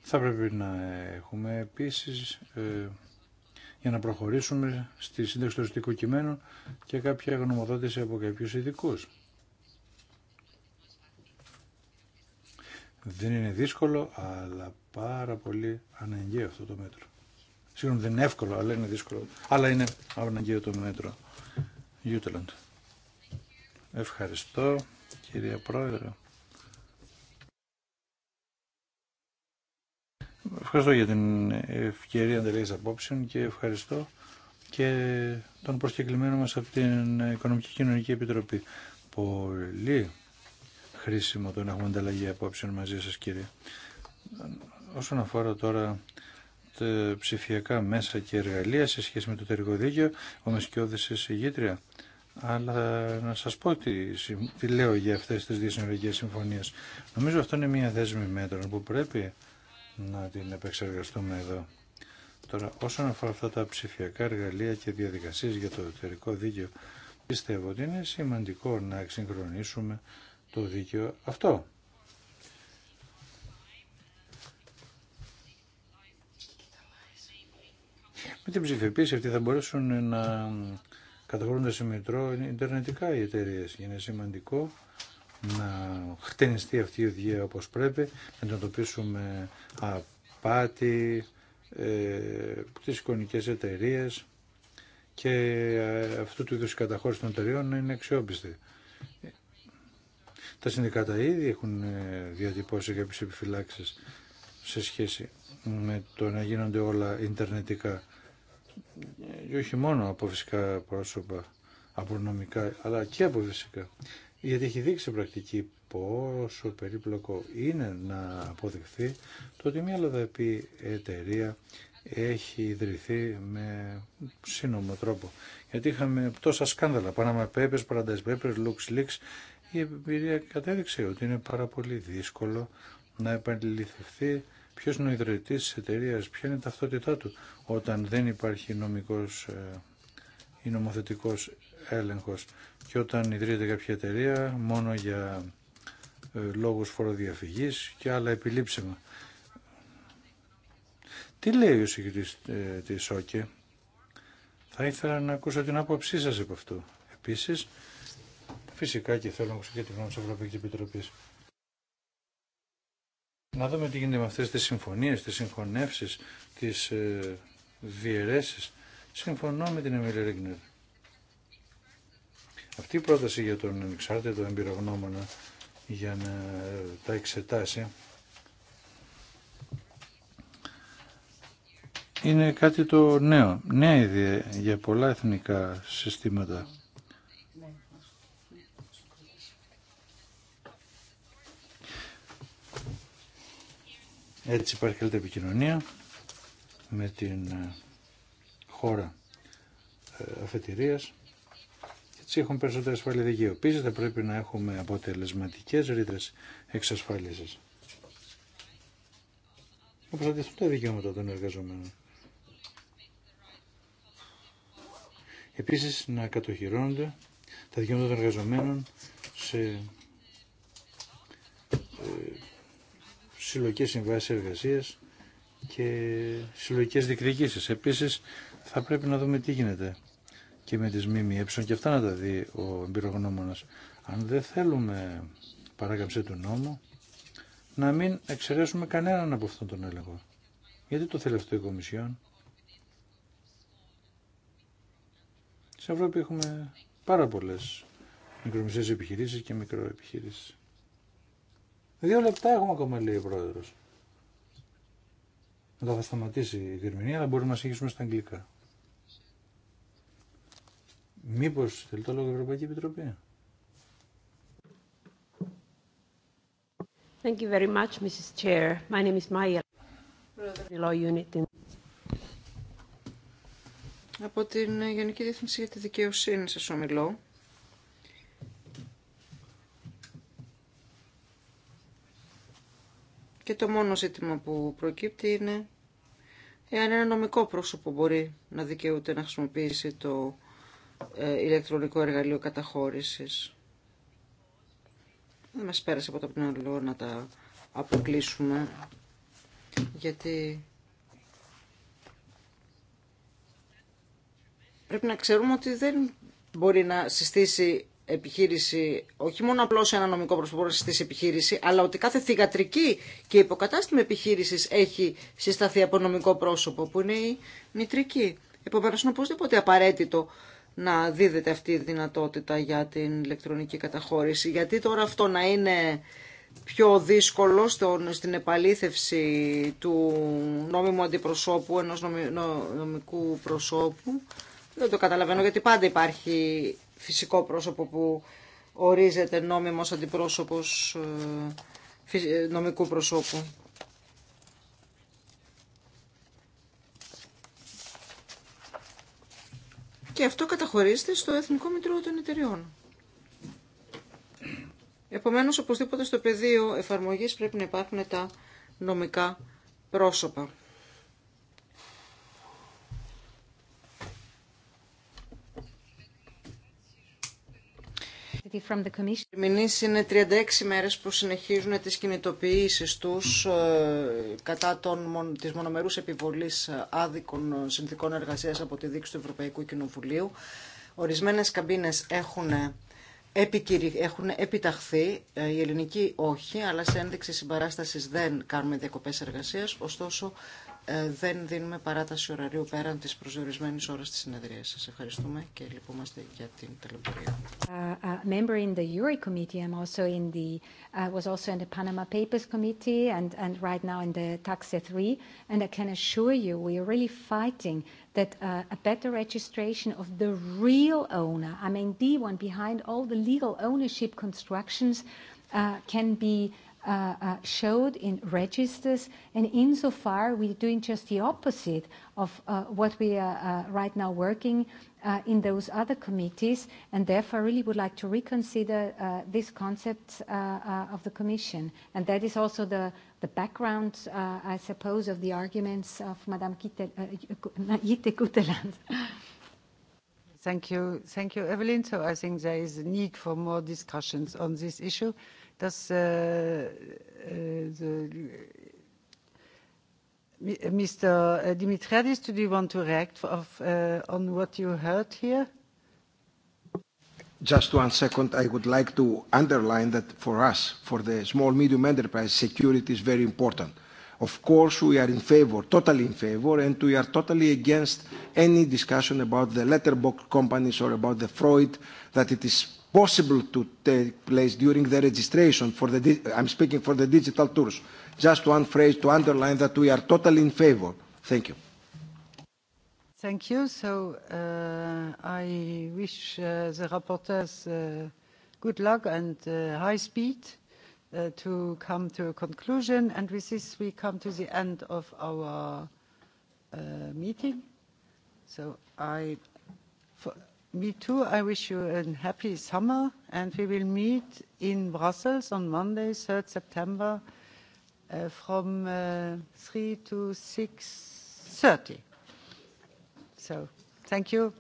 Θα πρέπει να έχουμε επίσης ε, για να προχωρήσουμε στη σύνταξη του οριστικού κειμένου και κάποια γνωμοδότηση από κάποιους ειδικού. Δεν είναι δύσκολο, αλλά πάρα πολύ αναγκαίο αυτό το μέτρο. Συγγνώμη, δεν είναι εύκολο, αλλά είναι δύσκολο. Αλλά είναι αναγκαίο το μέτρο. Ευχαριστώ, κύριε Πρόεδρε. Ευχαριστώ για την ευκαιρία ανταλλαγής απόψεων και ευχαριστώ και τον προσκεκλημένο μας από την Οικονομική Κοινωνική Επιτροπή. Πολύ χρήσιμο το να έχουμε ανταλλαγή απόψεων μαζί σας κύριε. Όσον αφορά τώρα τα ψηφιακά μέσα και εργαλεία σε σχέση με το τερικό δίκαιο, ο σε εισηγήτρια. Αλλά να σας πω τι, τι λέω για αυτές τις δύο συμφωνίες. Νομίζω αυτό είναι μια δέσμη μέτρων που πρέπει να την επεξεργαστούμε εδώ. Τώρα, όσον αφορά αυτά τα ψηφιακά εργαλεία και διαδικασίες για το εταιρικό δίκαιο, πιστεύω ότι είναι σημαντικό να εξυγχρονίσουμε το δίκαιο αυτό. Με την ψηφιοποίηση αυτή θα μπορέσουν να καταχωρούνται σε μητρό ιντερνετικά οι εταιρείε. Είναι σημαντικό να χτενιστεί αυτή η οδηγία όπως πρέπει, να αντιμετωπίσουμε απάτη, ε, τις εικονικές εταιρείε και ε, αυτού του είδους η καταχώρηση των εταιρείων είναι αξιόπιστη. Τα συνδικάτα ήδη έχουν ε, διατυπώσει κάποιε επιφυλάξεις σε σχέση με το να γίνονται όλα ιντερνετικά και ε, όχι μόνο από φυσικά πρόσωπα, από νομικά, αλλά και από φυσικά γιατί έχει δείξει πρακτική πόσο περίπλοκο είναι να αποδειχθεί το ότι μια λαδαπή εταιρεία έχει ιδρυθεί με σύνομο τρόπο. Γιατί είχαμε τόσα σκάνδαλα, Panama Papers, Paradise Papers, LuxLeaks. Η εμπειρία κατέδειξε ότι είναι πάρα πολύ δύσκολο να επανειληφθεί ποιο είναι ο ιδρυτή τη εταιρεία, ποια είναι η ταυτότητά του, όταν δεν υπάρχει νομικός ε, ή νομοθετικός έλεγχος. Και όταν ιδρύεται κάποια εταιρεία μόνο για ε, λόγους φοροδιαφυγής και άλλα επιλήψεμα. Τι λέει ο συγκριτής ε, της ΟΚΕ. Θα ήθελα να ακούσω την άποψή σας από αυτού. Επίσης, φυσικά και θέλω να ακούσω και τη γνώμη της Ευρωπαϊκής Επιτροπής. Να δούμε τι γίνεται με αυτές τις συμφωνίες, τις συγχωνεύσεις, τις ε, διαιρέσεις. Συμφωνώ με την Εμίλη Ρίγνερ. Αυτή η πρόταση για τον ανεξάρτητο εμπειρογνώμονα για να τα εξετάσει είναι κάτι το νέο, νέα ιδέα για πολλά εθνικά συστήματα. Έτσι υπάρχει καλύτερη επικοινωνία με την χώρα ε, αφετηρίας έτσι έχουμε περισσότερη ασφάλεια δικαιοποίηση, θα πρέπει να έχουμε αποτελεσματικές ρήτρες εξασφάλισης. Να προστατευτούν τα δικαιώματα των εργαζομένων. Επίσης να κατοχυρώνονται τα δικαιώματα των εργαζομένων σε ε, συλλογικές συμβάσεις εργασίας και συλλογικές διεκδικήσεις. Επίσης θα πρέπει να δούμε τι γίνεται και με τις ΜΜΕ και αυτά να τα δει ο εμπειρογνώμονας. Αν δεν θέλουμε παράκαμψη του νόμου, να μην εξαιρέσουμε κανέναν από αυτόν τον έλεγχο. Γιατί το θέλει αυτό η Κομισιόν. σε Ευρώπη έχουμε πάρα πολλές μικρομεσαίες επιχειρήσεις και μικροεπιχειρήσεις. Δύο λεπτά έχουμε ακόμα, λέει ο πρόεδρος. Μετά θα σταματήσει η Γερμηνία αλλά μπορούμε να συνεχίσουμε στα αγγλικά. Μήπως θέλει το λόγο η Ευρωπαϊκή Επιτροπή. Thank you very much, Mrs. Chair. My name is Maya. Law Unit in... Από την Γενική Διεθνήση για τη Δικαιοσύνη σας ομιλώ. Και το μόνο ζήτημα που προκύπτει είναι εάν ένα νομικό πρόσωπο μπορεί να δικαιούται να χρησιμοποιήσει το ε, ηλεκτρονικό εργαλείο καταχώρησης. Δεν μας πέρασε από το πνεύμα να τα αποκλείσουμε, γιατί πρέπει να ξέρουμε ότι δεν μπορεί να συστήσει επιχείρηση, όχι μόνο απλώ ένα νομικό πρόσωπο μπορεί να συστήσει επιχείρηση, αλλά ότι κάθε θηγατρική και υποκατάστημα επιχείρηση έχει συσταθεί από νομικό πρόσωπο, που είναι η μητρική. Επομένω, είναι οπωσδήποτε απαραίτητο να δίδεται αυτή η δυνατότητα για την ηλεκτρονική καταχώρηση. Γιατί τώρα αυτό να είναι πιο δύσκολο στον, στην επαλήθευση του νόμιμου αντιπροσώπου, ενός νομικού προσώπου. Δεν το καταλαβαίνω γιατί πάντα υπάρχει φυσικό πρόσωπο που ορίζεται νόμιμος αντιπρόσωπος ε, ε, νομικού προσώπου. και αυτό καταχωρίζεται στο Εθνικό Μητρό των Εταιριών. Επομένω, οπωσδήποτε στο πεδίο εφαρμογή πρέπει να υπάρχουν τα νομικά πρόσωπα. Μηνύς είναι 36 μέρες που συνεχίζουν τις κινητοποιήσεις τους ε, κατά των, της μονομερούς επιβολής ε, άδικων συνθήκων εργασίας από τη δίκη του Ευρωπαϊκού Κοινοβουλίου. Ορισμένες καμπίνες έχουν, έχουν επιταχθεί, η ε, ελληνική όχι, αλλά σε ένδειξη συμπαράστασης δεν κάνουμε διακοπές εργασίας, ωστόσο δεν δίνουμε παράταση ωραρίου πέραν της προσδιορισμένης ώρας της συνεδρίας. Σας ευχαριστούμε και λυπούμαστε για την τελεπορία. Uh, a member in the Uri Committee, I'm also in the, uh, was also in the Panama Papers Committee and, and right now in the Taxe 3. And I can assure you, we are really fighting that uh, a better registration of the real owner, I mean the one behind all the legal ownership constructions, uh, can be showed in registers. And insofar, we're doing just the opposite of what we are right now working in those other committees. And therefore, I really would like to reconsider this concept of the Commission. And that is also the background, I suppose, of the arguments of Madame Jytte Thank you. Thank you, Evelyn. So I think there is a need for more discussions on this issue dass Mr. Dimitriadis, do you want to react on what you heard here? Just one second. I would like to underline that for us, for the small medium enterprise, security is very important. Of course, we are in favor, totally in favor, and we are totally against any discussion about the letterbox companies or about the Freud, that it is possible to take place during the registration for the I'm speaking for the digital tours. Just one phrase to underline that we are totally in favor. Thank you. Thank you. So I wish the rapporteurs good luck and high speed to come to a conclusion. And with this, we come to the end of our meeting. So I Me too. I wish you a happy summer, and we will meet in Brussels on Monday, 3rd September, from 3 to 6.30. So, thank you.